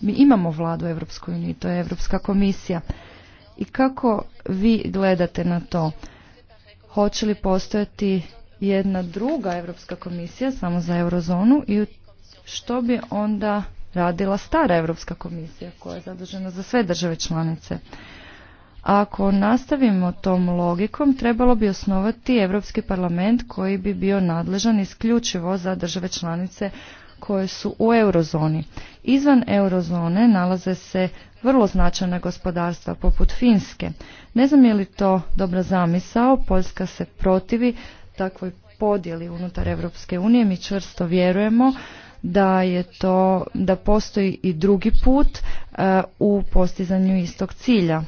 S1: Mi imamo vladu u Europskoj uniji, to je Europska komisija. I kako vi gledate na to? Hoće li postojati jedna druga Europska komisija samo za eurozonu i što bi onda radila stara Europska komisija koja je zadužena za sve države članice. ako nastavimo tom logikom, trebalo bi osnovati Europski parlament koji bi bio nadležan isključivo za države članice koje su u eurozoni. Izvan eurozone nalaze se vrlo značajna gospodarstva poput Finske. Ne znam je li to dobra zamisao, Poljska se protivi, takvoj podjeli unutar Europske unije. Mi čvrsto vjerujemo da je to, da postoji i drugi put e, u postizanju istog cilja.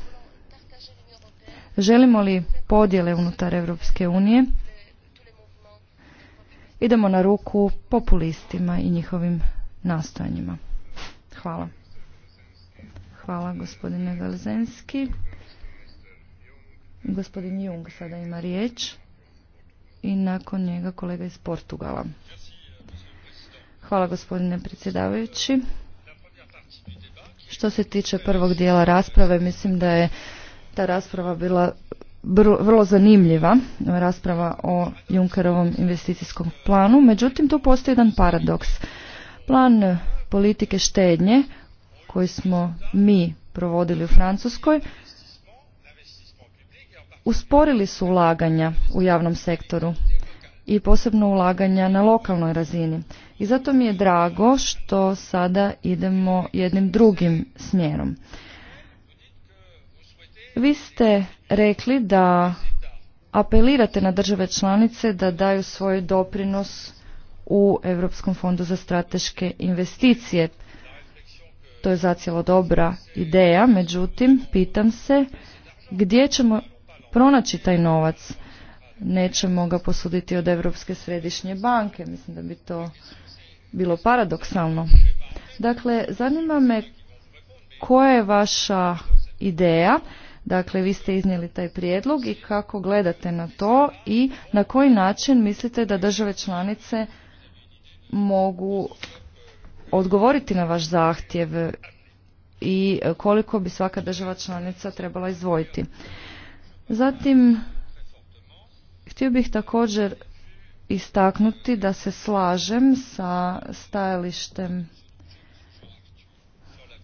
S1: Želimo li podjele unutar Europske unije? Idemo na ruku populistima i njihovim nastojanjima. Hvala. Hvala gospodine Galzenski. Gospodin Jung sada ima riječ i nakon njega kolega iz Portugala. Hvala gospodine predsjedavajući. Što se tiče prvog dijela rasprave, mislim da je ta rasprava bila vrlo zanimljiva, rasprava o Junkerovom investicijskom planu, međutim tu postoji jedan paradoks. Plan politike štednje koji smo mi provodili u Francuskoj usporili su ulaganja u javnom sektoru i posebno ulaganja na lokalnoj razini. I zato mi je drago što sada idemo jednim drugim smjerom. Vi ste rekli da apelirate na države članice da daju svoj doprinos u Europskom fondu za strateške investicije. To je zacijelo dobra ideja, međutim, pitam se gdje ćemo pronaći taj novac. Nećemo ga posuditi od Europske središnje banke. Mislim da bi to bilo paradoksalno. Dakle, zanima me koja je vaša ideja, dakle vi ste iznijeli taj prijedlog i kako gledate na to i na koji način mislite da države članice mogu odgovoriti na vaš zahtjev i koliko bi svaka država članica trebala izdvojiti. Zatim, htio bih također istaknuti da se slažem sa stajalištem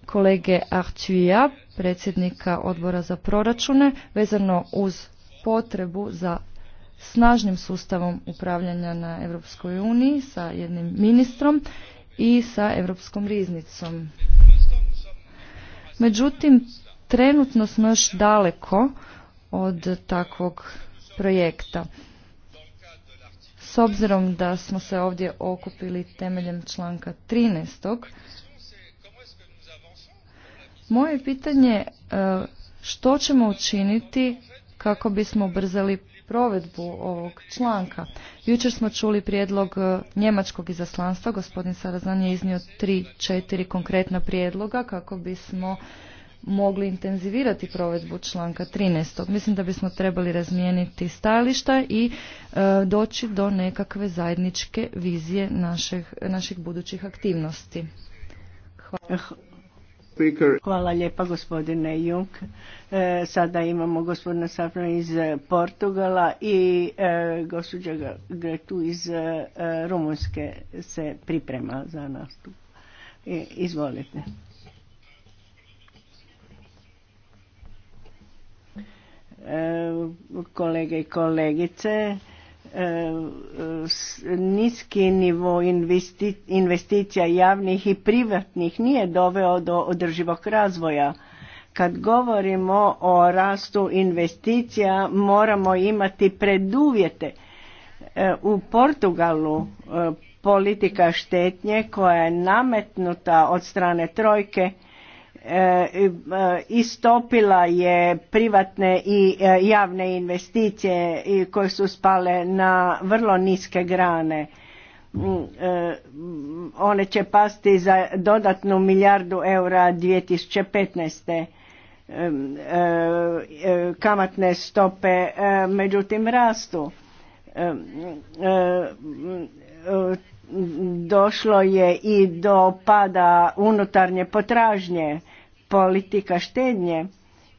S1: kolege Artuija, predsjednika odbora za proračune, vezano uz potrebu za snažnim sustavom upravljanja na Europskoj uniji sa jednim ministrom i sa Europskom riznicom. Međutim, trenutno smo još daleko od takvog projekta. S obzirom da smo se ovdje okupili temeljem članka 13. Moje pitanje e, što ćemo učiniti kako bismo ubrzali provedbu ovog članka. Jučer smo čuli prijedlog e, njemačkog izaslanstva, gospodin Sarazan je iznio tri, četiri konkretna prijedloga kako bismo mogli intenzivirati provedbu članka 13. Mislim da bismo trebali razmijeniti stajališta i e, doći do nekakve zajedničke vizije naših, naših budućih aktivnosti.
S2: Hvala. Eh, Hvala lijepa gospodine Jung. E, sada imamo gospodina Safra iz Portugala i e, gospođa Gretu iz e, Rumunjske se priprema za nastup. Izvolite. E, kolege i kolegice e, e, niski nivo investicija javnih i privatnih nije doveo do održivog razvoja. Kad govorimo o rastu investicija moramo imati preduvjete. U Portugalu politika štetnje koja je nametnuta od strane trojke E, e, istopila je privatne i e, javne investicije koje su spale na vrlo niske grane. Mm, mm, one će pasti za dodatnu milijardu eura 2015 kamatne stope međutim rastu mm, došlo je i do pada unutarnje potražnje politika štednje,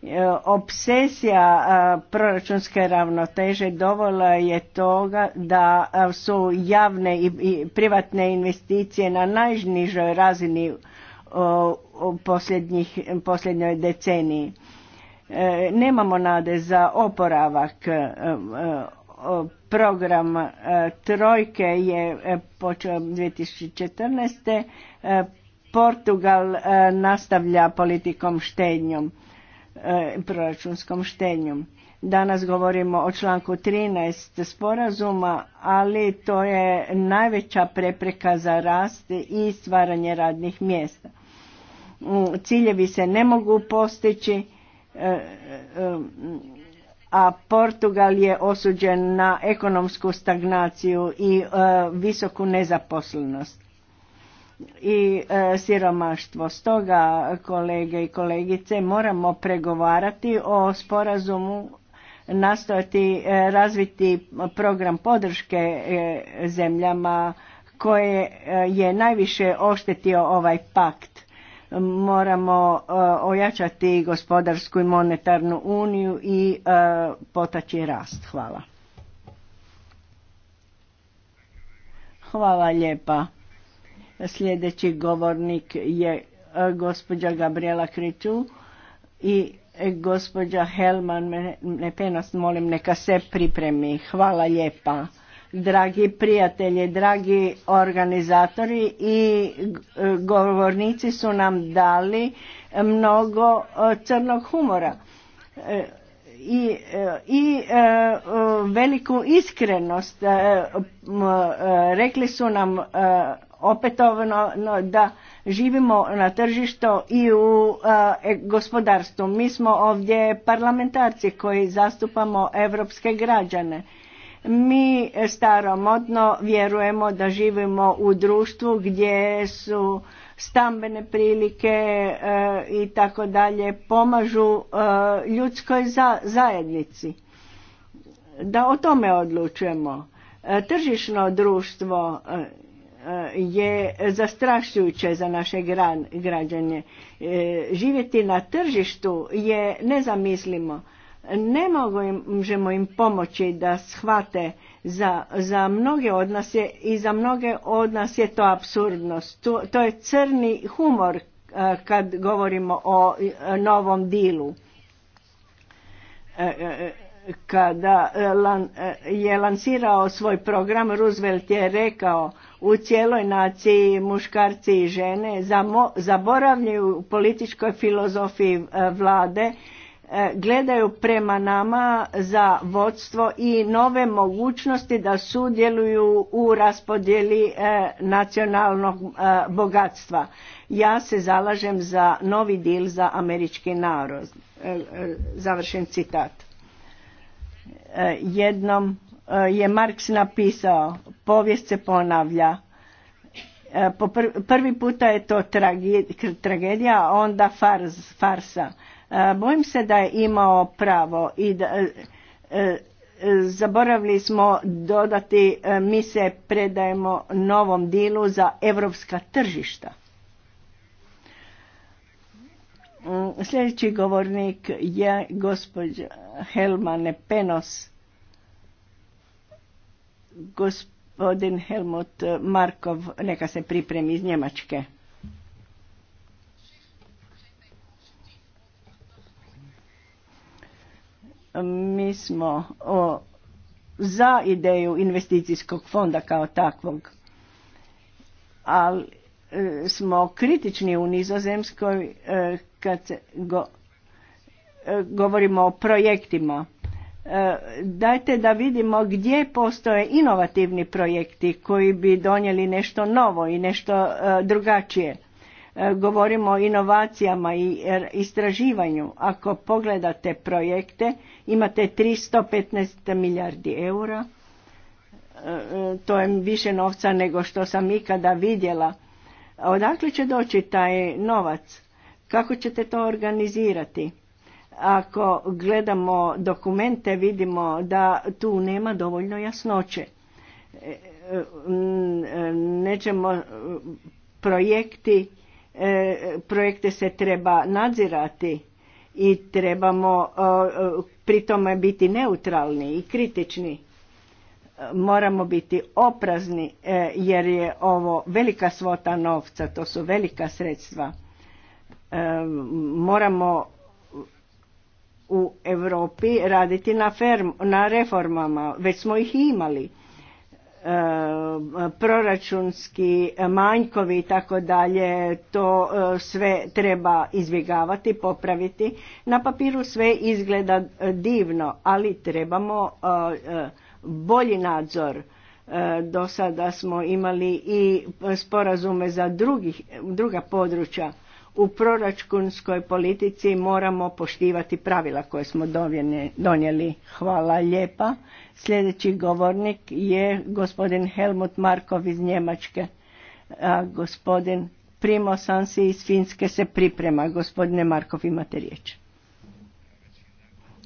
S2: e, obsesija e, proračunske ravnoteže dovola je toga da e, su javne i privatne investicije na najnižoj razini u posljednjoj deceniji. Nemamo nade za oporavak program Trojke je počeo 2014. Portugal e, nastavlja politikom štednjom, e, proračunskom štednjom. Danas govorimo o članku 13 sporazuma, ali to je najveća prepreka za rast i stvaranje radnih mjesta. Mm, ciljevi se ne mogu postići, e, a Portugal je osuđen na ekonomsku stagnaciju i visoku nezaposlenost i e, siromaštvo. Stoga, kolege i kolegice, moramo pregovarati o sporazumu nastojati e, razviti program podrške e, zemljama koje je najviše oštetio ovaj pakt. Moramo ojačati gospodarsku i monetarnu uniju i potaći rast. Hvala. Hvala lijepa. Sljedeći govornik je e, gospođa Gabriela Kriču i e, gospođa Helman Nepenost, molim neka se pripremi. Hvala lijepa. Dragi prijatelji, dragi organizatori i e, govornici su nam dali mnogo crnog humora i, i veliku iskrenost. Rekli su nam opetovano da živimo na tržištu i u e, gospodarstvu. Mi smo ovdje parlamentarci koji zastupamo evropske građane. Mi e, staromodno vjerujemo da živimo u društvu gdje su stambene prilike e, i tako dalje pomažu ljudskoj za, zajednici. Da o tome odlučujemo. tržišno društvo je zastrašujuće za naše građanje. E, živjeti na tržištu je nezamislimo. Ne možemo im pomoći da shvate za, za mnoge od nas je i za mnoge od nas je to apsurdnost. To, to je crni humor e, kad govorimo o e, novom dilu. Kada je lansirao svoj program, Roosevelt je rekao u cijeloj naciji muškarci i žene zaboravljaju u političkoj filozofiji e, vlade, e, gledaju prema nama za vodstvo i nove mogućnosti da sudjeluju u raspodjeli e, nacionalnog bogatstva. Ja se zalažem za novi dil za američki narod. Završen citat. Jednom Eh, je Marks napisao, povijest se ponavlja. Eh, prvi puta je to tragedija, a onda farsa. Eh, bojim se da je imao pravo i da, zaboravili smo dodati mi se predajemo novom dilu za evropska tržišta. Mm, sljedeći govornik je gospođa Helmane Penos Gospodin Helmut Markov, neka se pripremi iz Njemačke. Mi smo za ideju investicijskog fonda kao takvog, ali e, smo kritični u Nizozemskoj e, kad go, e, govorimo o projektima dajte da vidimo gdje postoje inovativni projekti koji bi donijeli nešto novo i nešto e, drugačije. E, govorimo o inovacijama i istraživanju. Ako pogledate projekte, imate 315 milijardi eura. E, to je više novca nego što sam ikada vidjela. Odakle će doći taj novac? Kako ćete to organizirati? Ako gledamo dokumente vidimo da tu nema dovoljno jasnoće. E, nećemo e, projekti, e, projekte se treba nadzirati i trebamo pri tome biti neutralni i kritični. Moramo biti oprazni jer je ovo velika svota novca, to su velika sredstva. Moramo u Europi raditi na, na reformama, već smo ih imali. E, proračunski manjkovi i tako dalje, to e, sve treba izbjegavati, popraviti. Na papiru sve izgleda divno, ali trebamo e, bolji nadzor. Do sada smo imali i sporazume za drugih, druga područja u proračunskoj politici moramo poštivati pravila koje smo donijeli. Hvala lijepa. Sljedeći govornik je gospodin Helmut Markov iz Njemačke. gospodin Primo Sansi iz Finske se priprema. Gospodine Markov, imate riječ.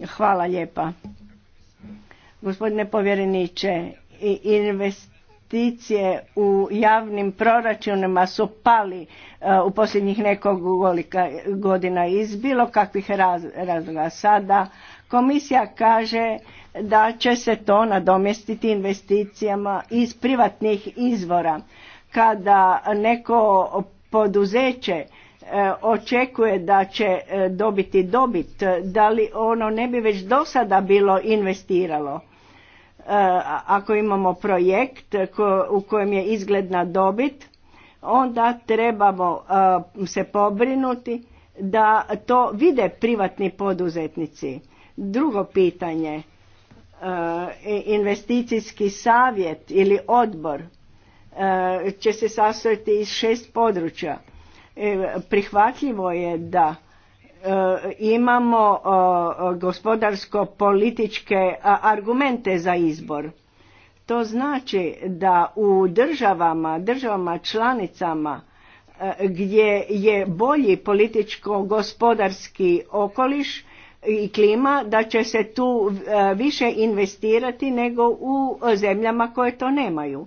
S2: Hvala lijepa. Gospodine povjereniče, invest investicije u javnim proračunima su pali e, u posljednjih nekoliko godina iz bilo kakvih razloga. Sada komisija kaže da će se to nadomjestiti investicijama iz privatnih izvora. Kada neko poduzeće e, očekuje da će e, dobiti dobit, da li ono ne bi već do sada bilo investiralo? ako imamo projekt u kojem je izgledna dobit, onda trebamo se pobrinuti da to vide privatni poduzetnici. Drugo pitanje, investicijski savjet ili odbor će se sastojiti iz šest područja. E, prihvatljivo je da E, imamo e, gospodarsko-političke argumente za izbor. To znači da u državama, državama članicama e, gdje je bolji političko-gospodarski okoliš i klima, da će se tu više investirati nego u zemljama koje to nemaju.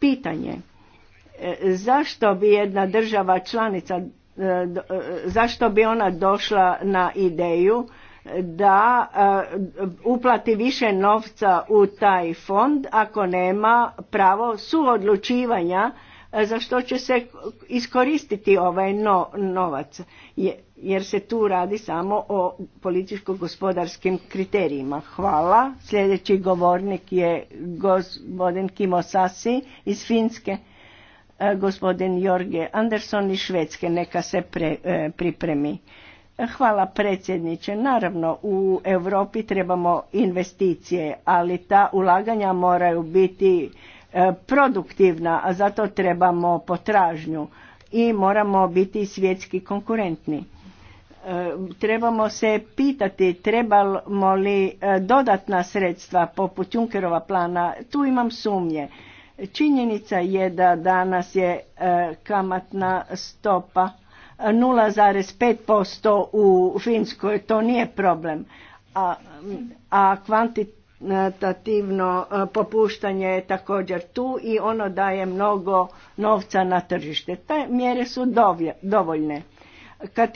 S2: Pitanje, zašto bi jedna država članica E, e, zašto bi ona došla na ideju da e, uplati više novca u taj fond ako nema pravo suodlučivanja za što će se iskoristiti ovaj novac jer se tu radi samo o političko-gospodarskim kriterijima. Hvala. Sljedeći govornik je gospodin Kimo Sasi iz Finske. E, gospodin Jorge Anderson iz Švedske neka se e, pripremi. E, hvala predsjedniče. Naravno u Europi trebamo investicije, ali ta ulaganja moraju biti produktivna, a zato trebamo potražnju i moramo biti svjetski konkurentni. Trebamo se pitati trebamo li dodatna sredstva poput Junkerova plana, tu imam sumnje Činjenica je da danas je e, kamatna stopa 0,5% u Finskoj, to nije problem, a, a kvantitativno e, popuštanje je također tu i ono daje mnogo novca na tržište. Te mjere su dovoljne. Kad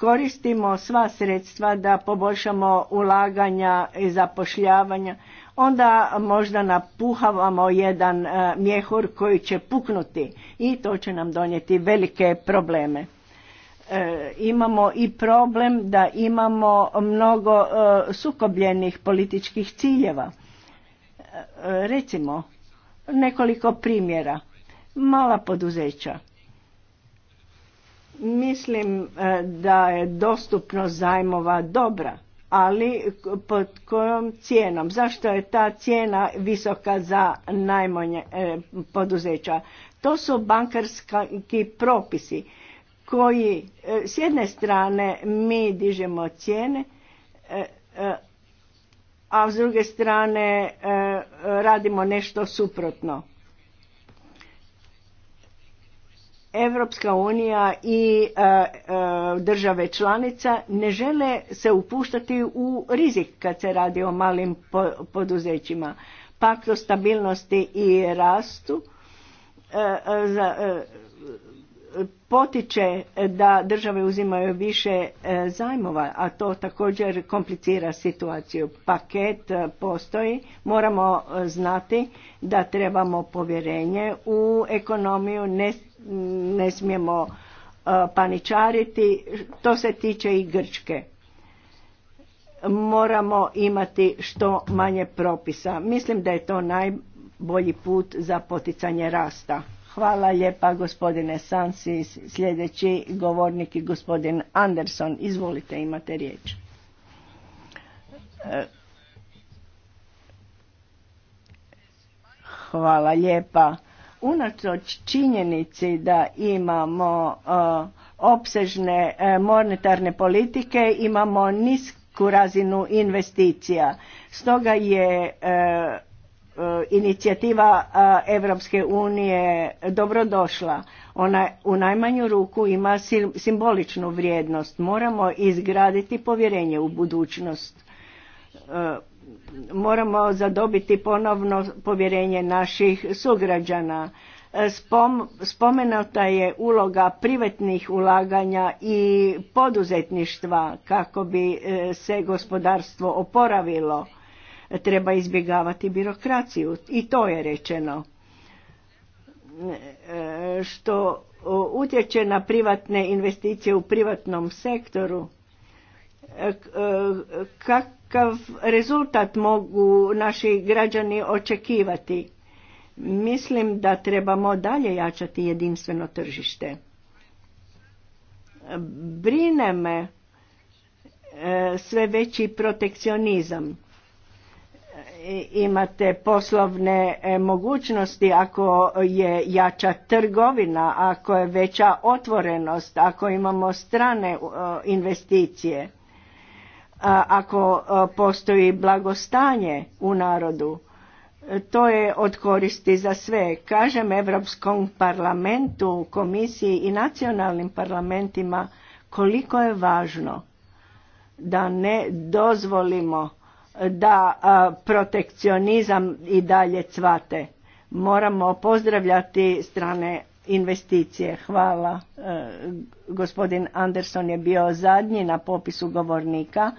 S2: koristimo sva sredstva da poboljšamo ulaganja i zapošljavanja, onda možda napuhavamo jedan e, mjehur koji će puknuti i to će nam donijeti velike probleme. E, imamo i problem da imamo mnogo e, sukobljenih političkih ciljeva. recimo, nekoliko primjera. Mala poduzeća. Mislim da je dostupnost zajmova dobra ali pod kojom cijenom? Zašto je ta cijena visoka za najmanje e, poduzeća? To su bankarski propisi koji e, s jedne strane mi dižemo cijene, e, a s druge strane radimo nešto suprotno. Evropska unija i e, e, države članica ne žele se upuštati u rizik kad se radi o malim poduzećima. Pakt o stabilnosti i rastu e, potiče da države uzimaju više e, zajmova, a to također komplicira situaciju. Paket e, postoji, moramo e, znati da trebamo povjerenje u ekonomiju, ne, ne smijemo paničariti, to se tiče i Grčke. Moramo imati što manje propisa. Mislim da je to najbolji put za poticanje rasta. Hvala lijepa gospodine Sansi. Sljedeći govornik je gospodin Anderson. Izvolite, imate riječ. E, hvala lijepa. Unatoč činjenici da imamo e, opsežne e, monetarne politike, imamo nisku razinu investicija. Stoga je Eh, inicijativa Europske eh, unije dobrodošla. Ona u najmanju ruku ima simboličnu vrijednost. Moramo izgraditi povjerenje u budućnost. Eh, moramo zadobiti ponovno povjerenje naših sugrađana. spomenuta je uloga privatnih ulaganja i poduzetništva kako bi se gospodarstvo oporavilo treba izbjegavati birokraciju i to je rečeno što utječe na privatne investicije u privatnom sektoru kakav rezultat mogu naši građani očekivati mislim da trebamo dalje jačati jedinstveno tržište brine me e, sve veći protekcionizam imate poslovne e, mogućnosti ako je jača trgovina, ako je veća otvorenost, ako imamo strane e, investicije, ako e, postoji blagostanje u narodu. To je od koristi za sve. Kažem Europskom parlamentu, komisiji i nacionalnim parlamentima koliko je važno da ne dozvolimo da protekcionizam i dalje cvate. Moramo pozdravljati strane investicije. Hvala. E, gospodin Anderson je bio zadnji na popisu govornika.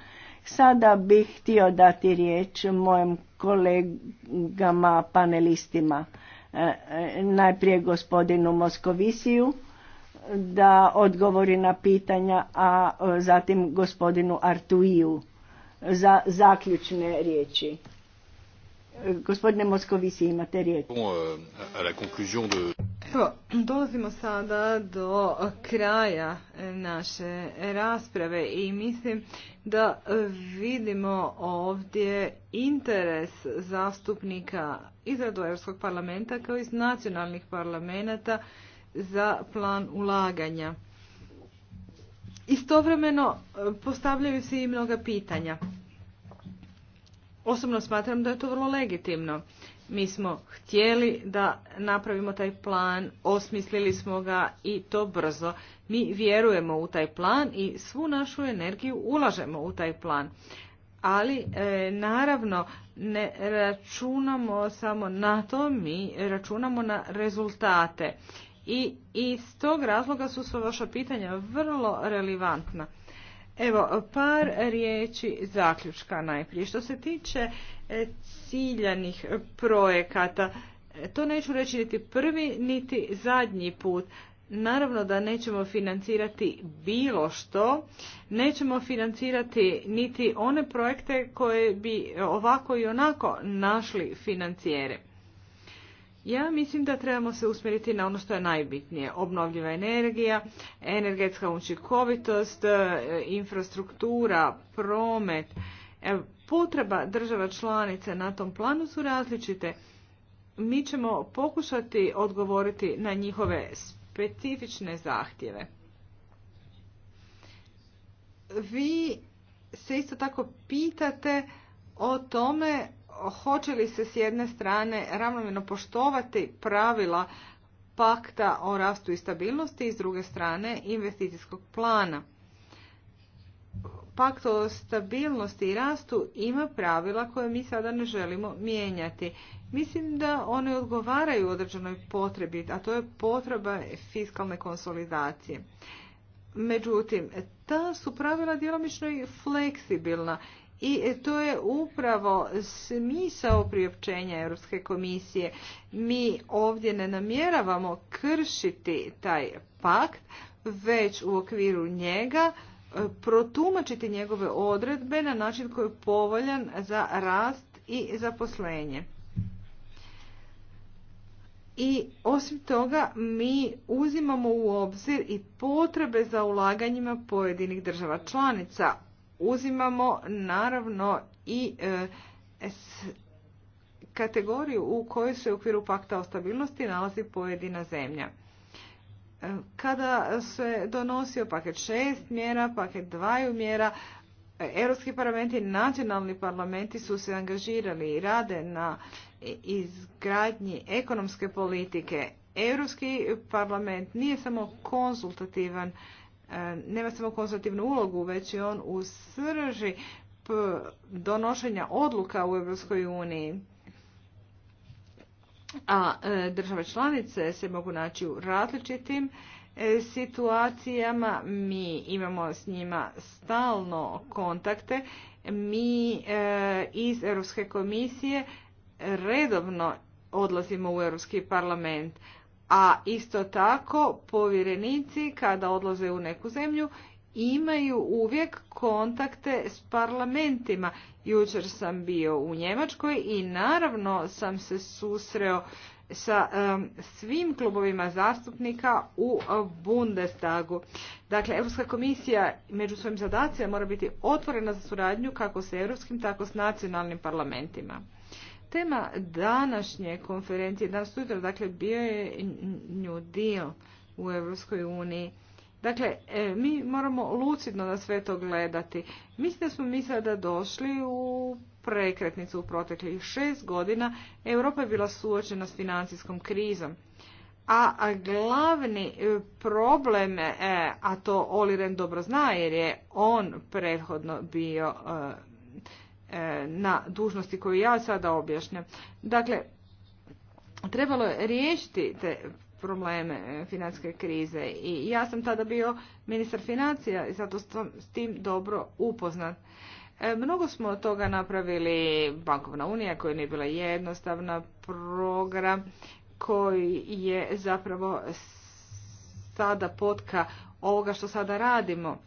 S2: Sada bih htio dati riječ mojim kolegama panelistima. E, e, najprije gospodinu Moskovisiju da odgovori na pitanja, a zatim gospodinu Artuiju za zaključne riječi. Gospodine Moskovisi, imate riječ. Euh, Evo, dolazimo sada
S3: do kraja naše rasprave i mislim da vidimo ovdje interes zastupnika iz Europskog parlamenta kao iz nacionalnih parlamenta za plan ulaganja. Istovremeno e, postavljaju se i mnoga pitanja. Osobno smatram da je to vrlo legitimno. Mi smo htjeli da napravimo taj plan, osmislili smo ga i to brzo. Mi vjerujemo u taj plan i svu našu energiju ulažemo u taj plan. Ali e, naravno ne računamo samo na to, mi računamo na rezultate i iz tog razloga su sva vaša pitanja vrlo relevantna. Evo, par riječi zaključka najprije. Što se tiče e, ciljanih projekata, e, to neću reći niti prvi, niti zadnji put. Naravno da nećemo financirati bilo što, nećemo financirati niti one projekte koje bi ovako i onako našli financijere. Ja mislim da trebamo se usmjeriti na ono što je najbitnije. Obnovljiva energija, energetska učinkovitost, e, infrastruktura, promet. E, potreba država članice na tom planu su različite. Mi ćemo pokušati odgovoriti na njihove specifične zahtjeve. Vi se isto tako pitate o tome hoće li se s jedne strane ravnomjerno poštovati pravila pakta o rastu i stabilnosti i s druge strane investicijskog plana. Pakt o stabilnosti i rastu ima pravila koje mi sada ne želimo mijenjati. Mislim da one odgovaraju određenoj potrebi, a to je potreba fiskalne konsolidacije. Međutim, ta su pravila djelomično i fleksibilna i e, to je upravo smisao priopćenja Europske komisije. Mi ovdje ne namjeravamo kršiti taj pakt, već u okviru njega e, protumačiti njegove odredbe na način koji je povoljan za rast i zaposlenje. I osim toga mi uzimamo u obzir i potrebe za ulaganjima pojedinih država članica uzimamo naravno i e, kategoriju u kojoj se u okviru pakta o stabilnosti nalazi pojedina zemlja. E, kada se donosio paket šest mjera, paket dvaju mjera, e, Europski parlament i nacionalni parlamenti su se angažirali i rade na izgradnji ekonomske politike. Europski parlament nije samo konzultativan E, nema samo konzultativnu ulogu, već je on u srži donošenja odluka u Europskoj uniji. A e, države članice se mogu naći u različitim e, situacijama. Mi imamo s njima stalno kontakte. Mi iz Europske komisije redovno odlazimo u Europski parlament a isto tako povjerenici kada odlaze u neku zemlju imaju uvijek kontakte s parlamentima. Jučer sam bio u Njemačkoj i naravno sam se susreo sa svim klubovima zastupnika u Bundestagu. Dakle, Europska komisija među svojim zadacima mora biti otvorena za suradnju kako s europskim, tako s nacionalnim parlamentima. Tema današnje konferencije, danas sutra, dakle, bio je New Deal u Evropskoj uniji. Dakle, e, mi moramo lucidno na sve to gledati. Mislim da smo mi sada došli u prekretnicu u proteklih šest godina. Europa je bila suočena s financijskom krizom. A glavni e, problem, e, a to Oliren dobro zna jer je on prethodno bio E, na dužnosti koju ja sada objašnjam. Dakle, trebalo je riješiti te probleme e, financijske krize i ja sam tada bio ministar financija i zato sam s tim dobro upoznat. E, mnogo smo od toga napravili, bankovna unija koja nije bila jednostavna, program koji je zapravo sada potka ovoga što sada radimo.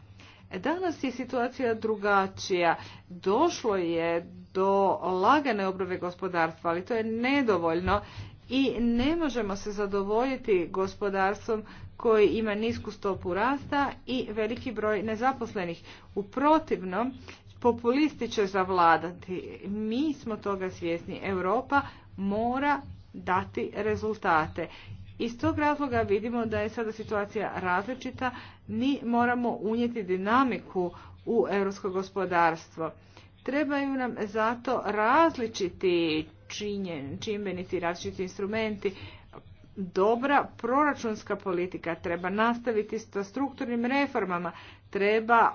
S3: E, danas je situacija drugačija. Došlo je do lagane obrove gospodarstva, ali to je nedovoljno i ne možemo se zadovoljiti gospodarstvom koji ima nisku stopu rasta i veliki broj nezaposlenih. U protivnom, populisti će zavladati. Mi smo toga svjesni. Europa mora dati rezultate iz tog razloga vidimo da je sada situacija različita, mi moramo unijeti dinamiku u europsko gospodarstvo. Trebaju nam zato različiti činjen, čimbenici, različiti instrumenti. Dobra proračunska politika treba nastaviti sa strukturnim reformama, treba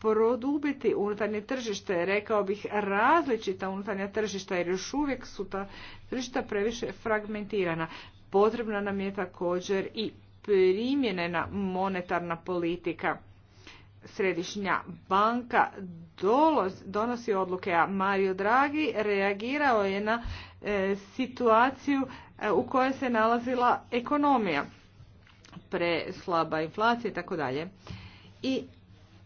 S3: produbiti unutarnje tržište, rekao bih različita unutarnja tržišta jer još uvijek su ta tržišta previše fragmentirana. Potrebna nam je također i primjenena monetarna politika. Središnja banka donosi odluke, a Mario Draghi reagirao je na e, situaciju e, u kojoj se nalazila ekonomija. slaba inflacija i tako dalje. I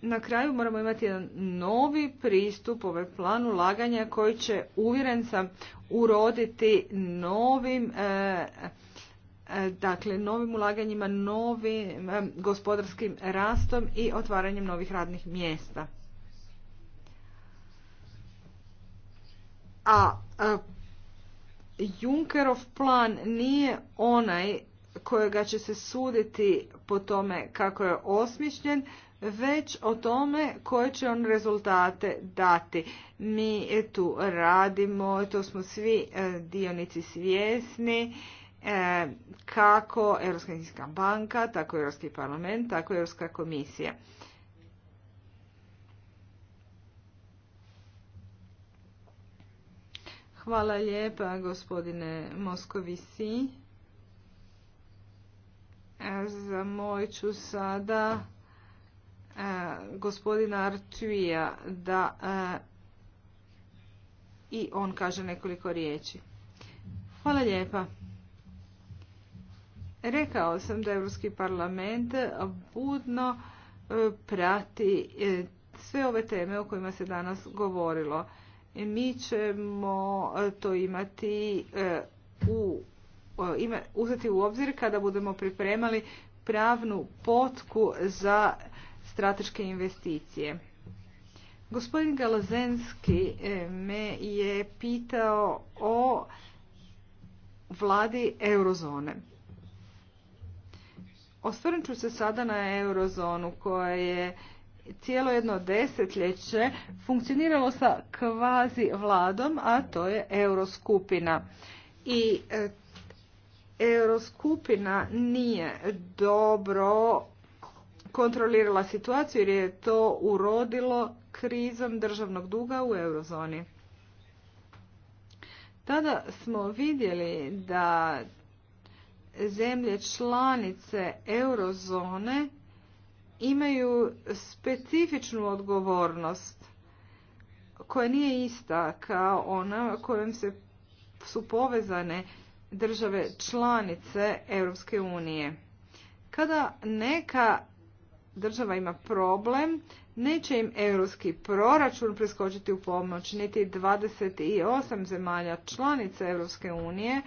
S3: na kraju moramo imati jedan novi pristup ovaj plan ulaganja koji će uvjeren sam uroditi novim e, dakle novim ulaganjima, novim gospodarskim rastom i otvaranjem novih radnih mjesta. A e, Junkerov plan nije onaj kojega će se suditi po tome kako je osmišljen, već o tome koje će on rezultate dati. Mi tu radimo, to smo svi e, dionici svjesni E, kako Europska banka, tako Europski parlament, tako Europska komisija. Hvala lijepa gospodine Moskovisi. E, Zamoj ću sada e, gospodina Artuija da i on kaže nekoliko riječi. Hvala lijepa. Rekao sam da Europski parlament budno e, prati e, sve ove teme o kojima se danas govorilo. E, mi ćemo to imati u, uzeti u obzir kada budemo pripremali pravnu potku za strateške investicije. Gospodin Galazenski me je pitao o vladi eurozone. Osvrnut ću se sada na eurozonu koja je cijelo jedno desetljeće funkcioniralo sa kvazi vladom, a to je euroskupina. I e, euroskupina nije dobro kontrolirala situaciju jer je to urodilo krizom državnog duga u eurozoni. Tada smo vidjeli da zemlje članice eurozone imaju specifičnu odgovornost koja nije ista kao ona kojom se su povezane države članice Europske unije. Kada neka država ima problem, neće im europski proračun preskočiti u pomoć, niti 28 zemalja članica Europske unije,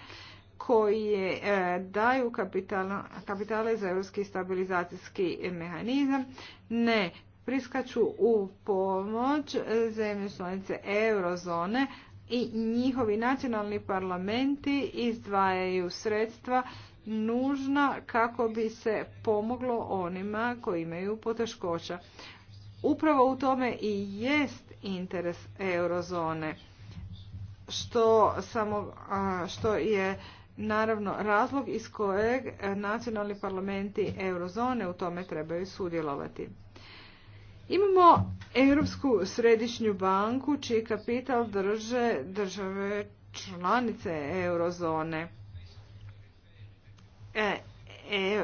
S3: koje e, daju kapitale za europski stabilizacijski mehanizam ne priskaču u pomoć zemlje članice eurozone i njihovi nacionalni parlamenti izdvajaju sredstva nužna kako bi se pomoglo onima koji imaju poteškoća. Upravo u tome i jest interes eurozone što, samo, što je naravno razlog iz kojeg e, nacionalni parlamenti eurozone u tome trebaju sudjelovati. Imamo Europsku središnju banku čiji kapital drže države članice eurozone. E,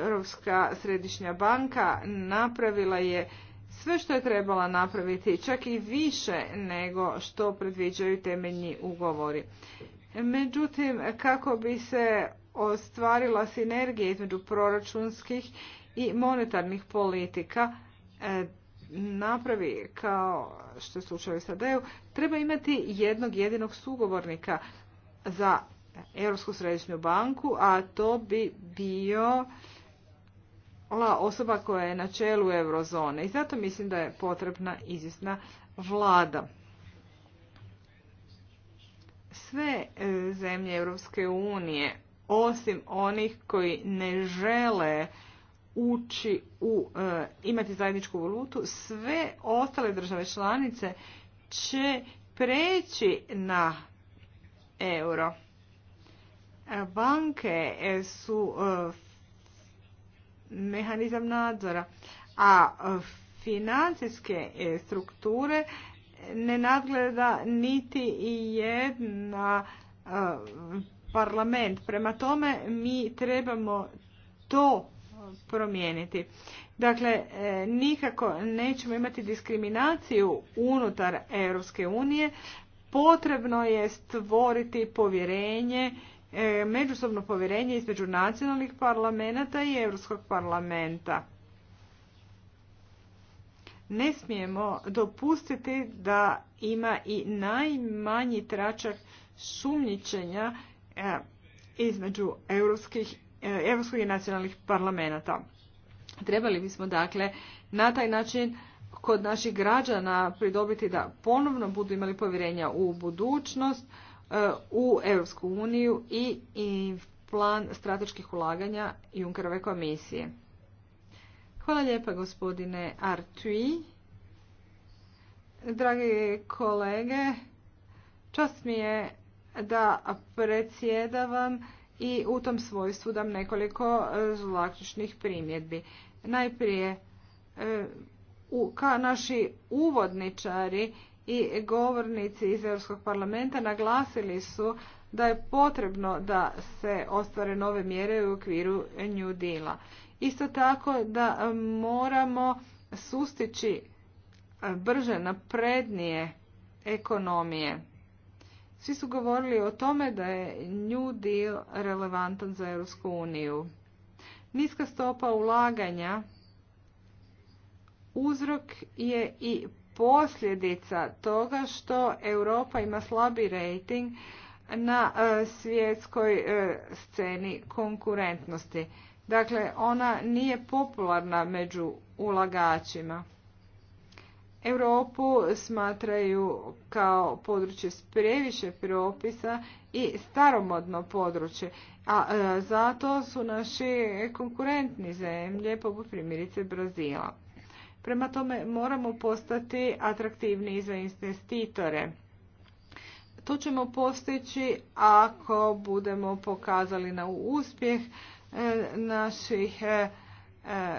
S3: Europska središnja banka napravila je sve što je trebala napraviti, čak i više nego što predviđaju temeljni ugovori. Međutim, kako bi se ostvarila sinergija između proračunskih i monetarnih politika, e, napravi kao što je slučaj u SAD-u, treba imati jednog jedinog sugovornika za Europsku središnju banku, a to bi bio osoba koja je na čelu eurozone. I zato mislim da je potrebna izvjesna vlada sve e, zemlje Europske unije, osim onih koji ne žele ući u e, imati zajedničku valutu, sve ostale države članice će preći na euro. E, banke su mehanizam nadzora, a financijske strukture ne nadgleda niti jedna e, parlament. Prema tome mi trebamo to promijeniti. Dakle, e, nikako nećemo imati diskriminaciju unutar Europske unije. Potrebno je stvoriti povjerenje, e, međusobno povjerenje između nacionalnih parlamenta i Europskog parlamenta. Ne smijemo dopustiti da ima i najmanji tračak sumnjičenja e, između europskih, e, i nacionalnih parlamenta. Trebali bismo dakle na taj način kod naših građana pridobiti da ponovno budu imali povjerenja u budućnost, e, u Europsku uniju i, i plan strateških ulaganja Junkerove komisije. Hvala lijepa gospodine Artui. Dragi kolege, čast mi je da predsjedavam i u tom svojstvu dam nekoliko e, zlaključnih primjedbi. Najprije, e, ka naši uvodničari i govornici iz Europskog parlamenta naglasili su da je potrebno da se ostvare nove mjere u okviru New Deala. Isto tako da e, moramo sustići e, brže naprednije ekonomije. Svi su govorili o tome da je New Deal relevantan za Europsku uniju. Niska stopa ulaganja uzrok je i posljedica toga što Europa ima slabi rating na e, svjetskoj sceni konkurentnosti. Dakle, ona nije popularna među ulagačima. Europu smatraju kao područje s previše propisa i staromodno područje, a e, zato su naši konkurentni zemlje, poput primjerice Brazila. Prema tome moramo postati atraktivniji za investitore. To ćemo postići ako budemo pokazali na uspjeh E, naših e, e,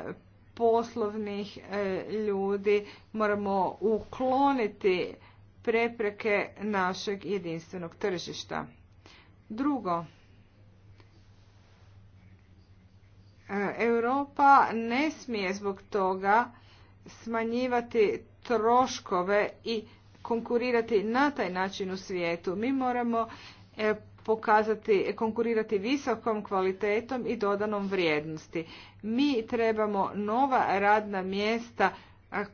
S3: poslovnih ljudi moramo ukloniti prepreke našeg jedinstvenog tržišta. Drugo, Europa ne smije zbog toga smanjivati troškove i konkurirati na taj način u svijetu. Mi moramo pokazati, konkurirati visokom kvalitetom i dodanom vrijednosti. Mi trebamo nova radna mjesta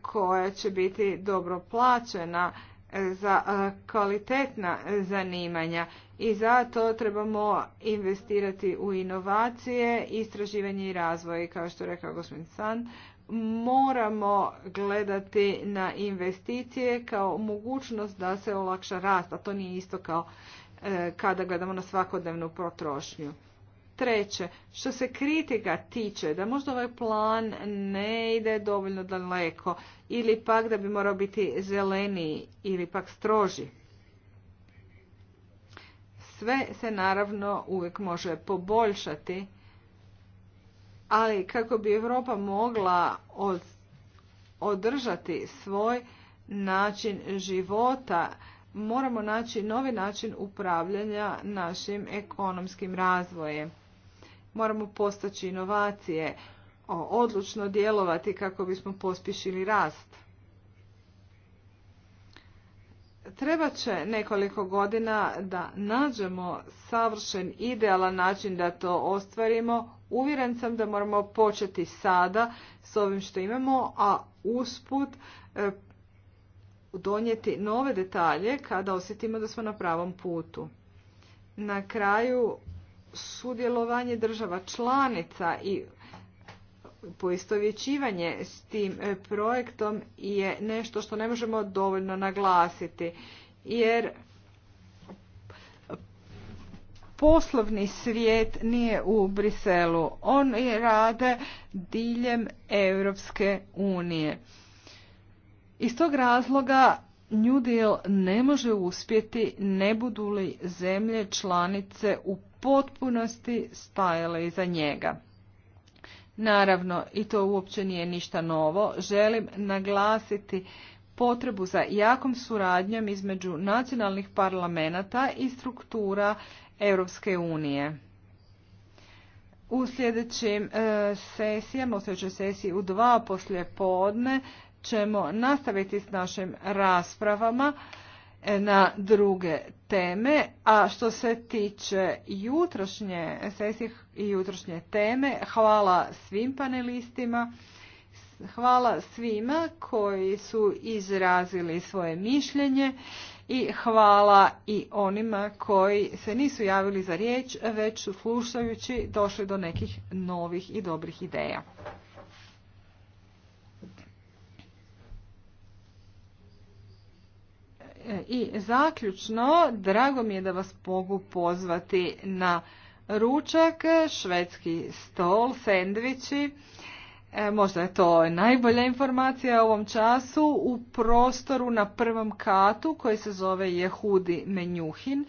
S3: koja će biti dobro plaćena e, za e, kvalitetna zanimanja i zato trebamo investirati u inovacije, istraživanje i razvoj. Kao što rekao gospodin San, moramo gledati na investicije kao mogućnost da se olakša rast, a to nije isto kao E, kada gledamo na svakodnevnu potrošnju. Treće, što se kritika tiče, da možda ovaj plan ne ide dovoljno daleko ili pak da bi morao biti zeleniji ili pak stroži. Sve se naravno uvijek može poboljšati, ali kako bi Europa mogla održati svoj način života, moramo naći novi način upravljanja našim ekonomskim razvojem. Moramo postaći inovacije, odlučno djelovati kako bismo pospješili rast. Treba će nekoliko godina da nađemo savršen idealan način da to ostvarimo. Uvjeren sam da moramo početi sada s ovim što imamo, a usput e, donijeti nove detalje kada osjetimo da smo na pravom putu. Na kraju sudjelovanje država članica i poistovjećivanje s tim e, projektom je nešto što ne možemo dovoljno naglasiti jer poslovni svijet nije u Briselu. On rade diljem Europske unije. Iz tog razloga New Deal ne može uspjeti ne budu li zemlje članice u potpunosti stajale iza njega. Naravno, i to uopće nije ništa novo, želim naglasiti potrebu za jakom suradnjom između nacionalnih parlamenta i struktura Europske unije. U sljedećim e, sesijama, u sljedećoj sesiji u dva poslje podne, ćemo nastaviti s našim raspravama e, na druge teme, a što se tiče jutrošnje sesije i jutrošnje teme, hvala svim panelistima, hvala svima koji su izrazili svoje mišljenje i hvala i onima koji se nisu javili za riječ, već su slušajući došli do nekih novih i dobrih ideja. I zaključno, drago mi je da vas mogu pozvati na ručak, švedski stol, sendviči. E, možda je to najbolja informacija u ovom času u prostoru na prvom katu koji se zove Jehudi Menjuhin,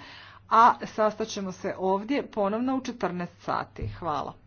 S3: a sastaćemo se ovdje ponovno u 14 sati. Hvala.